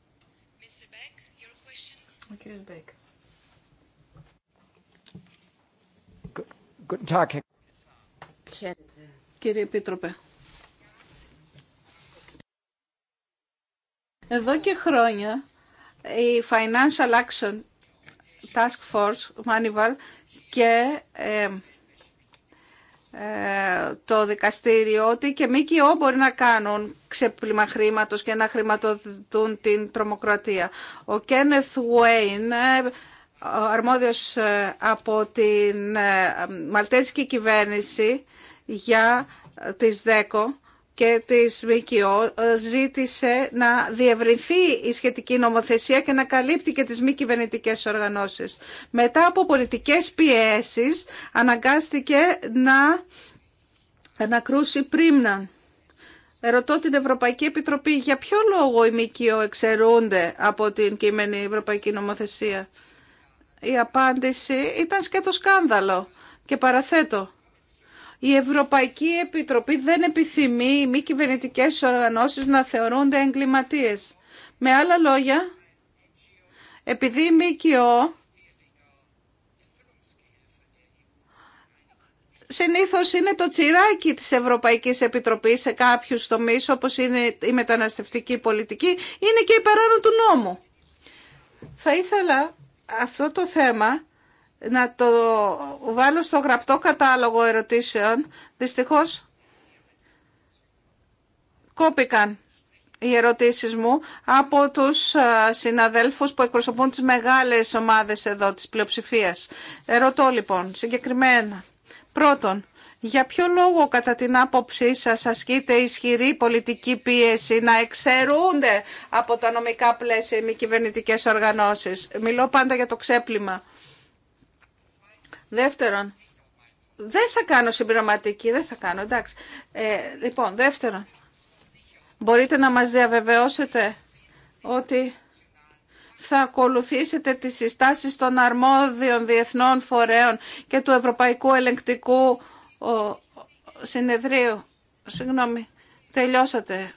Κύριε Επίτροπε. Εδώ και χρόνια η Financial Action Task Force, Manival, και ε, ε, το δικαστήριο ότι και ΜΚΟ μπορεί να κάνουν ξεπλήμα χρήματος και να χρηματοδοτούν την τρομοκρατία. Ο Κένεθ Βέιν αρμόδιος ε, από την ε, Μαλτέζικη κυβέρνηση για ε, τις ΔΕΚΟ και τις ΜΚΟ ζήτησε να διευρυνθεί η σχετική νομοθεσία και να καλύπτει και τις μη κυβερνητικέ οργανώσεις. Μετά από πολιτικές πιέσεις αναγκάστηκε να ανακρούσει πρίμνα. Ερωτώ την Ευρωπαϊκή Επιτροπή για ποιο λόγο οι ΜΚΟ εξαιρούνται από την κείμενη Ευρωπαϊκή Νομοθεσία η απάντηση ήταν σκέτο σκάνδαλο. Και παραθέτω, η Ευρωπαϊκή Επιτροπή δεν επιθυμεί οι μη κυβερνητικέ οργανώσεις να θεωρούνται εγκληματίες. Με άλλα λόγια, επειδή η ΜΚΟ συνήθως είναι το τσιράκι της Ευρωπαϊκής Επιτροπής σε κάποιους τομείς όπως είναι η μεταναστευτική πολιτική, είναι και η υπεράνω του νόμου. Θα ήθελα αυτό το θέμα να το βάλω στο γραπτό κατάλογο ερωτήσεων. Δυστυχώς κόπηκαν οι ερωτήσεις μου από τους συναδέλφους που εκπροσωπούν τις μεγάλες ομάδες εδώ της πλειοψηφίας. Ερωτώ λοιπόν συγκεκριμένα. Πρώτον, για ποιο λόγο κατά την άποψή σας ασκείται ισχυρή πολιτική πίεση να εξαιρούνται από τα νομικά πλαίσια οι μη κυβερνητικέ οργανώσεις. Μιλώ πάντα για το ξέπλυμα. Δεύτερον, δεν θα κάνω συμπληρωματική, δεν θα κάνω, εντάξει. Ε, λοιπόν, δεύτερον, μπορείτε να μας διαβεβαιώσετε ότι θα ακολουθήσετε τις συστάσεις των αρμόδιων διεθνών φορέων και του Ευρωπαϊκού Ελεγκτικού συνεδρίου. Συγγνώμη, τελειώσατε.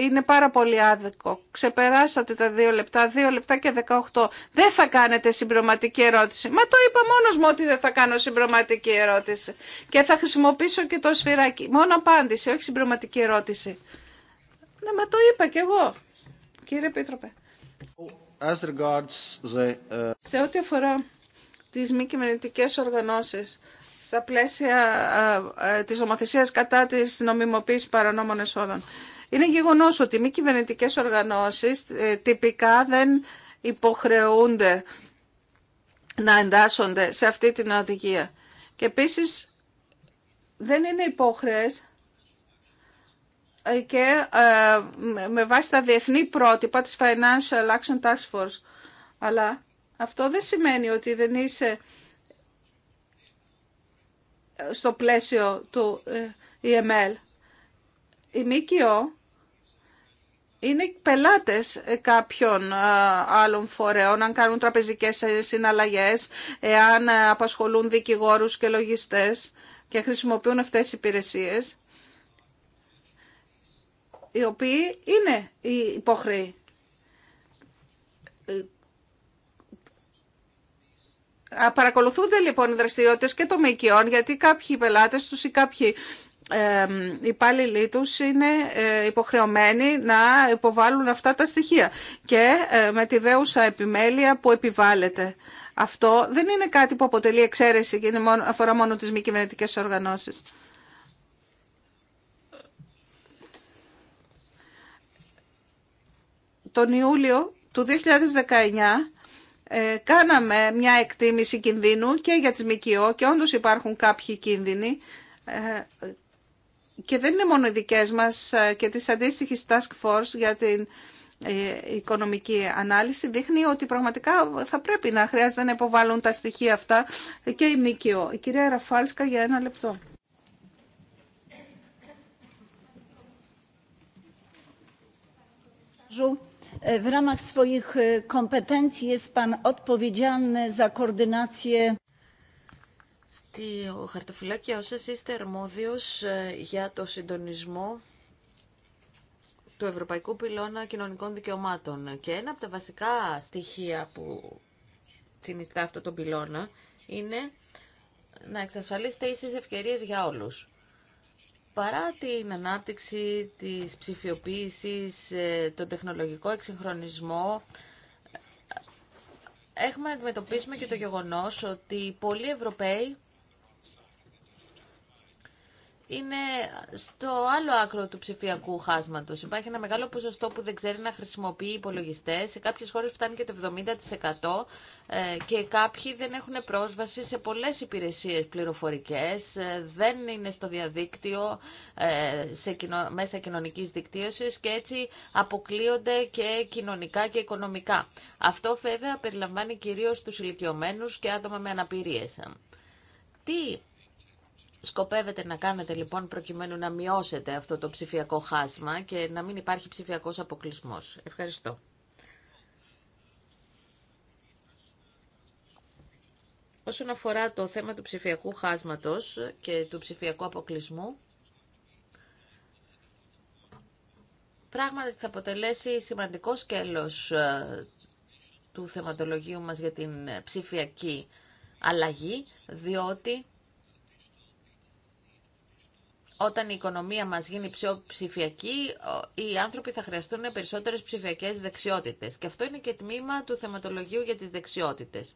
Είναι πάρα πολύ άδικο. Ξεπεράσατε τα δύο λεπτά, δύο λεπτά και 18. Δεν θα κάνετε συμπροματική ερώτηση. Μα το είπα μόνο μου ότι δεν θα κάνω συμπροματική ερώτηση. Και θα χρησιμοποιήσω και το σφυράκι. Μόνο απάντηση, όχι συμπροματική ερώτηση. Ναι, μα το είπα κι εγώ, κύριε Επίτροπε. Uh, Σε ό,τι αφορά τις μη κυβερνητικέ οργανώσεις, στα πλαίσια της νομοθεσίας κατά της νομιμοποίησης παρανόμων εσόδων. Είναι γεγονός ότι μη κυβερνητικέ οργανώσεις ε, τυπικά δεν υποχρεούνται να εντάσσονται σε αυτή την οδηγία. Και επίσης δεν είναι υπόχρεες ε, και ε, με βάση τα διεθνή πρότυπα της Financial Action Task Force. Αλλά αυτό δεν σημαίνει ότι δεν είσαι στο πλαίσιο του ε, EML. Η ΜΚΟ είναι πελάτες ε, κάποιων ε, άλλων φορέων, αν κάνουν τραπεζικές συναλλαγές, εάν απασχολούν δικηγόρους και λογιστές και χρησιμοποιούν αυτές τις υπηρεσίες, οι οποίοι είναι οι υποχρεοί Παρακολουθούνται λοιπόν οι δραστηριότητες και των ΜΚΙΟΝ γιατί κάποιοι πελάτες τους ή κάποιοι ε, υπάλληλοι του είναι υποχρεωμένοι να υποβάλουν αυτά τα στοιχεία και ε, με τη δέουσα επιμέλεια που επιβάλλεται. Αυτό δεν είναι κάτι που αποτελεί εξαίρεση και αφορά μόνο τις μη κυβερνητικέ οργανώσεις. Τον Ιούλιο του 2019 ε, κάναμε μια εκτίμηση κινδύνου και για τις ΜΚΟ και όντως υπάρχουν κάποιοι κίνδυνοι ε, και δεν είναι μόνο οι δικές μας ε, και της αντίστοιχης Task Force για την οικονομική ανάλυση δείχνει ότι πραγματικά θα πρέπει να χρειάζεται να υποβάλουν τα στοιχεία αυτά και η ΜΚΟ. Η κυρία Ραφάλσκα για ένα λεπτό. Ζου. E, w ramach swoich e, kompetencji jest Pan odpowiedzialny Στη χαρτοφυλάκια σας είστε αρμόδιος ε, για το συντονισμό του Ευρωπαϊκού Πυλώνα Κοινωνικών Δικαιωμάτων. Και ένα από τα βασικά στοιχεία που συνιστά αυτό το πυλώνα είναι να εξασφαλίσετε ίσες ευκαιρίες για όλους. Παρά την ανάπτυξη της ψηφιοποίησης, ε, τον τεχνολογικό εξυγχρονισμό, ε, έχουμε να αντιμετωπίσουμε και το γεγονός ότι πολλοί Ευρωπαίοι είναι στο άλλο άκρο του ψηφιακού χάσματος. Υπάρχει ένα μεγάλο ποσοστό που δεν ξέρει να χρησιμοποιεί υπολογιστέ. Σε κάποιες χώρες φτάνει και το 70% ε, και κάποιοι δεν έχουν πρόσβαση σε πολλές υπηρεσίες πληροφορικές, ε, δεν είναι στο διαδίκτυο, ε, σε μέσα κοινωνικής δικτύωσης και έτσι αποκλείονται και κοινωνικά και οικονομικά. Αυτό βέβαια περιλαμβάνει κυρίως τους ηλικιωμένους και άτομα με αναπηρίες. Τι σκοπεύετε να κάνετε λοιπόν προκειμένου να μειώσετε αυτό το ψηφιακό χάσμα και να μην υπάρχει ψηφιακός αποκλεισμός. Ευχαριστώ. Όσον αφορά το θέμα του ψηφιακού χάσματος και του ψηφιακού αποκλεισμού, πράγματι θα αποτελέσει σημαντικό σκέλος ε, του θεματολογίου μας για την ψηφιακή αλλαγή, διότι όταν η οικονομία μας γίνει πιο ψηφιακή, οι άνθρωποι θα χρειαστούν περισσότερες ψηφιακές δεξιότητες. Και αυτό είναι και τμήμα του θεματολογίου για τις δεξιότητες.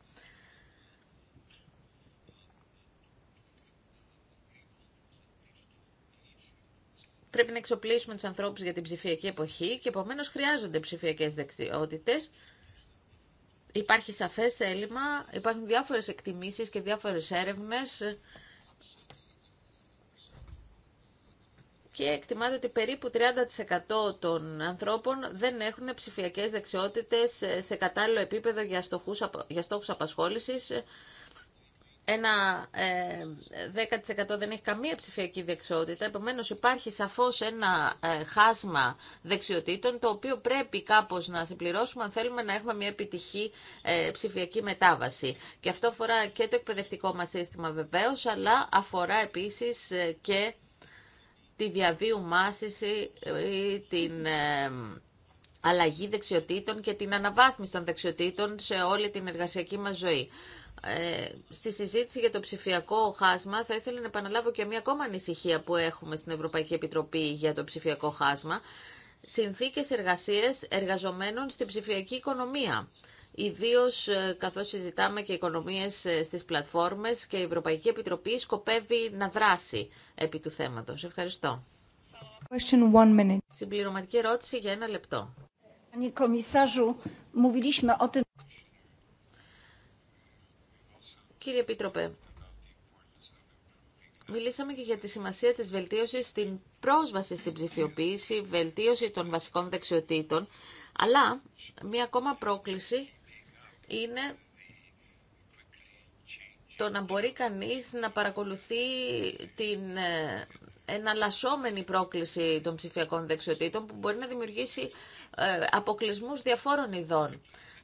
Πρέπει να εξοπλίσουμε τους ανθρώπους για την ψηφιακή εποχή και επομένω χρειάζονται ψηφιακές δεξιότητες. Υπάρχει σαφές έλλειμμα, υπάρχουν διάφορες εκτιμήσεις και διάφορες έρευνες και εκτιμάται ότι περίπου 30% των ανθρώπων δεν έχουν ψηφιακές δεξιότητες σε κατάλληλο επίπεδο για στόχους, για στόχους απασχόλησης. Ένα 10% ε, δεν έχει καμία ψηφιακή δεξιότητα, επομένως υπάρχει σαφώς ένα ε, χάσμα δεξιοτήτων το οποίο πρέπει κάπως να συμπληρώσουμε αν θέλουμε να έχουμε μια επιτυχή ε, ψηφιακή μετάβαση. Και αυτό αφορά και το εκπαιδευτικό μας σύστημα βεβαίως, αλλά αφορά επίσης και τη διαβίου μάσηση ή ε, την ε, αλλαγή δεξιοτήτων και την αναβάθμιση των δεξιοτήτων σε όλη την εργασιακή μας ζωή. Ε, στη συζήτηση για το ψηφιακό χάσμα θα ήθελα να επαναλάβω και μια ακόμα ανησυχία που έχουμε στην Ευρωπαϊκή Επιτροπή για το ψηφιακό χάσμα. Συνθήκες εργασίας εργαζομένων στην ψηφιακή οικονομία. Ιδίω ε, καθώς συζητάμε και οικονομίε ε, στις πλατφόρμες και η Ευρωπαϊκή Επιτροπή σκοπεύει να δράσει επί του θέματος. Ευχαριστώ. Συμπληρωματική ερώτηση για ένα λεπτό. Κύριε Επίτροπε, μιλήσαμε και για τη σημασία της βελτίωσης στην πρόσβαση στην ψηφιοποίηση, βελτίωση των βασικών δεξιοτήτων, αλλά μία ακόμα πρόκληση είναι το να μπορεί κανείς να παρακολουθεί την ε, εναλλασσόμενη πρόκληση των ψηφιακών δεξιοτήτων που μπορεί να δημιουργήσει ε, αποκλεισμούς διαφόρων ειδών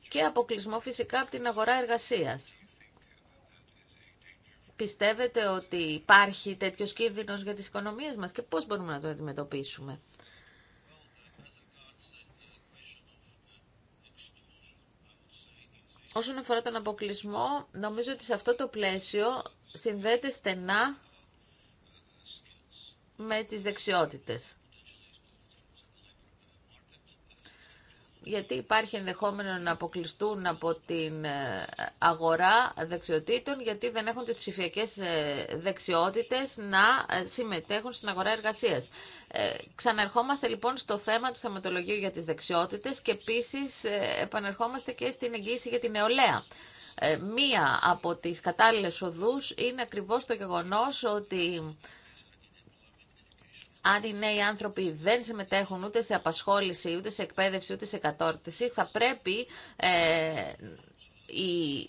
και αποκλεισμό φυσικά από την αγορά εργασίας. Πιστεύετε ότι υπάρχει τέτοιος κίνδυνος για τις οικονομίες μας και πώς μπορούμε να το αντιμετωπίσουμε. Όσον αφορά τον αποκλεισμό, νομίζω ότι σε αυτό το πλαίσιο συνδέεται στενά με τις δεξιότητες. γιατί υπάρχει ενδεχόμενο να αποκλειστούν από την ε, αγορά δεξιοτήτων, γιατί δεν έχουν τις ψηφιακές ε, δεξιότητες να ε, συμμετέχουν στην αγορά εργασίας. Ξαναρχόμαστε λοιπόν στο θέμα του θεματολογίου για τις δεξιότητες και επίσης επαναρχόμαστε και στην εγγύηση για την νεολαία. Μία από τις κατάλληλες οδούς είναι ακριβώς το γεγονός ότι αν οι νέοι άνθρωποι δεν συμμετέχουν ούτε σε απασχόληση, ούτε σε εκπαίδευση, ούτε σε κατόρτιση, θα πρέπει ε,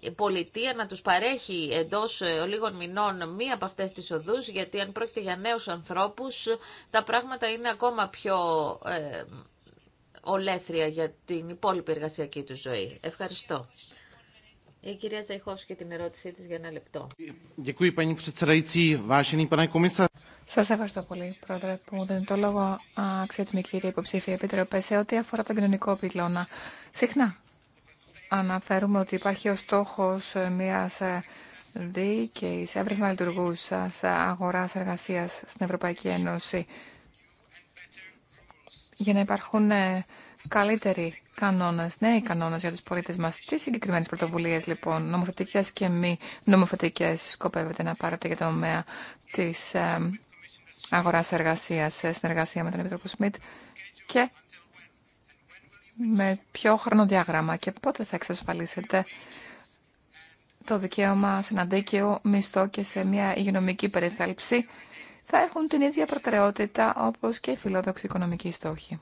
η πολιτεία να τους παρέχει εντός ε, λίγων μηνών μία από αυτές τις οδούς, γιατί αν πρόκειται για νέους ανθρώπους, τα πράγματα είναι ακόμα πιο ε, ολέθρια για την υπόλοιπη εργασιακή του ζωή. Ευχαριστώ. Η κυρία Τζαϊχόφσκη την ερώτησή της για ένα λεπτό. Σα ευχαριστώ πολύ, Πρόεδρε, που μου δίνετε το λόγο. Αξιότιμη κυρία υποψήφια επίτροπε, σε ό,τι αφορά τον κοινωνικό πυλώνα. Συχνά αναφέρουμε ότι υπάρχει ο στόχο ε, μια ε, δίκαιη, εύρυθμα σα ε, αγορά εργασία στην Ευρωπαϊκή Ένωση για να υπάρχουν καλύτεροι κανόνε, νέοι κανόνε για του πολίτε μα. Τι συγκεκριμένε πρωτοβουλίε, λοιπόν, νομοθετικέ και μη νομοθετικέ, σκοπεύετε να πάρετε για το τομέα τη αγοράς εργασίας σε συνεργασία με τον Επίτροπο Σμιτ και με ποιο χρονοδιάγραμμα και πότε θα εξασφαλίσετε το δικαίωμα σε ένα δίκαιο μισθό και σε μια υγειονομική περιθάλψη θα έχουν την ίδια προτεραιότητα όπως και οι φιλόδοξοι οικονομικοί στόχοι.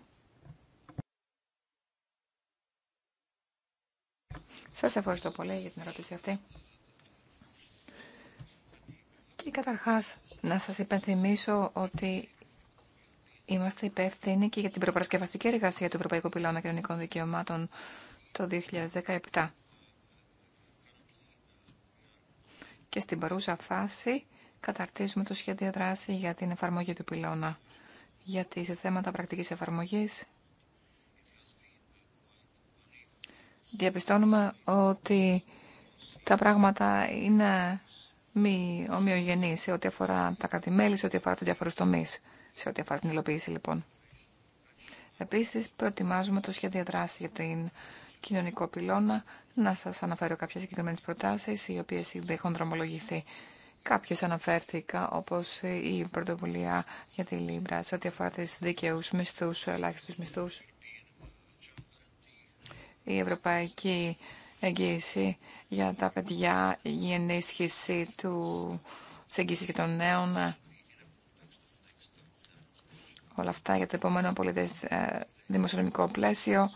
Σας ευχαριστώ πολύ για την ερώτηση αυτή. Και καταρχάς να σας υπενθυμίσω ότι είμαστε υπεύθυνοι και για την προπαρασκευαστική εργασία του Ευρωπαϊκού Πυλώνα Κοινωνικών Δικαιωμάτων το 2017. Και στην παρούσα φάση καταρτίζουμε το σχέδιο δράση για την εφαρμογή του πυλώνα. Γιατί σε θέματα πρακτικής εφαρμογής διαπιστώνουμε ότι τα πράγματα είναι μη ομοιογενή σε ό,τι αφορά τα κρατημέλη, σε ό,τι αφορά του διάφορου τομεί, σε ό,τι αφορά την υλοποίηση λοιπόν. Επίση, προετοιμάζουμε το σχέδιο δράση για την κοινωνικό πυλώνα. Να σα αναφέρω κάποιε συγκεκριμένε προτάσει, οι οποίε ήδη έχουν δρομολογηθεί. Κάποιες αναφέρθηκα, όπω η πρωτοβουλία για τη Λίμπρα, σε ό,τι αφορά τις δικαίου μισθού, ελάχιστου μισθού. Η Ευρωπαϊκή Εγγύηση για τα παιδιά, η ενίσχυση του εγγύσης και των νέων, ε, όλα αυτά για το επόμενο πολιτές ε, δημοσιονομικό πλαίσιο,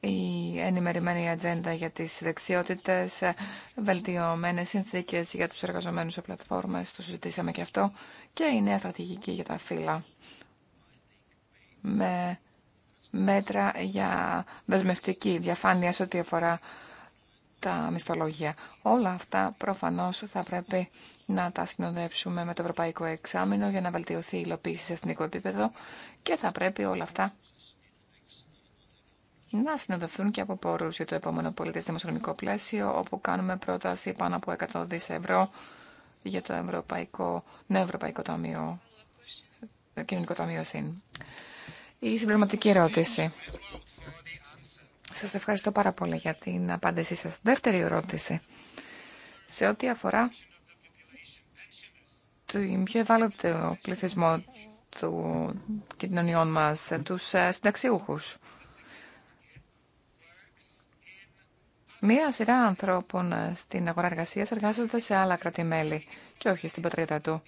η ενημερημένη ατζέντα για τις δεξιότητες, ε, βελτιωμένες συνθήκες για τους εργαζομένους σε πλατφόρμες, το συζητήσαμε και αυτό, και η νέα στρατηγική για τα φύλλα. Με μέτρα για δεσμευτική διαφάνεια σε ό,τι αφορά τα μισθολόγια. Όλα αυτά προφανώς θα πρέπει να τα συνοδεύσουμε με το Ευρωπαϊκό Εξάμεινο για να βελτιωθεί η υλοποίηση σε εθνικό επίπεδο και θα πρέπει όλα αυτά να συνοδευτούν και από πόρους για το επόμενο πολίτες δημοσιονομικό πλαίσιο, όπου κάνουμε πρόταση πάνω από 100 δις ευρώ για το Ευρωπαϊκό, νέο Ευρωπαϊκό Ταμείο, Κοινωνικό Ταμείο ΣΥΝ. Η συμπληρωματική ερώτηση. Σας ευχαριστώ πάρα πολύ για την απάντησή σας. Δεύτερη ερώτηση. Σε ό,τι αφορά το πιο ευάλωτο πληθυσμό του κοινωνιών μας, τους ε, συνταξιούχους. Μία σειρά ανθρώπων ε, στην αγορά εργασία εργάζονται σε άλλα κρατημέλη και όχι στην πατρίδα του.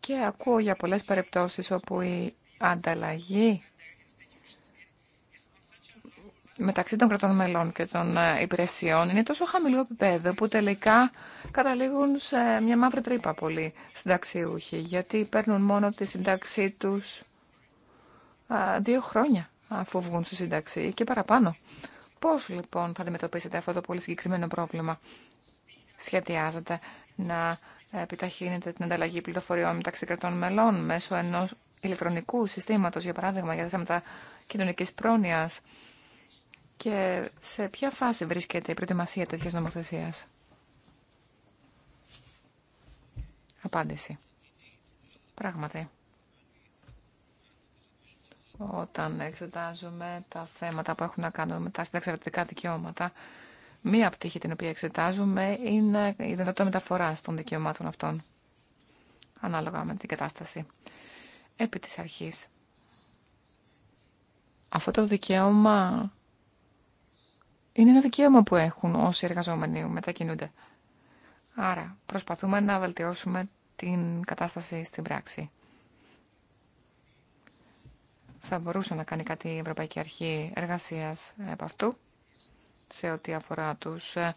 Και ακούω για πολλές περιπτώσεις όπου η ανταλλαγή μεταξύ των κρατών μελών και των ε, υπηρεσιών είναι τόσο χαμηλό επίπεδο που τελικά καταλήγουν σε μια μαύρη τρύπα πολλοί συνταξιούχοι γιατί παίρνουν μόνο τη συνταξή τους δύο χρόνια αφού βγουν στη σύνταξη και παραπάνω. Πώς λοιπόν θα αντιμετωπίσετε αυτό το πολύ συγκεκριμένο πρόβλημα. σχετιάζεται να επιταχύνετε την ανταλλαγή πληροφοριών μεταξύ κρατών μελών μέσω ενός ηλεκτρονικού συστήματος, για παράδειγμα, για θέματα κοινωνικής πρόνοιας και σε ποια φάση βρίσκεται η προετοιμασία τέτοια νομοθεσία. Απάντηση. Πράγματι. Όταν εξετάζουμε τα θέματα που έχουν να κάνουν με τα συνταξιδευτικά δικαιώματα, μία πτύχη την οποία εξετάζουμε είναι η δυνατότητα μεταφορά των δικαιωμάτων αυτών, ανάλογα με την κατάσταση. Επί της αρχής, αυτό το δικαίωμα είναι ένα δικαίωμα που έχουν όσοι εργαζόμενοι μετακινούνται. Άρα προσπαθούμε να βελτιώσουμε την κατάσταση στην πράξη. Θα μπορούσε να κάνει κάτι η Ευρωπαϊκή Αρχή Εργασίας από αυτού, σε ό,τι αφορά τους ε,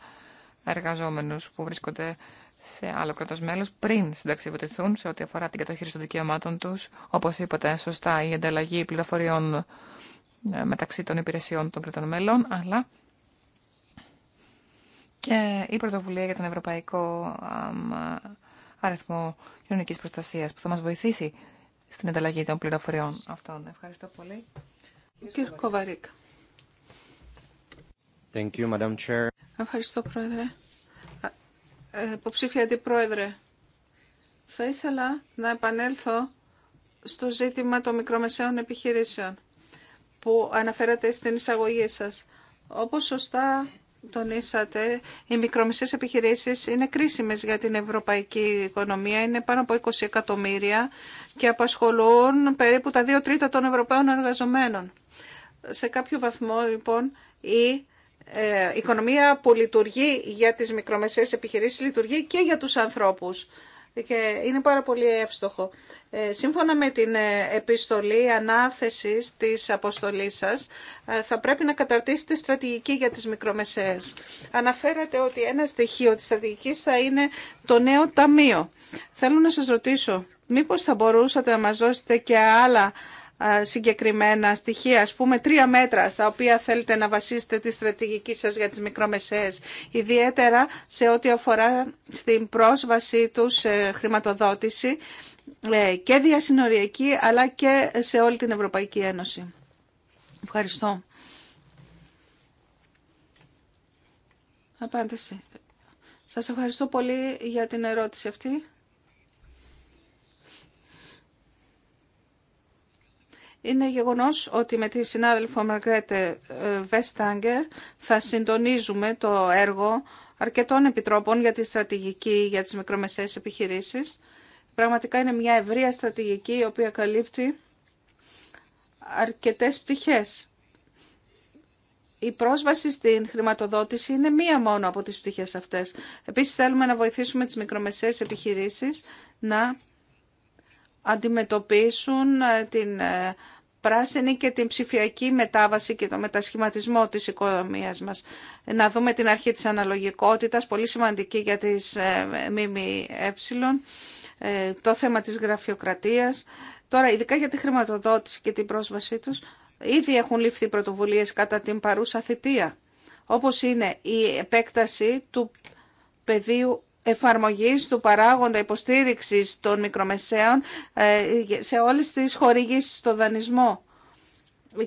εργαζόμενους που βρίσκονται σε άλλο κράτο μέλο πριν συνταξιβοτηθούν σε ό,τι αφορά την κατοχήριση των δικαιωμάτων του. Όπω είπατε, σωστά η ανταλλαγή πληροφοριών ε, μεταξύ των υπηρεσιών των κρατών μελών, αλλά και η πρωτοβουλία για τον Ευρωπαϊκό Αριθμό κοινωνική Προστασία που θα μα βοηθήσει στην ανταλλαγή των πληροφοριών αυτών. Ευχαριστώ πολύ. Κύριε Κοβαρίκ. Ευχαριστώ, Πρόεδρε. Ε, υποψήφια Αντιπρόεδρε, θα ήθελα να επανέλθω στο ζήτημα των μικρομεσαίων επιχειρήσεων που αναφέρατε στην εισαγωγή σας. Όπως σωστά τονίσατε, οι μικρομεσαίες επιχειρήσεις είναι κρίσιμες για την ευρωπαϊκή οικονομία. Είναι πάνω από 20 εκατομμύρια και απασχολούν περίπου τα 2 τρίτα των ευρωπαίων εργαζομένων. Σε κάποιο βαθμό, λοιπόν, ε, η οικονομία που λειτουργεί για τις μικρομεσαίες επιχειρήσεις λειτουργεί και για τους ανθρώπους και είναι πάρα πολύ εύστοχο. Ε, σύμφωνα με την ε, επιστολή ανάθεσης της αποστολής σας, ε, θα πρέπει να καταρτήσετε στρατηγική για τις μικρομεσαίες. Αναφέρατε ότι ένα στοιχείο της στρατηγικής θα είναι το νέο ταμείο. Θέλω να σας ρωτήσω, μήπως θα μπορούσατε να μας δώσετε και άλλα συγκεκριμένα στοιχεία, ας πούμε τρία μέτρα στα οποία θέλετε να βασίσετε τη στρατηγική σας για τις μικρομεσαίες, ιδιαίτερα σε ό,τι αφορά στην πρόσβασή τους σε χρηματοδότηση ε, και διασυνοριακή αλλά και σε όλη την Ευρωπαϊκή Ένωση. Ευχαριστώ. Απάντηση. Σας ευχαριστώ πολύ για την ερώτηση αυτή. Είναι γεγονός ότι με τη συνάδελφο Μαργκρέτε ε, Βεστάγκερ θα συντονίζουμε το έργο αρκετών επιτρόπων για τη στρατηγική για τις μικρομεσαίες επιχειρήσεις. Πραγματικά είναι μια ευρεία στρατηγική η οποία καλύπτει αρκετές πτυχές. Η πρόσβαση στην χρηματοδότηση είναι μία μόνο από τις πτυχές αυτές. Επίσης θέλουμε να βοηθήσουμε τις μικρομεσαίες επιχειρήσεις να αντιμετωπίσουν ε, την ε, πράσινη και την ψηφιακή μετάβαση και το μετασχηματισμό της οικονομίας μας. Να δούμε την αρχή της αναλογικότητας, πολύ σημαντική για τις ΜΜΕ, ε. το θέμα της γραφειοκρατίας. Τώρα, ειδικά για τη χρηματοδότηση και την πρόσβασή τους, ήδη έχουν ληφθεί πρωτοβουλίες κατά την παρούσα θητεία, όπως είναι η επέκταση του πεδίου εφαρμογής του παράγοντα υποστήριξης των μικρομεσαίων ε, σε όλες τις χορηγήσεις στο δανεισμό.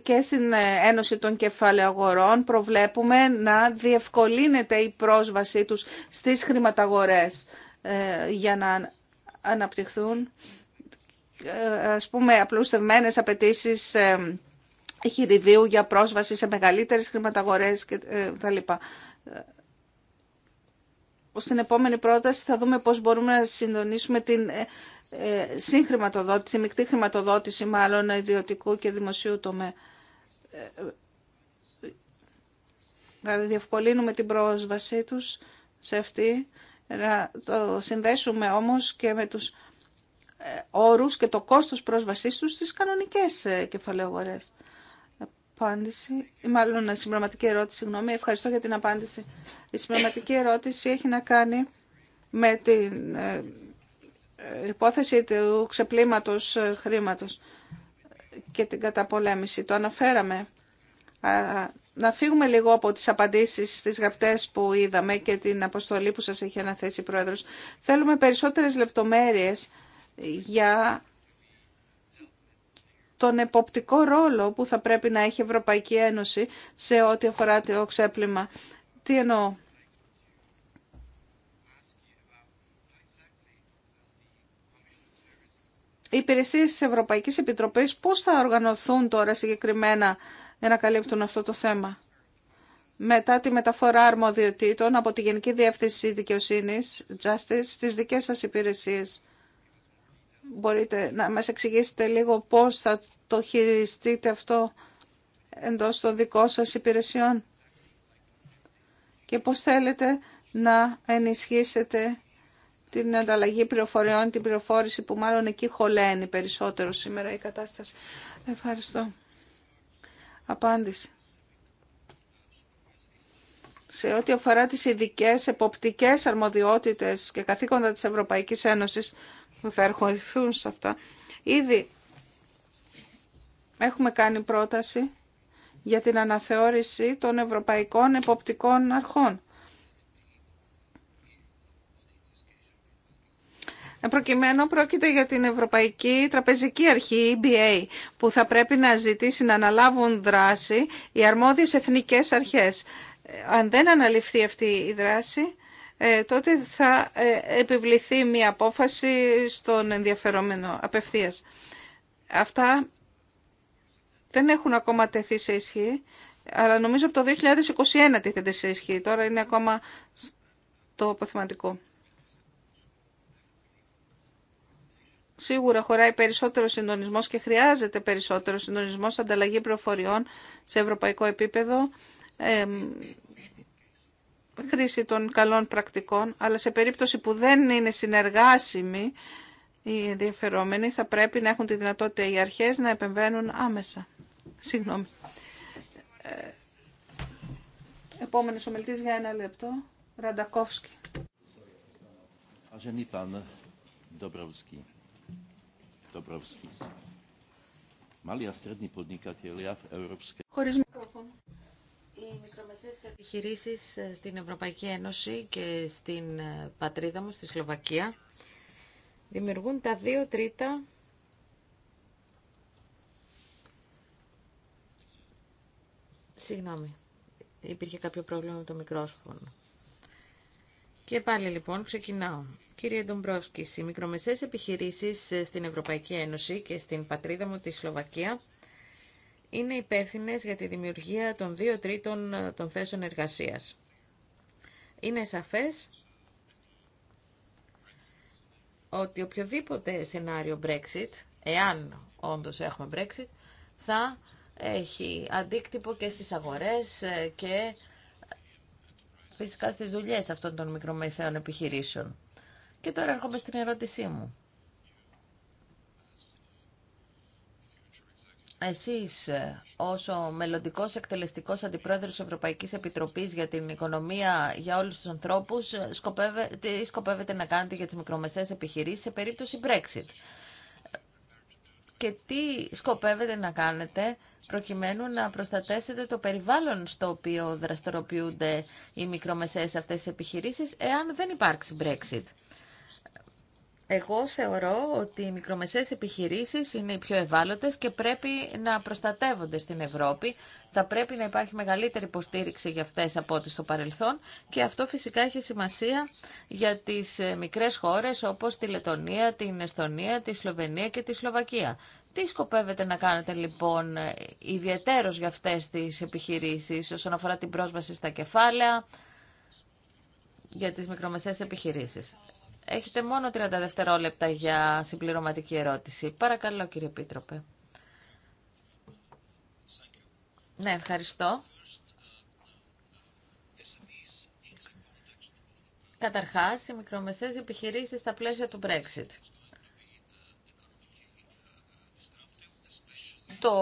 Και στην ε, Ένωση των Κεφαλαιογορών προβλέπουμε να διευκολύνεται η πρόσβασή τους στις χρηματαγορές ε, για να αναπτυχθούν ας πούμε απλούστευμένες απαιτήσει χειριδίου για πρόσβαση σε μεγαλύτερες χρηματαγορές κτλ στην επόμενη πρόταση θα δούμε πώς μπορούμε να συντονίσουμε την ε, ε, συγχρηματοδότηση, μεικτή χρηματοδότηση μάλλον ιδιωτικού και δημοσίου τομέα. Να ε, δηλαδή διευκολύνουμε την πρόσβασή τους σε αυτή, να το συνδέσουμε όμως και με τους όρους και το κόστος πρόσβασής τους στις κανονικές κεφαλαίου αγορές απάντηση, μάλλον συμπληρωματική ερώτηση, συγγνώμη, ευχαριστώ για την απάντηση. Η συμπληρωματική ερώτηση έχει να κάνει με την ε, υπόθεση του ξεπλήματος ε, χρήματος και την καταπολέμηση. Το αναφέραμε. Να φύγουμε λίγο από τις απαντήσεις στις γραπτές που είδαμε και την αποστολή που σας έχει αναθέσει η Πρόεδρος. Θέλουμε περισσότερες λεπτομέρειες για τον εποπτικό ρόλο που θα πρέπει να έχει η Ευρωπαϊκή Ένωση σε ό,τι αφορά το ξέπλυμα. Τι εννοώ. Οι υπηρεσίες της Ευρωπαϊκής Επιτροπής πώς θα οργανωθούν τώρα συγκεκριμένα για να καλύπτουν αυτό το θέμα. Μετά τη μεταφορά αρμοδιοτήτων από τη Γενική Διεύθυνση Δικαιοσύνης, Justice, στις δικές σας υπηρεσίες. Μπορείτε να μας εξηγήσετε λίγο πώς θα το χειριστείτε αυτό εντός των δικών σας υπηρεσιών και πώς θέλετε να ενισχύσετε την ανταλλαγή πληροφοριών, την πληροφόρηση που μάλλον εκεί χωλαίνει περισσότερο σήμερα η κατάσταση. Ευχαριστώ. Απάντηση σε ό,τι αφορά τις ειδικέ εποπτικές αρμοδιότητες και καθήκοντα της Ευρωπαϊκής Ένωσης που θα ερχοληθούν σε αυτά. Ήδη έχουμε κάνει πρόταση για την αναθεώρηση των Ευρωπαϊκών Εποπτικών Αρχών. Προκειμένου πρόκειται για την Ευρωπαϊκή Τραπεζική Αρχή, EBA, που θα πρέπει να ζητήσει να αναλάβουν δράση οι αρμόδιες εθνικές αρχές αν δεν αναλυφθεί αυτή η δράση, ε, τότε θα ε, επιβληθεί μια απόφαση στον ενδιαφερόμενο απευθείας. Αυτά δεν έχουν ακόμα τεθεί σε ισχύ, αλλά νομίζω από το 2021 τίθεται σε ισχύ. Τώρα είναι ακόμα στο αποθυματικό. Σίγουρα χωράει περισσότερο συντονισμό και χρειάζεται περισσότερο συντονισμό, ανταλλαγή προφοριών σε ευρωπαϊκό επίπεδο χρήση των καλών πρακτικών, αλλά σε περίπτωση που δεν είναι συνεργάσιμοι οι ενδιαφερόμενοι, θα πρέπει να έχουν τη δυνατότητα οι αρχές να επεμβαίνουν άμεσα. Συγγνώμη. Ε, επόμενος ομιλητής για ένα λεπτό, Ραντακόφσκι. Χωρίς μικρόφωνο. Οι μικρομεσαίες επιχειρήσεις ε, στην Ευρωπαϊκή Ένωση και στην ε, πατρίδα μου, στη Σλοβακία, δημιουργούν τα δύο τρίτα Συγγνώμη, υπήρχε κάποιο πρόβλημα με το μικρόφωνο. Και πάλι λοιπόν ξεκινάω. Κύριε Ντομπρόσκης, οι μικρομεσαίες επιχειρήσεις ε, στην Ευρωπαϊκή Ένωση και στην πατρίδα μου τη Σλοβακία είναι υπεύθυνες για τη δημιουργία των δύο τρίτων ε, των θέσεων εργασίας. Είναι σαφές ότι οποιοδήποτε σενάριο Brexit, εάν όντως έχουμε Brexit, θα έχει αντίκτυπο και στις αγορές ε, και φυσικά στις δουλειές αυτών των μικρομεσαίων επιχειρήσεων. Και τώρα έρχομαι στην ερώτησή μου. εσείς ε, ως ο μελλοντικός εκτελεστικός αντιπρόεδρος της Ευρωπαϊκής Επιτροπής για την οικονομία για όλους τους ανθρώπους, ε, σκοπεύετε, τι σκοπεύετε να κάνετε για τις μικρομεσαίες επιχειρήσεις σε περίπτωση Brexit. Και τι σκοπεύετε να κάνετε προκειμένου να προστατεύσετε το περιβάλλον στο οποίο δραστηριοποιούνται οι μικρομεσαίες αυτές τις επιχειρήσεις εάν δεν υπάρξει Brexit. Εγώ θεωρώ ότι οι μικρομεσαίες επιχειρήσεις είναι οι πιο ευάλωτες και πρέπει να προστατεύονται στην Ευρώπη. Θα πρέπει να υπάρχει μεγαλύτερη υποστήριξη για αυτές από ό,τι στο παρελθόν και αυτό φυσικά έχει σημασία για τις ε, μικρές χώρες όπως τη Λετωνία, την Εστονία, τη Σλοβενία και τη Σλοβακία. Τι σκοπεύετε να κάνετε λοιπόν ε, ιδιαίτερος για αυτές τις επιχειρήσεις όσον αφορά την πρόσβαση στα κεφάλαια για τις μικρομεσαίες επιχειρήσεις. Έχετε μόνο 30 δευτερόλεπτα για συμπληρωματική ερώτηση. Παρακαλώ κύριε πίτροπε. Ναι, ευχαριστώ. Καταρχάς, οι μικρομεσαίες επιχειρήσεις στα πλαίσια του Brexit. Το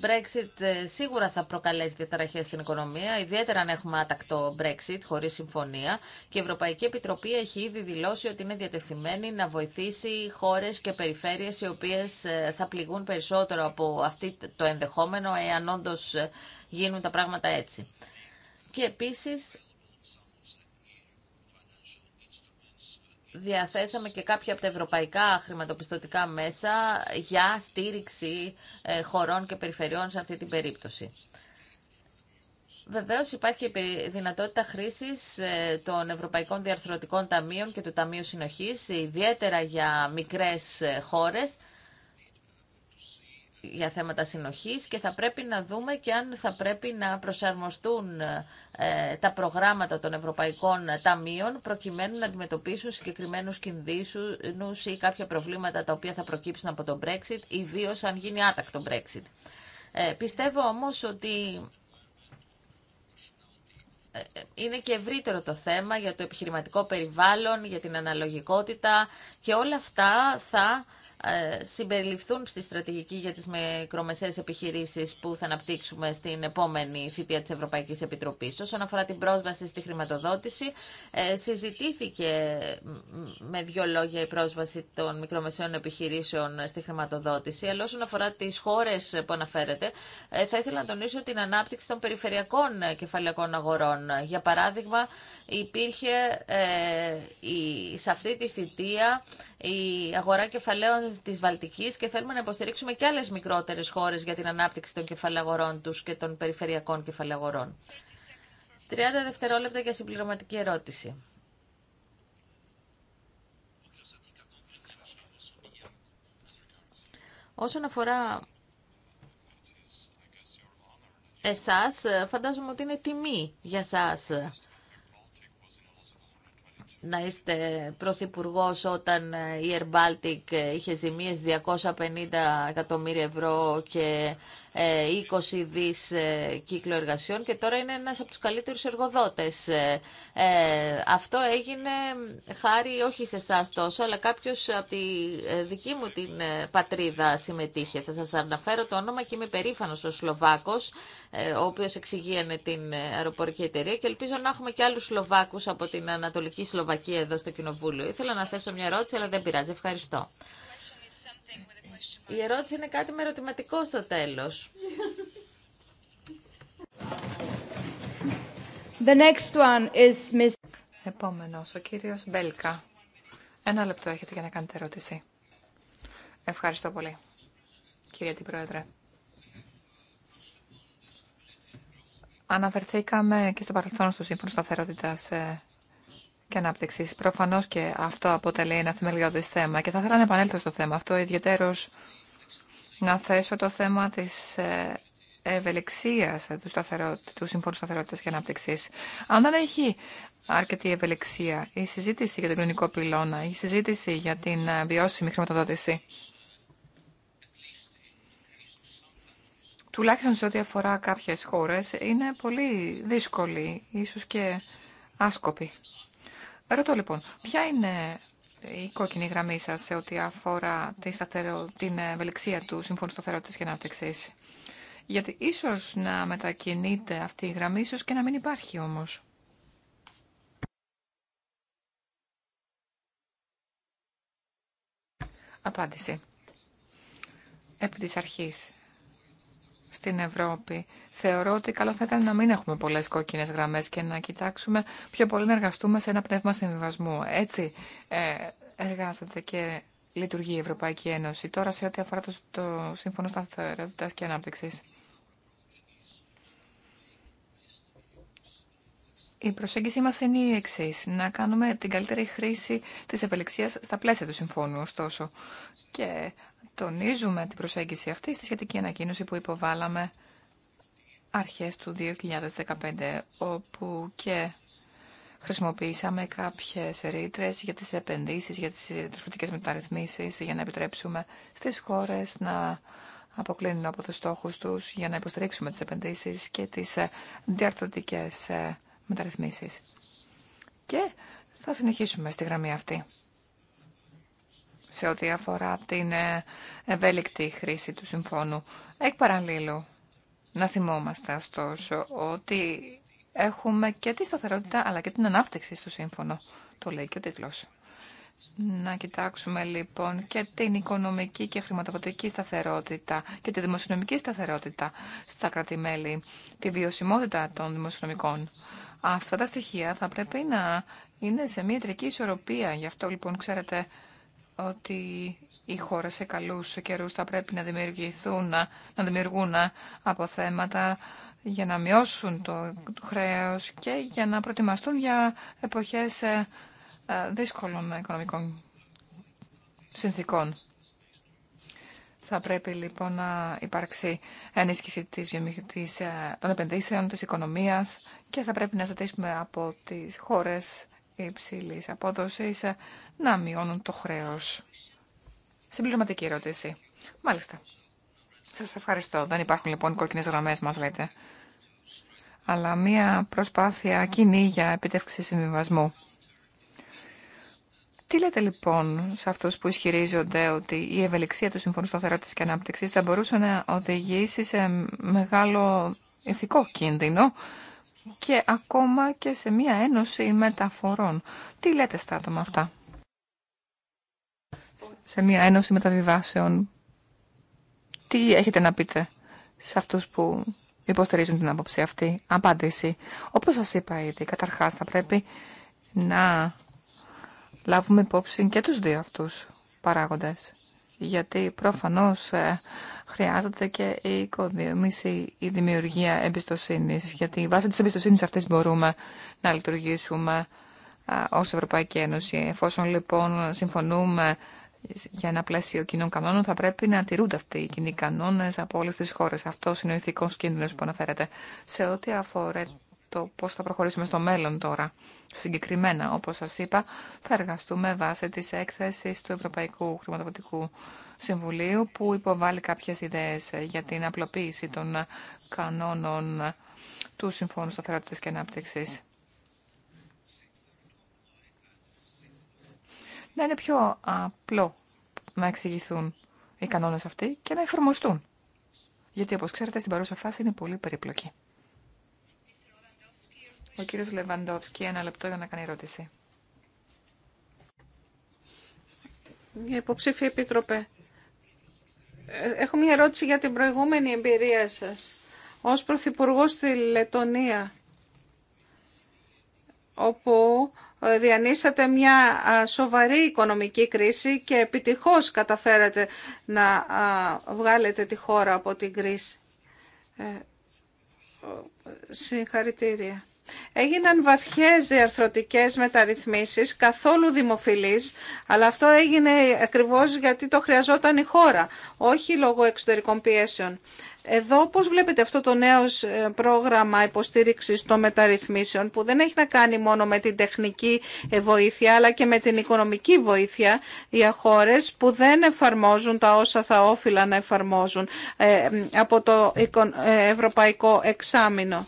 Brexit ε, σίγουρα θα προκαλέσει διαταραχές στην οικονομία, ιδιαίτερα αν έχουμε άτακτο Brexit χωρίς συμφωνία και η Ευρωπαϊκή Επιτροπή έχει ήδη δηλώσει ότι είναι διατεθειμένη να βοηθήσει χώρες και περιφέρειες οι οποίες ε, θα πληγούν περισσότερο από αυτό το ενδεχόμενο εάν όντω ε, γίνουν τα πράγματα έτσι. Και επίσης διαθέσαμε και κάποια από τα ευρωπαϊκά χρηματοπιστωτικά μέσα για στήριξη ε, χωρών και περιφερειών σε αυτή την περίπτωση. Βεβαίως υπάρχει δυνατότητα χρήσης ε, των Ευρωπαϊκών Διαρθρωτικών Ταμείων και του Ταμείου Συνοχής, ιδιαίτερα για μικρές ε, χώρες για θέματα συνοχής και θα πρέπει να δούμε και αν θα πρέπει να προσαρμοστούν ε, τα προγράμματα των Ευρωπαϊκών Ταμείων προκειμένου να αντιμετωπίσουν συγκεκριμένους κινδύνους ή κάποια προβλήματα τα οποία θα προκύψουν από τον Brexit, ιδίως αν γίνει άτακτο Brexit. Ε, πιστεύω όμως ότι ε, είναι και ευρύτερο το θέμα για το επιχειρηματικό περιβάλλον, για την αναλογικότητα και όλα αυτά θα ε, συμπεριληφθούν στη στρατηγική για τις μικρομεσαίες επιχειρήσεις που θα αναπτύξουμε στην επόμενη θητεία της Ευρωπαϊκής Επιτροπής. Όσον αφορά την πρόσβαση στη χρηματοδότηση, ε, συζητήθηκε με δύο λόγια η πρόσβαση των μικρομεσαίων επιχειρήσεων στη χρηματοδότηση, αλλά όσον αφορά τις χώρες που αναφέρεται, ε, θα ήθελα να τονίσω την ανάπτυξη των περιφερειακών κεφαλαιακών αγορών. Για παράδειγμα, υπήρχε σε αυτή τη θητεία η αγορά κεφαλαίων της Βαλτικής και θέλουμε να υποστηρίξουμε και άλλες μικρότερες χώρες για την ανάπτυξη των κεφαλαγορών τους και των περιφερειακών κεφαλαγορών. 30 δευτερόλεπτα για συμπληρωματική ερώτηση. Όσον αφορά εσάς, φαντάζομαι ότι είναι τιμή για εσάς να είστε πρωθυπουργό όταν ε, η Air ε, είχε ζημίες 250 εκατομμύρια ευρώ και 20 ε, δις κύκλο εργασιών και τώρα είναι ένας από τους καλύτερους εργοδότες. Αυτό έγινε χάρη όχι σε εσά τόσο, αλλά κάποιος από τη δική μου την πατρίδα συμμετείχε. Θα σας αναφέρω το όνομα και είμαι περήφανος ο Σλοβάκος, ε, ο οποίο εξηγίανε την ε, αεροπορική εταιρεία και ελπίζω να έχουμε και άλλου Σλοβάκου από την Ανατολική Σλοβακία εδώ στο Κοινοβούλιο. Ήθελα να θέσω μια ερώτηση, αλλά δεν πειράζει. Ευχαριστώ. Η ερώτηση είναι κάτι με ερωτηματικό στο τέλος. The next one is Miss... Επόμενος, ο κύριος Μπέλκα. Ένα λεπτό έχετε για να κάνετε ερώτηση. Ευχαριστώ πολύ, κύριε την Πρόεδρε. Αναφερθήκαμε και στο παρελθόν στο Σύμφωνο Σταθερότητα ε, και Ανάπτυξη. Προφανώ και αυτό αποτελεί ένα θεμελιώδη θέμα και θα ήθελα να επανέλθω στο θέμα αυτό, ιδιαίτερω να θέσω το θέμα τη ε, ευελιξία του, του Σύμφωνου Σταθερότητα και Ανάπτυξη. Αν δεν έχει αρκετή ευελιξία η συζήτηση για τον κοινωνικό πυλώνα, η συζήτηση για την ε, βιώσιμη χρηματοδότηση, τουλάχιστον σε ό,τι αφορά κάποιες χώρες, είναι πολύ δύσκολη, ίσως και άσκοπη. Ρωτώ λοιπόν, ποια είναι η κόκκινη γραμμή σας σε ό,τι αφορά τη σταθερο... την ευελιξία του Συμφώνου Σταθερότητας και ανάπτυξη. Γιατί ίσως να μετακινείται αυτή η γραμμή, ίσως και να μην υπάρχει όμως. Απάντηση. Επί της αρχής στην Ευρώπη. Θεωρώ ότι καλό θα ήταν να μην έχουμε πολλέ κόκκινε γραμμέ και να κοιτάξουμε πιο πολύ να εργαστούμε σε ένα πνεύμα συμβιβασμού. Έτσι ε, εργάζεται και λειτουργεί η Ευρωπαϊκή Ένωση. Τώρα σε ό,τι αφορά το, το Σύμφωνο Σταθερότητα και ανάπτυξη. Η προσέγγιση μα είναι η εξή: να κάνουμε την καλύτερη χρήση τη ευελιξία στα πλαίσια του συμφώνου, ωστόσο. Και τονίζουμε την προσέγγιση αυτή στη σχετική ανακοίνωση που υποβάλαμε αρχές του 2015, όπου και χρησιμοποιήσαμε κάποιες ρήτρε για τις επενδύσεις, για τις τροφωτικές μεταρρυθμίσεις, για να επιτρέψουμε στις χώρες να αποκλίνουν από τους στόχους τους, για να υποστηρίξουμε τις επενδύσεις και τις διαρθρωτικές ε, και θα συνεχίσουμε στη γραμμή αυτή σε ό,τι αφορά την ε, ευέλικτη χρήση του συμφώνου. Εκ παραλλήλου, να θυμόμαστε ωστόσο ότι έχουμε και τη σταθερότητα αλλά και την ανάπτυξη στο σύμφωνο. Το λέει και ο τίτλος. Να κοιτάξουμε λοιπόν και την οικονομική και χρηματοδοτική σταθερότητα και τη δημοσιονομική σταθερότητα στα κρατη τη βιωσιμότητα των δημοσιονομικών Αυτά τα στοιχεία θα πρέπει να είναι σε μια τρική ισορροπία. Γι' αυτό λοιπόν ξέρετε ότι οι χώρε σε καλού καιρού θα πρέπει να δημιουργηθούν, να δημιουργούν ε, αποθέματα για να μειώσουν το χρέος και για να προετοιμαστούν για εποχές ε, ε, δύσκολων οικονομικών συνθήκων. Θα πρέπει λοιπόν να υπάρξει ενίσχυση της, των επενδύσεων, της οικονομίας και θα πρέπει να ζητήσουμε από τις χώρες υψηλής απόδοσης να μειώνουν το χρέος. Συμπληρωματική ερώτηση. Μάλιστα. Σας ευχαριστώ. Δεν υπάρχουν λοιπόν κόκκινες γραμμές μας λέτε. Αλλά μία προσπάθεια κοινή για επιτεύξη συμβιβασμού. Τι λέτε λοιπόν σε αυτούς που ισχυρίζονται ότι η ευελιξία του Συμφωνού Σταθερότητας και Ανάπτυξης θα μπορούσε να οδηγήσει σε μεγάλο ηθικό κίνδυνο και ακόμα και σε μια ένωση μεταφορών. Τι λέτε στα άτομα αυτά. Σε μια ένωση μεταβιβάσεων. Τι έχετε να πείτε σε αυτούς που υποστηρίζουν την άποψη αυτή. Απάντηση. Όπως σας είπα ήδη, καταρχάς θα πρέπει να λάβουμε υπόψη και τους δύο αυτούς παράγοντες γιατί προφανώς ε, χρειάζεται και η οικοδομήση, η δημιουργία εμπιστοσύνης, γιατί βάσει της εμπιστοσύνης αυτής μπορούμε να λειτουργήσουμε ως Ευρωπαϊκή Ένωση. Εφόσον λοιπόν συμφωνούμε για ένα πλαίσιο κοινών κανόνων, θα πρέπει να τηρούνται αυτοί οι κοινοί κανόνες από όλες τις χώρες. Αυτό είναι ο ηθικός κίνδυνος που αναφέρεται. Σε ό,τι αφορά το πώς θα προχωρήσουμε στο μέλλον τώρα. Συγκεκριμένα, όπως σας είπα, θα εργαστούμε βάσει της έκθεσης του Ευρωπαϊκού Χρηματοδοτικού Συμβουλίου που υποβάλλει κάποιες ιδέες για την απλοποίηση των κανόνων του Συμφώνου σταθερότητα και Ανάπτυξης. Να είναι πιο απλό να εξηγηθούν οι κανόνες αυτοί και να εφαρμοστούν. Γιατί, όπως ξέρετε, στην παρούσα φάση είναι πολύ περίπλοκη. Ο κύριος Λεβαντόφσκι, ένα λεπτό για να κάνει ερώτηση. Υποψήφια Επίτροπε, ε, έχω μια ερώτηση για την προηγούμενη εμπειρία σας. Ως Πρωθυπουργό στη Λετωνία, όπου ε, διανύσατε μια σοβαρή οικονομική κρίση και επιτυχώς καταφέρατε να βγάλετε τη χώρα από την κρίση. Ε, συγχαρητήρια. Έγιναν βαθιές διαρθρωτικές μεταρρυθμίσεις, καθόλου δημοφιλείς, αλλά αυτό έγινε ακριβώς γιατί το χρειαζόταν η χώρα, όχι λόγω εξωτερικών πιέσεων. Εδώ πώς βλέπετε αυτό το νέο ε, πρόγραμμα υποστήριξης των μεταρρυθμίσεων που δεν έχει να κάνει μόνο με την τεχνική βοήθεια αλλά και με την οικονομική βοήθεια για χώρες που δεν εφαρμόζουν τα όσα θα όφυλα να εφαρμόζουν ε, από το ε, Ευρωπαϊκό Εξάμεινο.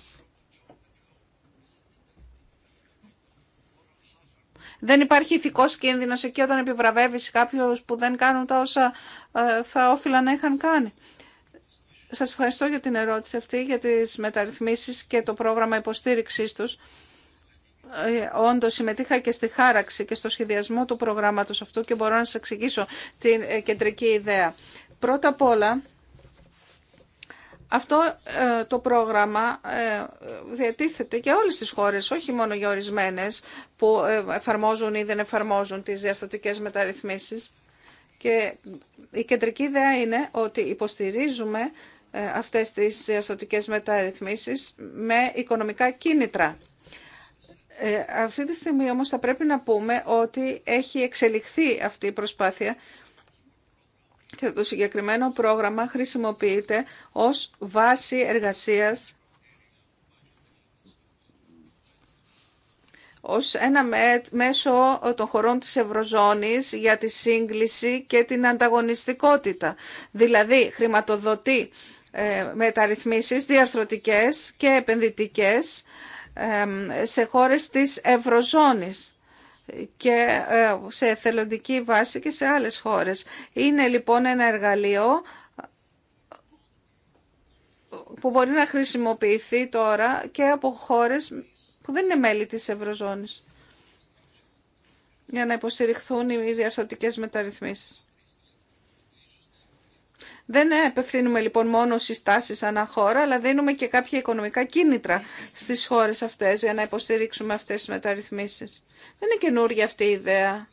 Δεν υπάρχει ηθικός κίνδυνος εκεί όταν επιβραβεύεις κάποιους που δεν κάνουν τα όσα ε, θα όφυλα να είχαν κάνει. Σας ευχαριστώ για την ερώτηση αυτή, για τις μεταρρυθμίσεις και το πρόγραμμα υποστήριξής τους. Ε, όντως συμμετείχα και στη χάραξη και στο σχεδιασμό του προγράμματος αυτού και μπορώ να σας εξηγήσω την ε, κεντρική ιδέα. Πρώτα απ' όλα αυτό ε, το πρόγραμμα ε, διατίθεται για όλες τις χώρες, όχι μόνο για ορισμένες που ε, εφαρμόζουν ή δεν εφαρμόζουν τις διαρθρωτικές μεταρρυθμίσεις. Και η κεντρική ιδέα είναι ότι υποστηρίζουμε αυτές τις διαρθρωτικές μεταρρυθμίσεις με οικονομικά κίνητρα. Αυτή τη στιγμή όμως θα πρέπει να πούμε ότι έχει εξελιχθεί αυτή η προσπάθεια και το συγκεκριμένο πρόγραμμα χρησιμοποιείται ως βάση εργασίας ως ένα μέσο των χωρών της Ευρωζώνης για τη σύγκληση και την ανταγωνιστικότητα. Δηλαδή, χρηματοδοτεί ε, μεταρρυθμίσεις διαρθρωτικές και επενδυτικές ε, σε χώρες της Ευρωζώνης και ε, σε εθελοντική βάση και σε άλλες χώρες. Είναι λοιπόν ένα εργαλείο που μπορεί να χρησιμοποιηθεί τώρα και από χώρες που δεν είναι μέλη της Ευρωζώνης για να υποστηριχθούν οι διαρθωτικές μεταρρυθμίσεις. Δεν επευθύνουμε λοιπόν μόνο συστάσεις ανά χώρα, αλλά δίνουμε και κάποια οικονομικά κίνητρα στις χώρες αυτές για να υποστηρίξουμε αυτές τις μεταρρυθμίσεις. Δεν είναι καινούργια αυτή η ιδέα.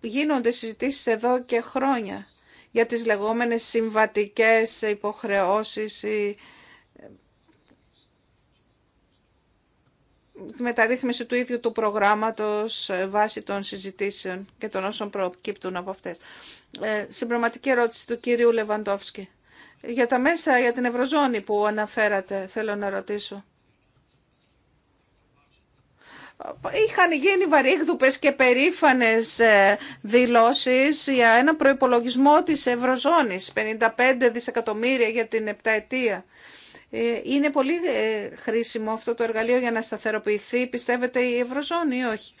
Γίνονται συζητήσεις εδώ και χρόνια για τις λεγόμενες συμβατικές υποχρεώσεις ή τη μεταρρύθμιση του ίδιου του προγράμματος ε, βάσει των συζητήσεων και των όσων προκύπτουν από αυτές. Ε, συμπληρωματική ερώτηση του κύριου Λεβαντόφσκη. Για τα μέσα, για την Ευρωζώνη που αναφέρατε, θέλω να ρωτήσω. Είχαν γίνει βαρύγδουπες και περήφανες ε, δηλώσεις για ένα προϋπολογισμό της Ευρωζώνης, 55 δισεκατομμύρια για την επταετία. Ε, είναι πολύ χρήσιμο αυτό το εργαλείο για να σταθεροποιηθεί, πιστεύετε, η Ευρωζώνη ή όχι.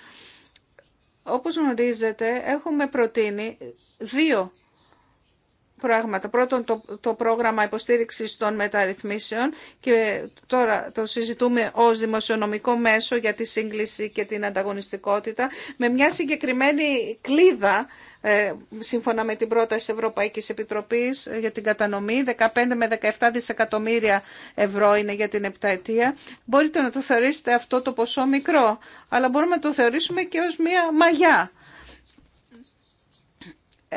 Όπως γνωρίζετε, έχουμε προτείνει δύο πράγματα. Πρώτον, το, το πρόγραμμα υποστήριξης των μεταρρυθμίσεων και τώρα το συζητούμε ως δημοσιονομικό μέσο για τη σύγκληση και την ανταγωνιστικότητα με μια συγκεκριμένη κλίδα ε, σύμφωνα με την πρόταση Ευρωπαϊκής Επιτροπής για την κατανομή 15 με 17 δισεκατομμύρια ευρώ είναι για την επταετία. Μπορείτε να το θεωρήσετε αυτό το ποσό μικρό, αλλά μπορούμε να το θεωρήσουμε και ως μια μαγιά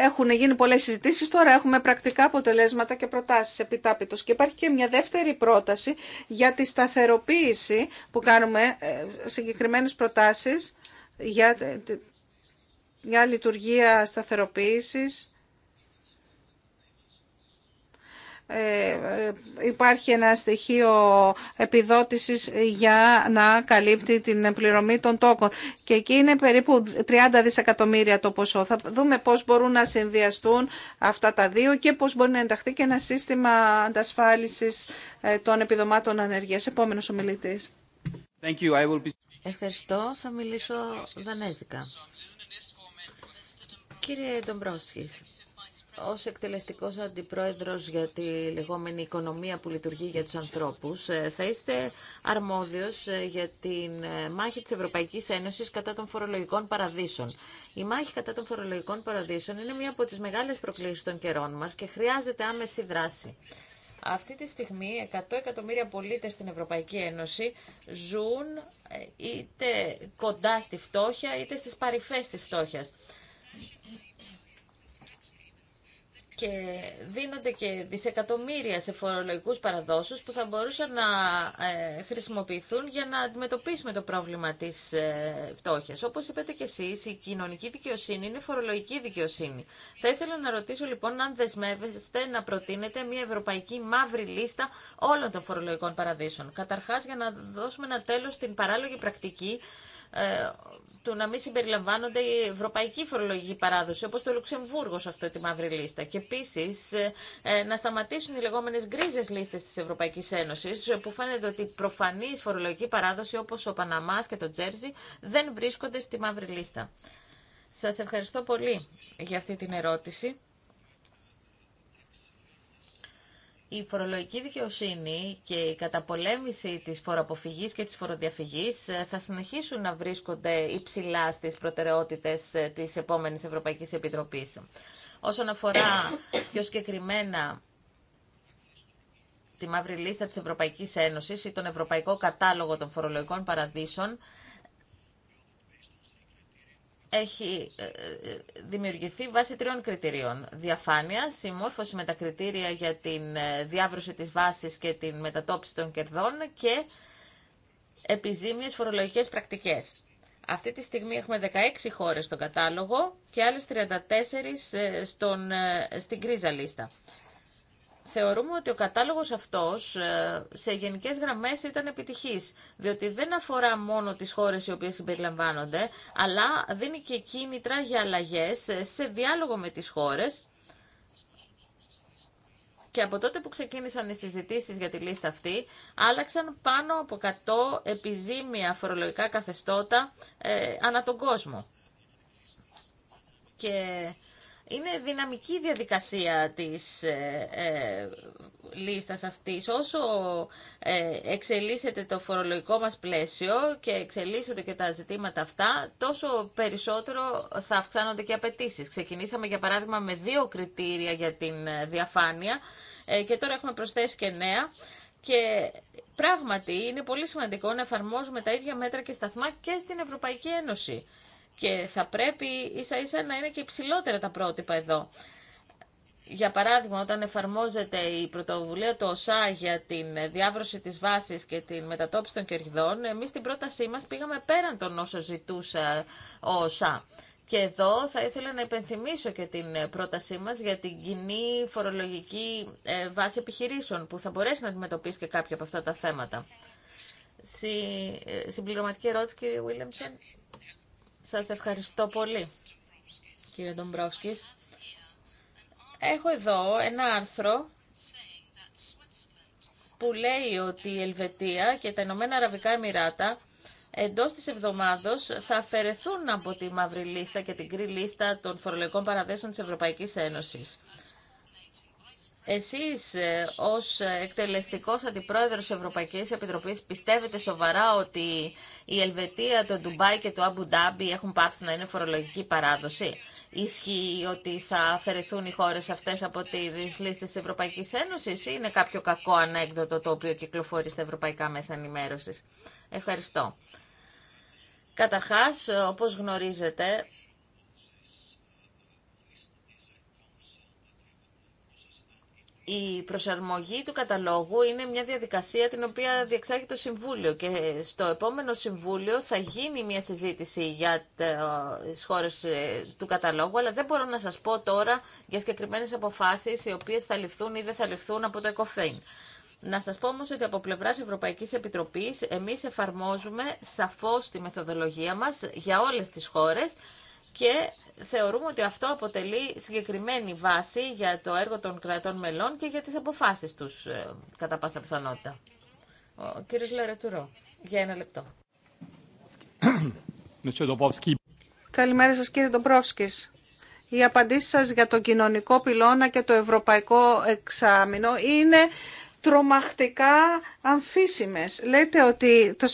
έχουν γίνει πολλές συζητήσεις, τώρα έχουμε πρακτικά αποτελέσματα και προτάσεις επιτάπητο. Και υπάρχει και μια δεύτερη πρόταση για τη σταθεροποίηση που κάνουμε ε, συγκεκριμένε προτάσεις για, για ε, λειτουργία σταθεροποίησης Ε, ε, υπάρχει ένα στοιχείο επιδότησης για να καλύπτει την πληρωμή των τόκων. Και εκεί είναι περίπου 30 δισεκατομμύρια το ποσό. Θα δούμε πώς μπορούν να συνδυαστούν αυτά τα δύο και πώς μπορεί να ενταχθεί και ένα σύστημα αντασφάλισης ε, των επιδομάτων ανεργίας. Επόμενος ομιλητής. Thank Ευχαριστώ. Θα μιλήσω δανέζικα. Κύριε Ντομπρόσχης, ως εκτελεστικός αντιπρόεδρος για τη λεγόμενη οικονομία που λειτουργεί για τους ανθρώπους, ε, θα είστε αρμόδιος ε, για τη ε, μάχη της Ευρωπαϊκής Ένωσης κατά των φορολογικών παραδείσων. Η μάχη κατά των φορολογικών παραδείσων είναι μία από τις μεγάλες προκλήσεις των καιρών μας και χρειάζεται άμεση δράση. Αυτή τη στιγμή 100 εκατομμύρια πολίτες στην Ευρωπαϊκή Ένωση ζουν είτε κοντά στη φτώχεια είτε στις παρυφές της φτώχεια και δίνονται και δισεκατομμύρια σε φορολογικούς παραδόσους που θα μπορούσαν να ε, χρησιμοποιηθούν για να αντιμετωπίσουμε το πρόβλημα της ε, φτώχειας. Όπως είπατε και εσείς, η κοινωνική δικαιοσύνη είναι φορολογική δικαιοσύνη. Θα ήθελα να ρωτήσω λοιπόν αν δεσμεύεστε να προτείνετε μια ευρωπαϊκή μαύρη λίστα όλων των φορολογικών παραδείσων. Καταρχάς για να δώσουμε ένα τέλος στην παράλογη πρακτική ε, του να μην συμπεριλαμβάνονται η ευρωπαϊκή φορολογική παράδοση, όπως το Λουξεμβούργο σε αυτή τη μαύρη λίστα. Και επίσης ε, ε, να σταματήσουν οι λεγόμενες γκρίζες λίστες της Ευρωπαϊκής Ένωσης, που φαίνεται ότι προφανής φορολογική παράδοση όπως ο Παναμάς και το Τζέρζι δεν βρίσκονται στη μαύρη λίστα. Σας ευχαριστώ πολύ για αυτή την ερώτηση. η φορολογική δικαιοσύνη και η καταπολέμηση της φοροαποφυγής και της φοροδιαφυγής ε, θα συνεχίσουν να βρίσκονται υψηλά στις προτεραιότητες ε, της επόμενης Ευρωπαϊκής Επιτροπής. Όσον αφορά πιο συγκεκριμένα τη μαύρη λίστα της Ευρωπαϊκής Ένωσης ή τον Ευρωπαϊκό Κατάλογο των Φορολογικών Παραδείσων, έχει ε, ε, δημιουργηθεί βάσει τριών κριτηρίων. Διαφάνεια, συμμόρφωση με τα κριτήρια για την ε, διάβρωση της βάσης και την μετατόπιση των κερδών και επιζήμιες φορολογικές πρακτικές. Αυτή τη στιγμή έχουμε 16 χώρες στον κατάλογο και άλλες 34 στον, στην κρίζα λίστα. Θεωρούμε ότι ο κατάλογος αυτός ε, σε γενικές γραμμές ήταν επιτυχής, διότι δεν αφορά μόνο τις χώρες οι οποίες συμπεριλαμβάνονται, αλλά δίνει και κίνητρα για αλλαγές ε, σε διάλογο με τις χώρες και από τότε που ξεκίνησαν οι συζητήσεις για τη λίστα αυτή, άλλαξαν πάνω από 100 επιζήμια φορολογικά καθεστώτα ε, ανά τον κόσμο. Και είναι δυναμική διαδικασία της ε, ε, λίστας αυτής. Όσο ε, εξελίσσεται το φορολογικό μας πλαίσιο και εξελίσσονται και τα ζητήματα αυτά, τόσο περισσότερο θα αυξάνονται και απαιτήσει. Ξεκινήσαμε, για παράδειγμα, με δύο κριτήρια για την διαφάνεια ε, και τώρα έχουμε προσθέσει και νέα. Και πράγματι είναι πολύ σημαντικό να εφαρμόζουμε τα ίδια μέτρα και σταθμά και στην Ευρωπαϊκή Ένωση. Και θα πρέπει ίσα ίσα να είναι και υψηλότερα τα πρότυπα εδώ. Για παράδειγμα, όταν εφαρμόζεται η πρωτοβουλία του ΟΣΑ για την διάβρωση της βάσης και τη μετατόπιση των κερδών, εμείς στην πρότασή μας πήγαμε πέραν των όσων ζητούσε ο ΟΣΑ. Και εδώ θα ήθελα να υπενθυμίσω και την πρότασή μας για την κοινή φορολογική ε, βάση επιχειρήσεων, που θα μπορέσει να αντιμετωπίσει και κάποια από αυτά τα θέματα. Ε, συμπληρωματική ερώτηση, κύριε Βίλεμσον. Σας ευχαριστώ πολύ, κύριε Ντομπρόσκης. Έχω εδώ ένα άρθρο που λέει ότι η Ελβετία και τα Ηνωμένα Αραβικά Εμμυράτα εντός της εβδομάδος θα αφαιρεθούν από τη μαύρη λίστα και την κρή λίστα των φορολογικών παραδέσεων της Ευρωπαϊκής Ένωσης. Εσείς ε, ως εκτελεστικός αντιπρόεδρος Ευρωπαϊκής Επιτροπής πιστεύετε σοβαρά ότι η Ελβετία, το Ντουμπάι και το Αμπου έχουν πάψει να είναι φορολογική παράδοση. Ισχύει ότι θα αφαιρεθούν οι χώρες αυτές από τη λίστα της Ευρωπαϊκής Ένωσης ή είναι κάποιο κακό ανέκδοτο το οποίο κυκλοφορεί στα ευρωπαϊκά μέσα ενημέρωσης. Ευχαριστώ. Καταρχάς, ε, όπως γνωρίζετε, η προσαρμογή του καταλόγου είναι μια διαδικασία την οποία διεξάγει το Συμβούλιο και στο επόμενο Συμβούλιο θα γίνει μια συζήτηση για τις χώρες ε, του καταλόγου αλλά δεν μπορώ να σας πω τώρα για συγκεκριμένε αποφάσεις οι οποίες θα ληφθούν ή δεν θα ληφθούν από το ΕΚΟΦΕΙΝ. Να σας πω όμως ότι από πλευράς Ευρωπαϊκής Επιτροπής εμείς εφαρμόζουμε σαφώς τη μεθοδολογία μας για όλες τις χώρες και θεωρούμε ότι αυτό αποτελεί συγκεκριμένη βάση για το έργο των κρατών μελών και για τις αποφάσεις τους ε, κατά πάσα πιθανότητα. Ο για ένα λεπτό. Καλημέρα σας κύριε Ντομπρόφσκης. Οι απαντήσεις σας για το κοινωνικό πυλώνα και το ευρωπαϊκό εξάμεινο είναι τρομακτικά αμφίσιμες. Λέτε ότι το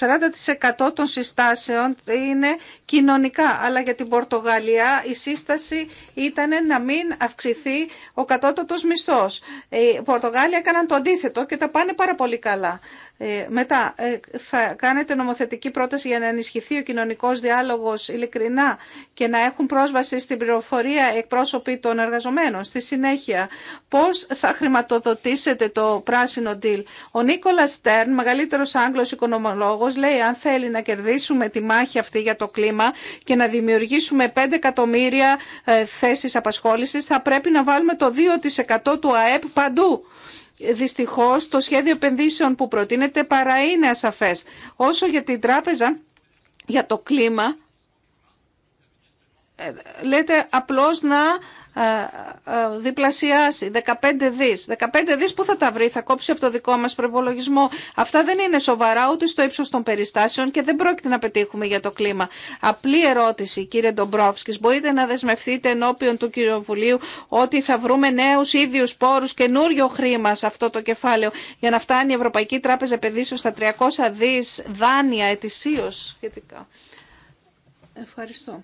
40% των συστάσεων είναι κοινωνικά, αλλά για την Πορτογαλία η σύσταση ήταν να μην αυξηθεί ο κατώτατος μισθός. Οι ε, Πορτογάλοι έκαναν το αντίθετο και τα πάνε πάρα πολύ καλά. Ε, μετά ε, θα κάνετε νομοθετική πρόταση για να ενισχυθεί ο κοινωνικός διάλογος ειλικρινά και να έχουν πρόσβαση στην πληροφορία εκπρόσωποι των εργαζομένων. Στη συνέχεια, πώς θα χρηματοδοτήσετε το πράσινο deal. Ο Νίκολας Στέρν, μεγαλύτερος Άγγλος οικονομολόγος, λέει αν θέλει να κερδίσουμε τη μάχη αυτή για το κλίμα και να δημιουργήσουμε 5 εκατομμύρια ε, θέσεις απασχόλησης, θα πρέπει να βάλουμε το 2% του ΑΕΠ παντού. Δυστυχώς το σχέδιο επενδύσεων που προτείνεται παρά είναι ασαφές. Όσο για την τράπεζα, για το κλίμα, ε, λέτε απλώς να ε, ε, διπλασιάσει. 15 δις. 15 δις που θα τα βρει, θα κόψει από το δικό μας προπολογισμό. Αυτά δεν είναι σοβαρά ούτε στο ύψος των περιστάσεων και δεν πρόκειται να πετύχουμε για το κλίμα. Απλή ερώτηση κύριε Ντομπρόφσκης. Μπορείτε να δεσμευτείτε ενώπιον του Κοινοβουλίου ότι θα βρούμε νέους ίδιους πόρους, καινούριο χρήμα σε αυτό το κεφάλαιο για να φτάνει η Ευρωπαϊκή Τράπεζα επενδύσεως στα 300 δις δάνεια ετησίως Ευχαριστώ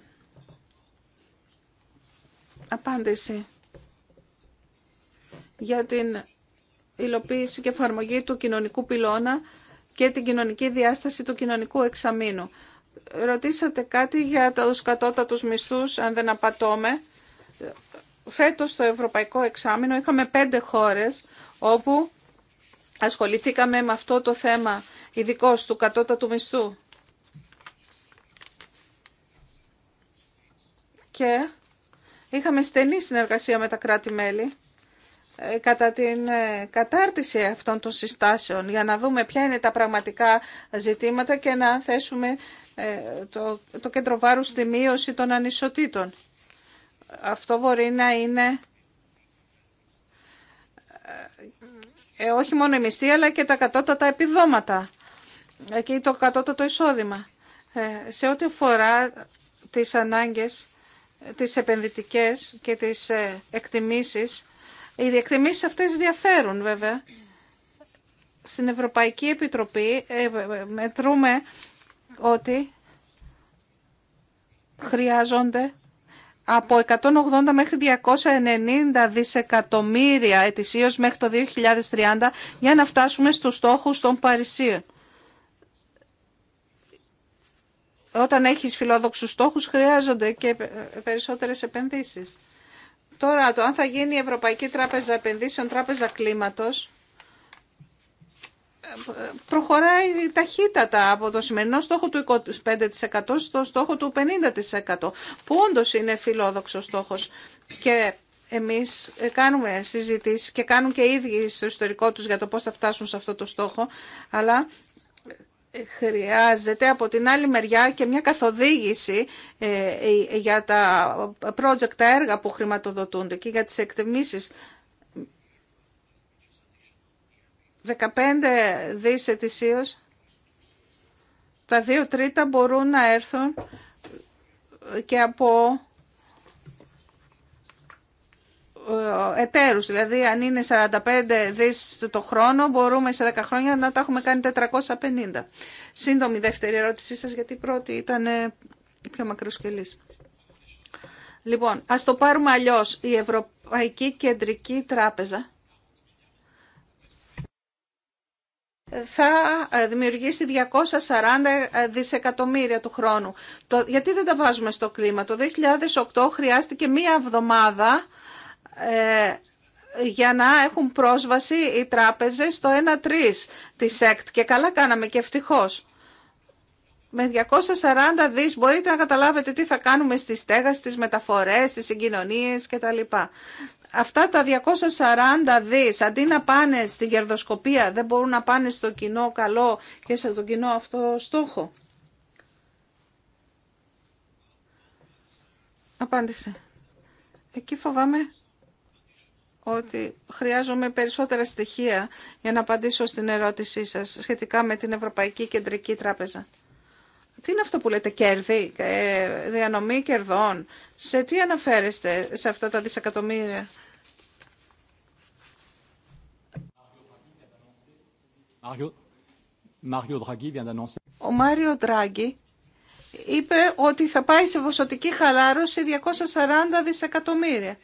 απάντηση για την υλοποίηση και εφαρμογή του κοινωνικού πυλώνα και την κοινωνική διάσταση του κοινωνικού εξαμήνου. Ρωτήσατε κάτι για τους κατώτατους μισθούς, αν δεν απατώμε. Φέτος στο Ευρωπαϊκό Εξάμεινο είχαμε πέντε χώρες όπου ασχοληθήκαμε με αυτό το θέμα, ειδικό του κατώτατου μισθού. Και Είχαμε στενή συνεργασία με τα κράτη-μέλη ε, κατά την ε, κατάρτιση αυτών των συστάσεων για να δούμε ποια είναι τα πραγματικά ζητήματα και να θέσουμε ε, το, το κέντρο βάρους στη μείωση των ανισοτήτων. Αυτό μπορεί να είναι ε, όχι μόνο η μισθή αλλά και τα κατώτατα επιδόματα και το κατώτατο εισόδημα. σε ό,τι αφορά τις ανάγκες τις επενδυτικές και τις ε, εκτιμήσεις. Οι εκτιμήσεις αυτές διαφέρουν βέβαια. Στην Ευρωπαϊκή Επιτροπή ε, ε, μετρούμε ότι χρειάζονται από 180 μέχρι 290 δισεκατομμύρια ετησίως μέχρι το 2030 για να φτάσουμε στους στόχους των Παρισίων. όταν έχεις φιλόδοξους στόχους χρειάζονται και περισσότερες επενδύσεις. Τώρα το αν θα γίνει η Ευρωπαϊκή Τράπεζα Επενδύσεων, Τράπεζα Κλίματος, προχωράει ταχύτατα από το σημερινό στόχο του 25% στο στόχο του 50% που όντως είναι φιλόδοξο στόχος και εμείς κάνουμε συζητήσεις και κάνουν και οι ίδιοι στο ιστορικό τους για το πώς θα φτάσουν σε αυτό το στόχο αλλά χρειάζεται από την άλλη μεριά και μια καθοδήγηση ε, ε, για τα project, τα έργα που χρηματοδοτούνται και για τις εκτιμήσεις. 15 δις ετησίως, τα δύο τρίτα μπορούν να έρθουν και από ε, εταίρους. Δηλαδή αν είναι 45 δις το χρόνο μπορούμε σε 10 χρόνια να τα έχουμε κάνει 450. Σύντομη δεύτερη ερώτησή σας γιατί η πρώτη ήταν ε, πιο μακροσκελής. Λοιπόν, ας το πάρουμε αλλιώς. Η Ευρωπαϊκή Κεντρική Τράπεζα θα ε, δημιουργήσει 240 δισεκατομμύρια του χρόνου. Το, γιατί δεν τα βάζουμε στο κλίμα. Το 2008 χρειάστηκε μία εβδομάδα ε, για να έχουν πρόσβαση οι τράπεζες στο 1-3 της ΕΚΤ και καλά κάναμε και ευτυχώς. Με 240 δις μπορείτε να καταλάβετε τι θα κάνουμε στη στέγα, στις μεταφορές, στις συγκοινωνίες κτλ. Αυτά τα 240 δις αντί να πάνε στην κερδοσκοπία δεν μπορούν να πάνε στο κοινό καλό και στο κοινό αυτό στόχο. Απάντησε. Εκεί φοβάμαι ότι χρειάζομαι περισσότερα στοιχεία για να απαντήσω στην ερώτησή σας σχετικά με την Ευρωπαϊκή Κεντρική Τράπεζα. Τι είναι αυτό που λέτε κέρδη, ε, διανομή κερδών. Σε τι αναφέρεστε σε αυτά τα δισεκατομμύρια. Ο Μάριο Ντράγκη είπε ότι θα πάει σε βοσοτική χαλάρωση 240 δισεκατομμύρια.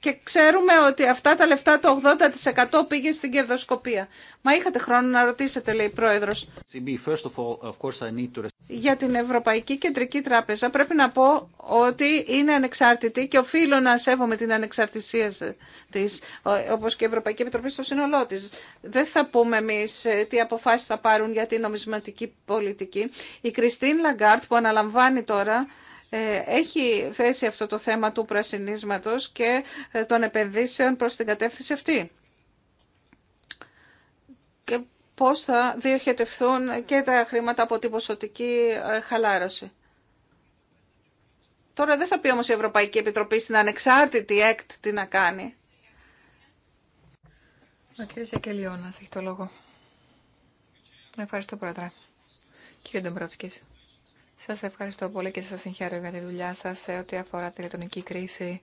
Και, ξέρουμε ότι αυτά τα λεφτά το 80% πήγε στην κερδοσκοπία. Μα είχατε χρόνο να ρωτήσετε, λέει η Πρόεδρος. Για την Ευρωπαϊκή Κεντρική Τράπεζα πρέπει να πω ότι είναι ανεξάρτητη και οφείλω να σέβομαι την ανεξαρτησία της, όπως και η Ευρωπαϊκή Επιτροπή στο σύνολό τη. Δεν θα πούμε εμεί ε, τι αποφάσει θα πάρουν για την νομισματική πολιτική. Η Κριστίν Λαγκάρτ που αναλαμβάνει τώρα ε, έχει θέσει αυτό το θέμα του πρασινίσματος και ε, των επενδύσεων προς την κατεύθυνση αυτή. Και πώς θα διοχετευθούν και τα χρήματα από την ποσοτική ε, χαλάρωση. Τώρα δεν θα πει όμως η Ευρωπαϊκή Επιτροπή στην ανεξάρτητη ΕΚΤ τι να κάνει. Ο κύριος έχει το λόγο. Ευχαριστώ, Πρόεδρε. Κύριε Ντομπρόφσκης. Σας ευχαριστώ πολύ και σας συγχαίρω για τη δουλειά σας σε ό,τι αφορά τη λετωνική κρίση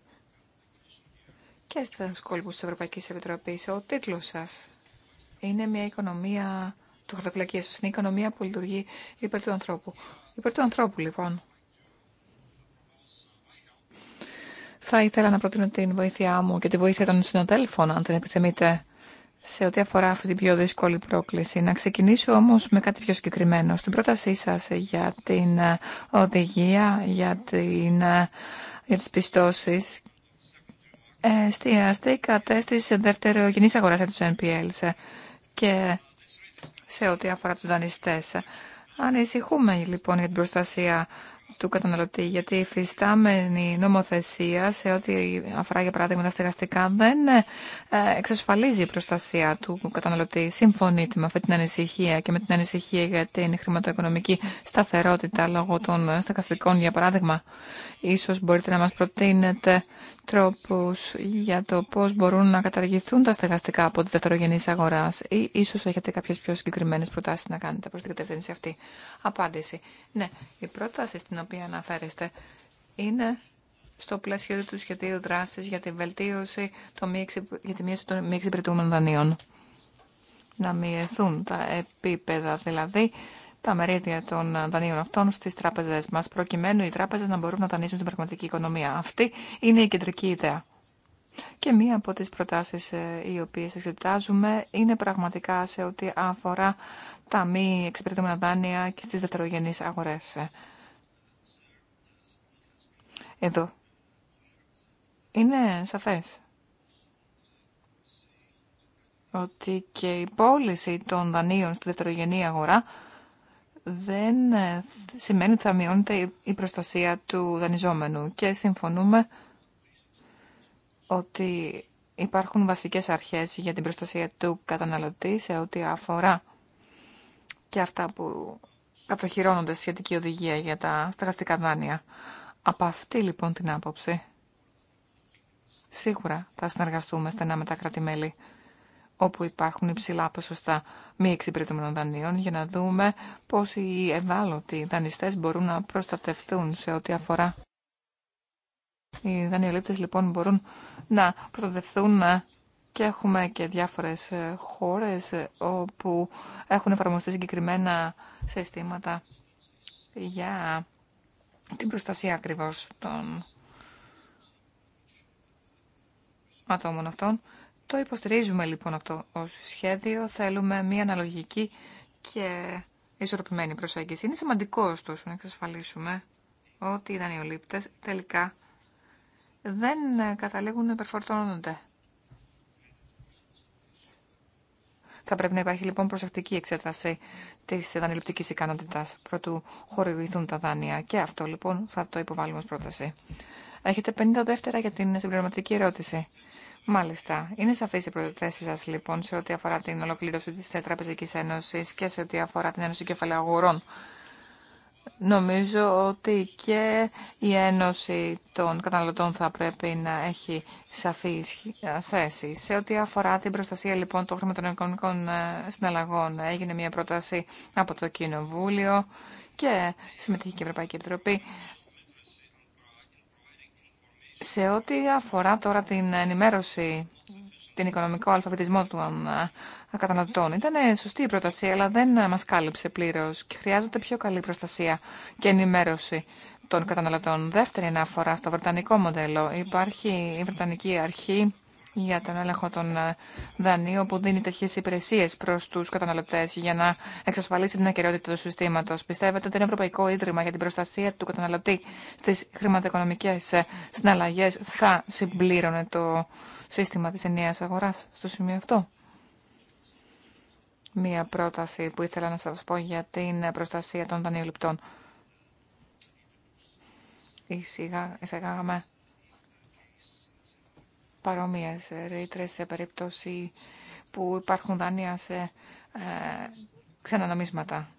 και στα κόλπους της Ευρωπαϊκής Επιτροπής. Ο τίτλος σας είναι μια οικονομία του χαρτοφυλακίου Είναι η οικονομία που λειτουργεί υπέρ του ανθρώπου. Υπέρ του ανθρώπου, λοιπόν. Θα ήθελα να προτείνω την βοήθειά μου και τη βοήθεια των συναδέλφων, αν την επιθυμείτε, σε ό,τι αφορά αυτή την πιο δύσκολη πρόκληση. Να ξεκινήσω όμως με κάτι πιο συγκεκριμένο. Στην πρότασή σας για την ε, οδηγία, για, την, ε, για τις πιστώσεις, ε, εστιαστήκατε στις δευτερογενείς αγοράς NPL και σε ό,τι αφορά τους δανειστές. Ανησυχούμε λοιπόν για την προστασία του καταναλωτή, γιατί η φυστάμενη νομοθεσία σε ό,τι αφορά για παράδειγμα τα στεγαστικά δεν ε, εξασφαλίζει η προστασία του καταναλωτή. Συμφωνείτε με αυτή την ανησυχία και με την ανησυχία για την χρηματοοικονομική σταθερότητα λόγω των στεγαστικών για παράδειγμα. Ίσως μπορείτε να μας προτείνετε τρόπους για το πώς μπορούν να καταργηθούν τα στεγαστικά από τις δευτερογενείς αγορά ή ίσως έχετε κάποιες πιο συγκεκριμένες προτάσεις να κάνετε προς την κατεύθυνση αυτή. Απάντηση. Ναι, η πρόταση στην οποία αναφέρεστε είναι στο πλαίσιο του σχεδίου δράσης για τη βελτίωση το μη για τη μείωση των μη εξυπηρετούμενων δανείων. Να μειωθούν τα επίπεδα δηλαδή τα μερίδια των ε, δανείων αυτών στι τράπεζε μα, προκειμένου οι τράπεζε να μπορούν να δανείσουν στην πραγματική οικονομία. Αυτή είναι η κεντρική ιδέα. Και μία από τις προτάσεις ε, οι οποίες εξετάζουμε είναι πραγματικά σε ό,τι αφορά τα μη εξυπηρετούμενα δάνεια και στις δευτερογενείς αγορές. Εδώ. Είναι σαφές ότι και η πώληση των δανείων στη δευτερογενή αγορά δεν ε, σημαίνει ότι θα μειώνεται η προστασία του δανειζόμενου και συμφωνούμε ότι υπάρχουν βασικές αρχές για την προστασία του καταναλωτή σε ό,τι αφορά και αυτά που κατοχυρώνονται στη σχετική οδηγία για τα στεγαστικά δάνεια. Από αυτή λοιπόν την άποψη, σίγουρα θα συνεργαστούμε στενά με τα κράτη-μέλη όπου υπάρχουν υψηλά ποσοστά μη εξυπηρετούμενων δανείων για να δούμε πώς οι ευάλωτοι δανειστές μπορούν να προστατευτούν σε ό,τι αφορά. Οι δανειολήπτες λοιπόν μπορούν να προστατευτούν ε, και έχουμε και διάφορες ε, χώρες ε, όπου έχουν εφαρμοστεί συγκεκριμένα συστήματα για την προστασία ακριβώς των ατόμων αυτών το υποστηρίζουμε λοιπόν αυτό ως σχέδιο. Θέλουμε μια αναλογική και ισορροπημένη προσέγγιση. Είναι σημαντικό ωστόσο να εξασφαλίσουμε ότι οι δανειολήπτες τελικά δεν καταλήγουν να υπερφορτώνονται. Θα πρέπει να υπάρχει λοιπόν προσεκτική εξέταση της δανειοληπτικής ικανότητας προτού χορηγηθούν τα δάνεια και αυτό λοιπόν θα το υποβάλουμε ως πρόταση. Έχετε 50 δεύτερα για την συμπληρωματική ερώτηση. Μάλιστα. Είναι σαφή η προτεθέσει σα λοιπόν σε ό,τι αφορά την ολοκλήρωση τη Τραπεζική Ένωση και σε ό,τι αφορά την Ένωση Κεφαλαίου Νομίζω ότι και η Ένωση των Καταναλωτών θα πρέπει να έχει σαφή ε, θέση. Σε ό,τι αφορά την προστασία λοιπόν των χρηματοοικονομικών ε, συναλλαγών, έγινε μια πρόταση από το Κοινοβούλιο και συμμετείχε και η Ευρωπαϊκή Επιτροπή. Σε ό,τι αφορά τώρα την ενημέρωση, την οικονομικό αλφαβητισμό των ε, καταναλωτών, ήταν σωστή η πρόταση, αλλά δεν ε, μας κάλυψε πλήρως και χρειάζεται πιο καλή προστασία και ενημέρωση των καταναλωτών. Δεύτερη αναφορά στο βρετανικό μοντέλο. Υπάρχει η Βρετανική Αρχή για τον έλεγχο των ε, δανείων που δίνει τέτοιε υπηρεσίε προ του καταναλωτέ για να εξασφαλίσει την ακεραιότητα του συστήματο. Πιστεύετε ότι το Ευρωπαϊκό Ίδρυμα για την Προστασία του Καταναλωτή στι χρηματοοικονομικέ ε, συναλλαγέ θα συμπλήρωνε το σύστημα τη ενιαία αγορά στο σημείο αυτό. Μία πρόταση που ήθελα να σας πω για την προστασία των δανειοληπτών. Εισηγάγαμε παρόμοιες ε, ρήτρε σε περίπτωση που υπάρχουν δάνεια σε ε, νομίσματα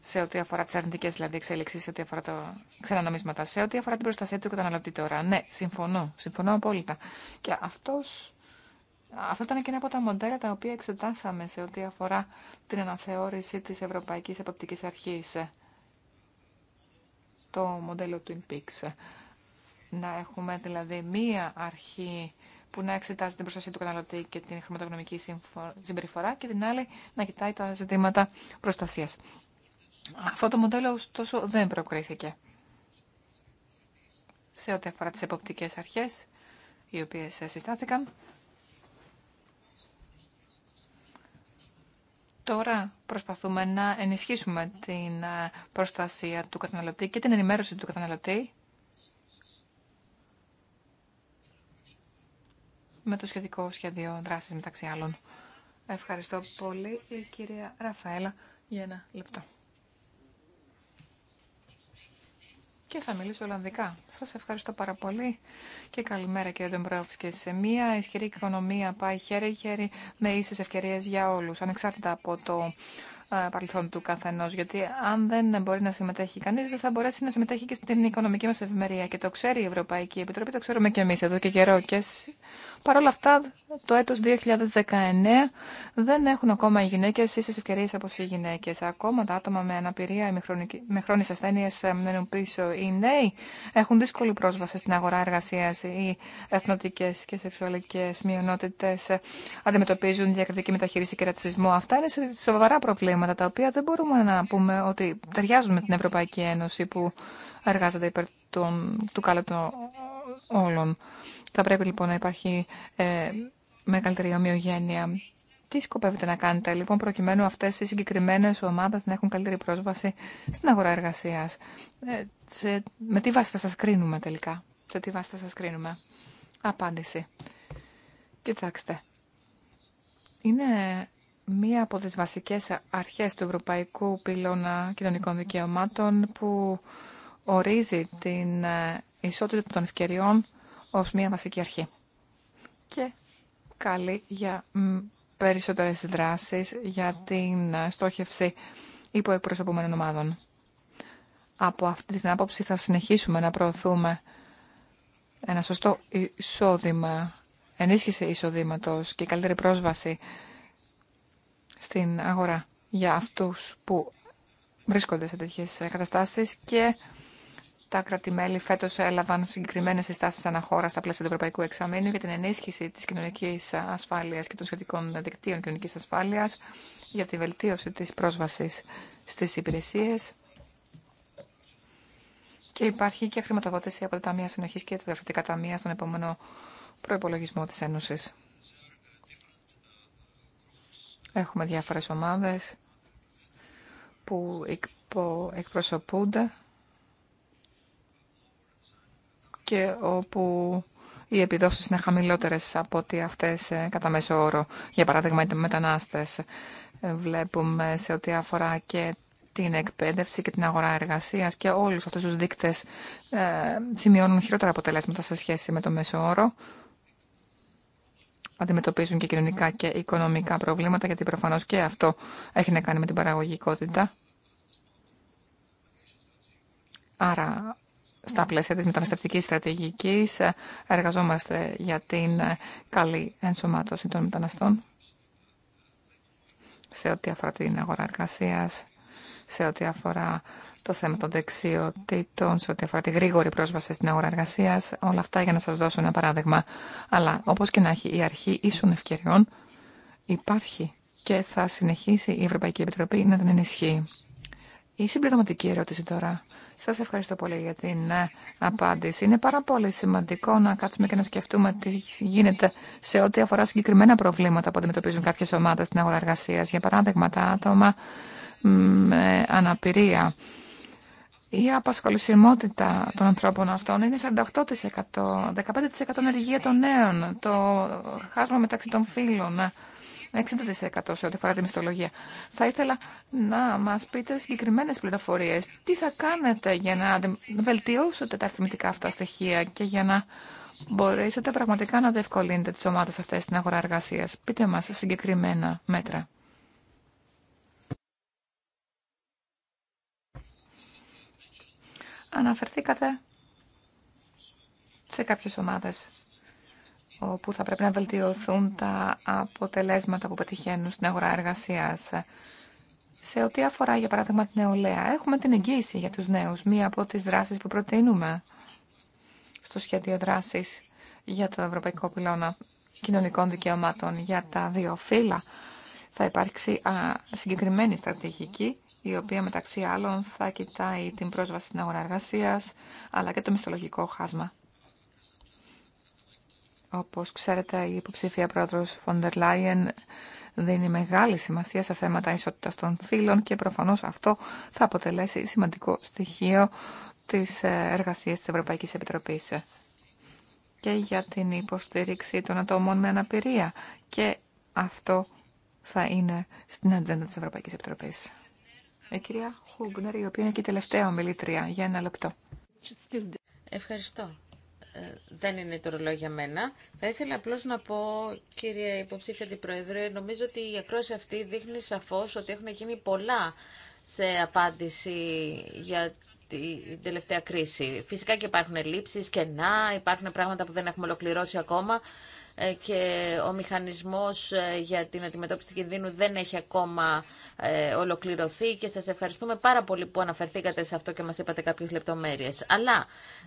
σε ό,τι αφορά τι αρνητικέ δηλαδή εξέλιξει, σε ό,τι αφορά το νομίσματα σε ό,τι αφορά την προστασία του καταναλωτή τώρα. Ναι, συμφωνώ, συμφωνώ απόλυτα. Και αυτός, αυτό ήταν και ένα από τα μοντέλα τα οποία εξετάσαμε σε ό,τι αφορά την αναθεώρηση τη Ευρωπαϊκή Εποπτική Αρχή. Το μοντέλο Twin Peaks. Να έχουμε δηλαδή μία αρχή που να εξετάζει την προστασία του καταναλωτή και την χρηματοοικονομική συμπεριφορά και την άλλη να κοιτάει τα ζητήματα προστασίας. Αυτό το μοντέλο ωστόσο δεν προκρίθηκε. Σε ό,τι αφορά τις εποπτικές αρχές, οι οποίες συστάθηκαν, Τώρα προσπαθούμε να ενισχύσουμε την ε, προστασία του καταναλωτή και την ενημέρωση του καταναλωτή με το σχετικό σχέδιο δράσης μεταξύ άλλων. Ευχαριστώ πολύ η κυρία Ραφαέλα για ένα λεπτό. Και θα μιλήσω Ολλανδικά. Σα ευχαριστώ πάρα πολύ και καλημέρα κύριε Ντομπρόφσκη. Σε μια ισχυρή οικονομία πάει χέρι-χέρι με ίσες ευκαιρίες για όλου. ανεξάρτητα από το ε, παρελθόν του καθενό. Γιατί αν δεν μπορεί να συμμετέχει κανεί, δεν θα μπορέσει να συμμετέχει και στην οικονομική μα ευημερία. Και το ξέρει η Ευρωπαϊκή Επιτροπή, το ξέρουμε και εμεί εδώ και καιρό. Και Παρ' όλα αυτά, το έτος 2019 δεν έχουν ακόμα οι γυναίκες ίσες ευκαιρίες όπως οι γυναίκες. Ακόμα τα άτομα με αναπηρία, ή με χρόνιες ασθένειες ε, μένουν πίσω. Οι νέοι έχουν δύσκολη πρόσβαση στην αγορά εργασίας. Οι εθνοτικές και σεξουαλικές μειονότητες ε, αντιμετωπίζουν διακριτική μεταχείριση και ρατσισμό. Αυτά είναι σοβαρά προβλήματα τα οποία δεν μπορούμε να πούμε ότι ταιριάζουν με την Ευρωπαϊκή Ένωση που εργάζεται υπέρ των, του καλού όλων. Θα πρέπει λοιπόν να υπάρχει ε, μεγαλύτερη ομοιογένεια. Τι σκοπεύετε να κάνετε λοιπόν προκειμένου αυτές οι συγκεκριμένε ομάδες να έχουν καλύτερη πρόσβαση στην αγορά εργασίας. Ε, με τι βάση θα σας κρίνουμε τελικά. Σε τι βάση θα σας κρίνουμε. Απάντηση. Κοιτάξτε. Είναι μία από τις βασικές αρχές του Ευρωπαϊκού Πυλώνα Κοινωνικών Δικαιωμάτων που ορίζει την ε, ισότητα των ευκαιριών ως μια βασική αρχή. Και καλή για περισσότερες δράσεις για την ε, στόχευση υποεκπροσωπούμενων ομάδων. Από αυτή την άποψη θα συνεχίσουμε να προωθούμε ένα σωστό εισόδημα, ενίσχυση εισοδήματος και καλύτερη πρόσβαση στην αγορά για αυτούς που βρίσκονται σε τέτοιες ε, καταστάσεις και τα κράτη-μέλη φέτο έλαβαν συγκεκριμένε συστάσει αναχώρα στα πλαίσια του Ευρωπαϊκού Εξαμήνου για την ενίσχυση τη κοινωνική ασφάλεια και των σχετικών δικτύων κοινωνική ασφάλεια, για τη βελτίωση τη πρόσβαση στι υπηρεσίε. Και υπάρχει και χρηματοδότηση από τα Ταμεία Συνοχή και τα Διαφορετικά Ταμεία στον επόμενο προπολογισμό τη Ένωση. Έχουμε διάφορε ομάδε που εκπροσωπούνται και όπου οι επιδόσεις είναι χαμηλότερες από ότι αυτές ε, κατά μέσο όρο. Για παράδειγμα, οι μετανάστες ε, βλέπουμε σε ό,τι αφορά και την εκπαίδευση και την αγορά εργασίας και όλους αυτούς τους δείκτες ε, σημειώνουν χειρότερα αποτελέσματα σε σχέση με το μέσο όρο. Αντιμετωπίζουν και κοινωνικά και οικονομικά προβλήματα, γιατί προφανώς και αυτό έχει να κάνει με την παραγωγικότητα. Άρα στα ναι. πλαίσια της μεταναστευτικής στρατηγικής ε, εργαζόμαστε για την ε, καλή ενσωμάτωση των μεταναστών σε ό,τι αφορά την αγορά εργασία, σε ό,τι αφορά το θέμα των δεξιοτήτων, σε ό,τι αφορά τη γρήγορη πρόσβαση στην αγορά εργασία. Όλα αυτά για να σα δώσω ένα παράδειγμα. Αλλά όπω και να έχει η αρχή ίσων ευκαιριών υπάρχει και θα συνεχίσει η Ευρωπαϊκή Επιτροπή να την ενισχύει. Η συμπληρωματική ερώτηση τώρα σας ευχαριστώ πολύ για την ε, απάντηση. Είναι πάρα πολύ σημαντικό να κάτσουμε και να σκεφτούμε τι γίνεται σε ό,τι αφορά συγκεκριμένα προβλήματα που αντιμετωπίζουν κάποιες ομάδες στην αγορά εργασίας. Για παράδειγμα, τα άτομα με αναπηρία. Η απασχολησιμότητα των ανθρώπων αυτών είναι 48%, 15% ενεργεία των νέων, το χάσμα μεταξύ των φύλων. 60% σε ό,τι αφορά τη μισθολογία. Θα ήθελα να μας πείτε συγκεκριμένες πληροφορίες. Τι θα κάνετε για να βελτιώσετε τα αριθμητικά αυτά στοιχεία και για να μπορέσετε πραγματικά να διευκολύνετε τις ομάδες αυτές στην αγορά εργασία. Πείτε μας συγκεκριμένα μέτρα. Αναφερθήκατε σε κάποιες ομάδες όπου θα πρέπει να βελτιωθούν τα αποτελέσματα που πετυχαίνουν στην αγορά εργασίας. Σε ό,τι αφορά, για παράδειγμα, την νεολαία, έχουμε την εγγύηση για τους νέους, μία από τις δράσεις που προτείνουμε στο σχέδιο δράσης για το Ευρωπαϊκό Πυλώνα Κοινωνικών Δικαιωμάτων για τα δύο φύλλα. Θα υπάρξει συγκεκριμένη στρατηγική, η οποία μεταξύ άλλων θα κοιτάει την πρόσβαση στην αγορά εργασίας, αλλά και το μισθολογικό χάσμα. Όπως ξέρετε, η υποψηφία πρόεδρος Φοντερ Λάιεν δίνει μεγάλη σημασία σε θέματα ισότητας των φύλων και προφανώς αυτό θα αποτελέσει σημαντικό στοιχείο της ε, εργασίας της Ευρωπαϊκής Επιτροπής και για την υποστήριξη των ατόμων με αναπηρία και αυτό θα είναι στην ατζέντα της Ευρωπαϊκής Επιτροπής. Η ε, κυρία Χούμπνερ, η οποία είναι και η τελευταία ομιλήτρια, για ένα λεπτό. Ευχαριστώ. Ε, δεν είναι το ρολόι για μένα. Θα ήθελα απλώς να πω, κύριε υποψήφια την Προεδρία, νομίζω ότι η ακρόαση αυτή δείχνει σαφώς ότι έχουν γίνει πολλά σε απάντηση για την τελευταία κρίση. Φυσικά και υπάρχουν ελλείψεις, κενά, υπάρχουν πράγματα που δεν έχουμε ολοκληρώσει ακόμα. Ε, και ο μηχανισμός ε, για την αντιμετώπιση του κινδύνου δεν έχει ακόμα ε, ολοκληρωθεί και σας ευχαριστούμε πάρα πολύ που αναφερθήκατε σε αυτό και μας είπατε κάποιες λεπτομέρειες. Αλλά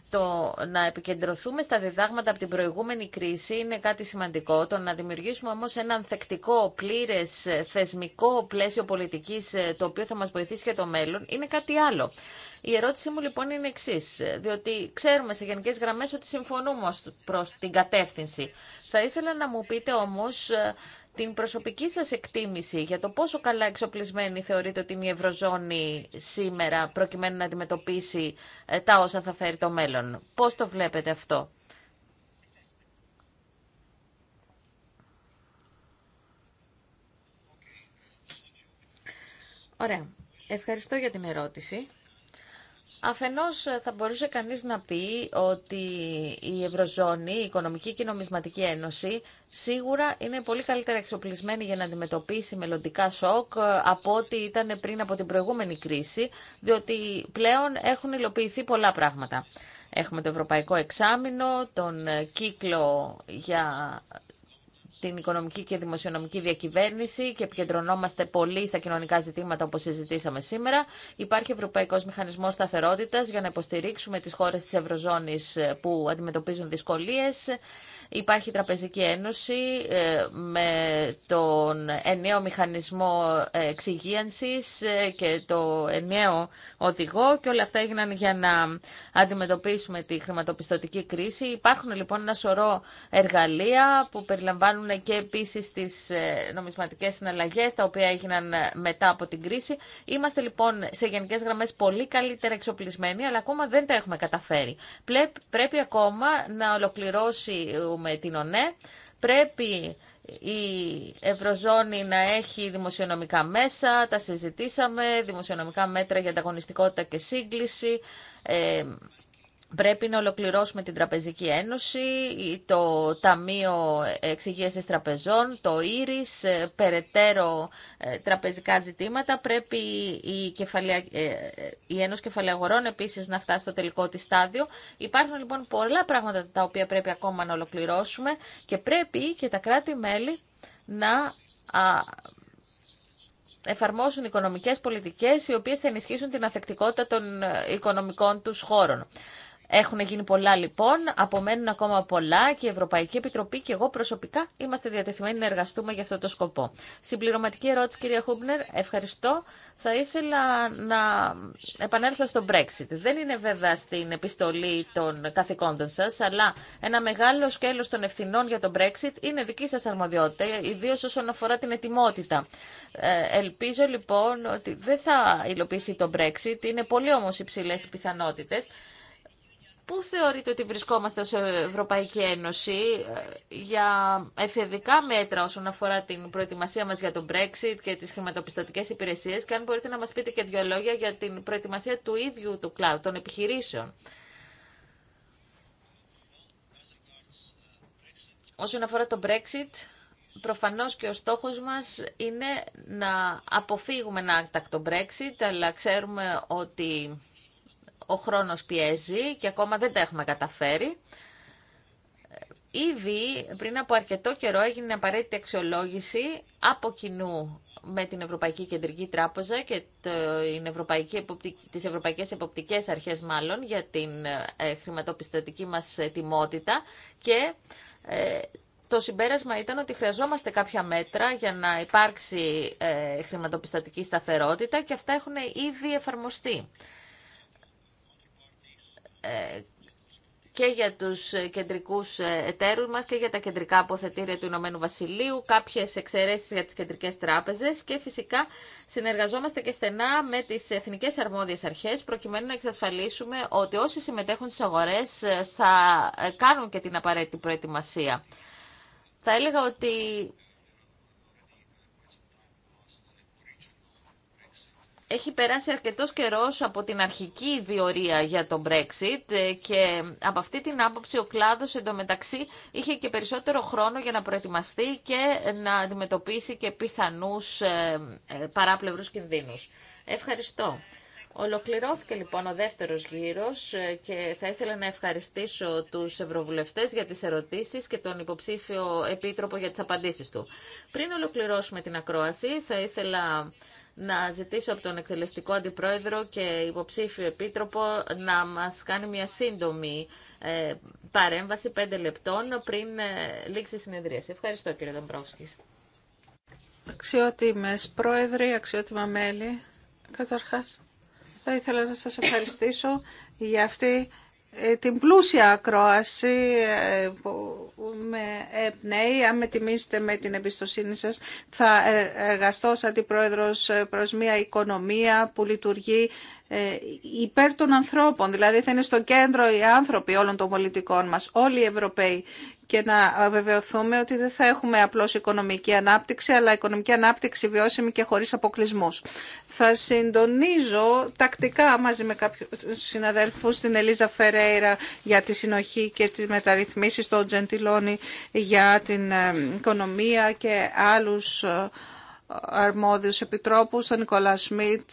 το να επικεντρωθούμε στα διδάγματα από την προηγούμενη κρίση είναι κάτι σημαντικό. Το να δημιουργήσουμε όμως ένα ανθεκτικό, πλήρες, θεσμικό πλαίσιο πολιτικής το οποίο θα μας βοηθήσει για το μέλλον είναι κάτι άλλο. Η ερώτησή μου λοιπόν είναι εξή, διότι ξέρουμε σε γενικέ γραμμέ ότι συμφωνούμε προς την κατεύθυνση. Θα ήθελα να μου πείτε όμως ε, την προσωπική σας εκτίμηση για το πόσο καλά εξοπλισμένη θεωρείτε ότι είναι η Ευρωζώνη σήμερα προκειμένου να αντιμετωπίσει ε, τα όσα θα φέρει το μέλλον. Πώς το βλέπετε αυτό. Ωραία. Ευχαριστώ για την ερώτηση. Αφενός ε, θα μπορούσε κανείς να πει ότι η Ευρωζώνη, η Οικονομική και η Νομισματική Ένωση σίγουρα είναι πολύ καλύτερα εξοπλισμένη για να αντιμετωπίσει μελλοντικά σοκ ε, από ό,τι ήταν πριν από την προηγούμενη κρίση, διότι πλέον έχουν υλοποιηθεί πολλά πράγματα. Έχουμε το Ευρωπαϊκό Εξάμεινο, τον ε, κύκλο για την οικονομική και δημοσιονομική διακυβέρνηση και επικεντρωνόμαστε πολύ στα κοινωνικά ζητήματα όπω συζητήσαμε σήμερα. Υπάρχει ευρωπαϊκό μηχανισμό σταθερότητα για να υποστηρίξουμε τι χώρε τη Ευρωζώνης που αντιμετωπίζουν δυσκολίε. Υπάρχει Τραπεζική Ένωση ε, με τον ενιαίο μηχανισμό εξυγίανσης ε, και το ενιαίο οδηγό και όλα αυτά έγιναν για να αντιμετωπίσουμε τη χρηματοπιστωτική κρίση. Υπάρχουν λοιπόν ένα σωρό εργαλεία που περιλαμβάνουν και επίσης τις ε, νομισματικές συναλλαγές τα οποία έγιναν μετά από την κρίση. Είμαστε λοιπόν σε γενικές γραμμές πολύ καλύτερα εξοπλισμένοι αλλά ακόμα δεν τα έχουμε καταφέρει. Πρέπει ακόμα να ολοκληρώσει με την ΟΝΕ. Πρέπει η Ευρωζώνη να έχει δημοσιονομικά μέσα, τα συζητήσαμε, δημοσιονομικά μέτρα για ανταγωνιστικότητα και σύγκληση, ε, Πρέπει να ολοκληρώσουμε την Τραπεζική Ένωση, το Ταμείο Εξυγίασης Τραπεζών, το Ήρις, ε, περαιτέρω ε, τραπεζικά ζητήματα. Πρέπει η, κεφαλαια... Ε, η Ένωση Κεφαλαιαγορών επίσης να φτάσει στο τελικό της στάδιο. Υπάρχουν λοιπόν πολλά πράγματα τα οποία πρέπει ακόμα να ολοκληρώσουμε και πρέπει και τα κράτη-μέλη να εφαρμόσουν οικονομικές πολιτικές οι οποίες θα ενισχύσουν την αθεκτικότητα των οικονομικών τους χώρων. Έχουν γίνει πολλά λοιπόν, απομένουν ακόμα πολλά και η Ευρωπαϊκή Επιτροπή και εγώ προσωπικά είμαστε διατεθειμένοι να εργαστούμε για αυτό το σκοπό. Συμπληρωματική ερώτηση, κυρία Χούμπνερ, ευχαριστώ. Θα ήθελα να επανέλθω στο Brexit. Δεν είναι βέβαια στην επιστολή των καθηκόντων σας, αλλά ένα μεγάλο σκέλος των ευθυνών για το Brexit είναι δική σας αρμοδιότητα, ιδίω όσον αφορά την ετοιμότητα. Ε, ελπίζω λοιπόν ότι δεν θα υλοποιηθεί το Brexit, είναι πολύ όμως υψηλέ οι πιθανότητε. Πού θεωρείτε ότι βρισκόμαστε ως Ευρωπαϊκή Ένωση ε, για εφεδικά μέτρα όσον αφορά την προετοιμασία μας για τον Brexit και τις χρηματοπιστωτικές υπηρεσίες και αν μπορείτε να μας πείτε και δύο λόγια για την προετοιμασία του ίδιου του κλάδου, των επιχειρήσεων. Όσον αφορά το Brexit, προφανώς και ο στόχος μας είναι να αποφύγουμε ένα άκτακτο Brexit, αλλά ξέρουμε ότι ο χρόνος πιέζει και ακόμα δεν τα έχουμε καταφέρει. Ήδη πριν από αρκετό καιρό έγινε απαραίτητη αξιολόγηση από κοινού με την Ευρωπαϊκή Κεντρική Τράπεζα και την Ευρωπαϊκή, τις Ευρωπαϊκές Εποπτικές Αρχές μάλλον για την ε, χρηματοπιστωτική μας ετοιμότητα και ε, το συμπέρασμα ήταν ότι χρειαζόμαστε κάποια μέτρα για να υπάρξει ε, χρηματοπιστωτική σταθερότητα και αυτά έχουν ήδη εφαρμοστεί. Ε, και για τους κεντρικούς εταίρους μας και για τα κεντρικά αποθετήρια του Ηνωμένου Βασιλείου, κάποιες εξαιρέσεις για τις κεντρικές τράπεζες και φυσικά συνεργαζόμαστε και στενά με τις εθνικές αρμόδιες αρχές προκειμένου να εξασφαλίσουμε ότι όσοι συμμετέχουν στις αγορές ε, θα ε, κάνουν και την απαραίτητη προετοιμασία. Θα έλεγα ότι έχει περάσει αρκετός καιρός από την αρχική διορία για το Brexit ε, και από αυτή την άποψη ο κλάδος εντωμεταξύ είχε και περισσότερο χρόνο για να προετοιμαστεί και να αντιμετωπίσει και πιθανούς ε, ε, παράπλευρους κινδύνους. Ευχαριστώ. Ολοκληρώθηκε λοιπόν ο δεύτερος γύρος και θα ήθελα να ευχαριστήσω τους ευρωβουλευτές για τις ερωτήσεις και τον υποψήφιο επίτροπο για τις απαντήσεις του. Πριν ολοκληρώσουμε την ακρόαση θα ήθελα να ζητήσω από τον εκτελεστικό αντιπρόεδρο και υποψήφιο επίτροπο να μας κάνει μια σύντομη ε, παρέμβαση πέντε λεπτών πριν ε, λήξει η συνεδρίαση. Ευχαριστώ κύριε Δαμπρόσκης. Αξιότιμες πρόεδροι, αξιότιμα μέλη, καταρχάς θα ήθελα να σας ευχαριστήσω για αυτή ε, την πλούσια ακρόαση ε, που με εμπνέει, αν με τιμήσετε με την εμπιστοσύνη σας, θα ε, εργαστώ σαν την προς μια οικονομία που λειτουργεί ε, υπέρ των ανθρώπων. Δηλαδή θα είναι στο κέντρο οι άνθρωποι όλων των πολιτικών μας, όλοι οι Ευρωπαίοι και να βεβαιωθούμε ότι δεν θα έχουμε απλώς οικονομική ανάπτυξη, αλλά οικονομική ανάπτυξη βιώσιμη και χωρίς αποκλεισμούς. Θα συντονίζω τακτικά μαζί με κάποιους συναδέλφους την Ελίζα Φερέιρα για τη συνοχή και τις μεταρρυθμίσεις, τον Τζεντιλόνι για την ε, οικονομία και άλλους ε, αρμόδιους επιτρόπους, τον Νικολά Σμιτ,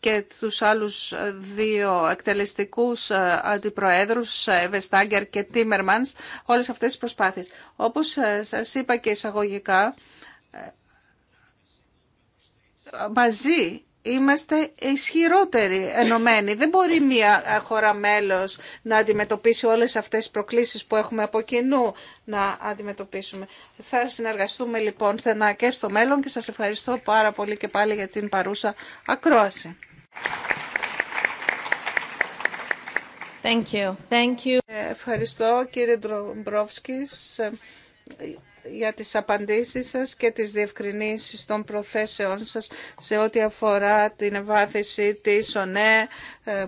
και τους άλλους δύο εκτελεστικούς ε, αντιπροέδρους, ε, Βεστάγκερ και Τίμερμανς, όλες αυτές τις προσπάθειες. Όπως ε, σας είπα και εισαγωγικά, μαζί είμαστε ισχυρότεροι ενωμένοι. Δεν μπορεί μια χώρα μέλος να αντιμετωπίσει όλες αυτές τις προκλήσεις που έχουμε από κοινού να αντιμετωπίσουμε. Θα συνεργαστούμε λοιπόν στενά και στο μέλλον και σας ευχαριστώ πάρα πολύ και πάλι για την παρούσα ακρόαση. Thank you. Thank you. Ε, ευχαριστώ κύριε Ντρομπρόφσκης ε, για τις απαντήσεις σας και τις διευκρινήσεις των προθέσεών σας σε ό,τι αφορά την ευάθυση της ΟΝΕ, ε,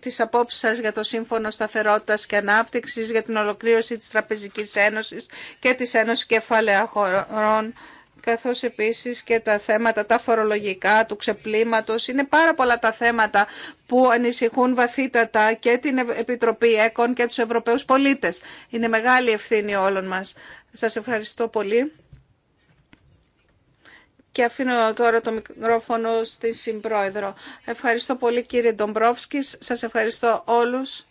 της απόψεις σας για το Σύμφωνο Σταθερότητας και Ανάπτυξης, για την ολοκλήρωση της Τραπεζικής Ένωσης και της Ένωσης Κεφαλαίων Χωρών καθώς επίσης και τα θέματα τα φορολογικά, του ξεπλήματος. Είναι πάρα πολλά τα θέματα που ανησυχούν βαθύτατα και την Επιτροπή ΕΚΟΝ και τους Ευρωπαίους πολίτες. Είναι μεγάλη ευθύνη όλων μας. Σας ευχαριστώ πολύ. Και αφήνω τώρα το μικρόφωνο στη Συμπρόεδρο. Ευχαριστώ πολύ κύριε Ντομπρόφσκης. Σας ευχαριστώ όλους.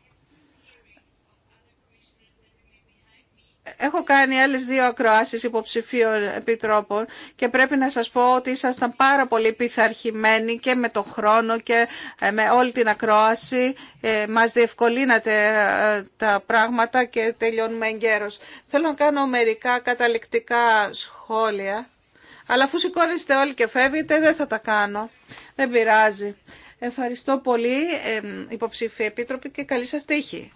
Έχω κάνει άλλες δύο ακροάσεις υποψηφίων επιτρόπων και πρέπει να σας πω ότι ήσασταν πάρα πολύ πειθαρχημένοι και με τον χρόνο και ε, με όλη την ακρόαση. Ε, μας διευκολύνατε ε, τα πράγματα και τελειώνουμε εγκαίρω. Θέλω να κάνω μερικά καταληκτικά σχόλια, αλλά αφού σηκώνεστε όλοι και φεύγετε δεν θα τα κάνω. Δεν πειράζει. Ευχαριστώ πολύ υποψήφιοι επίτροποι και καλή σα τύχη.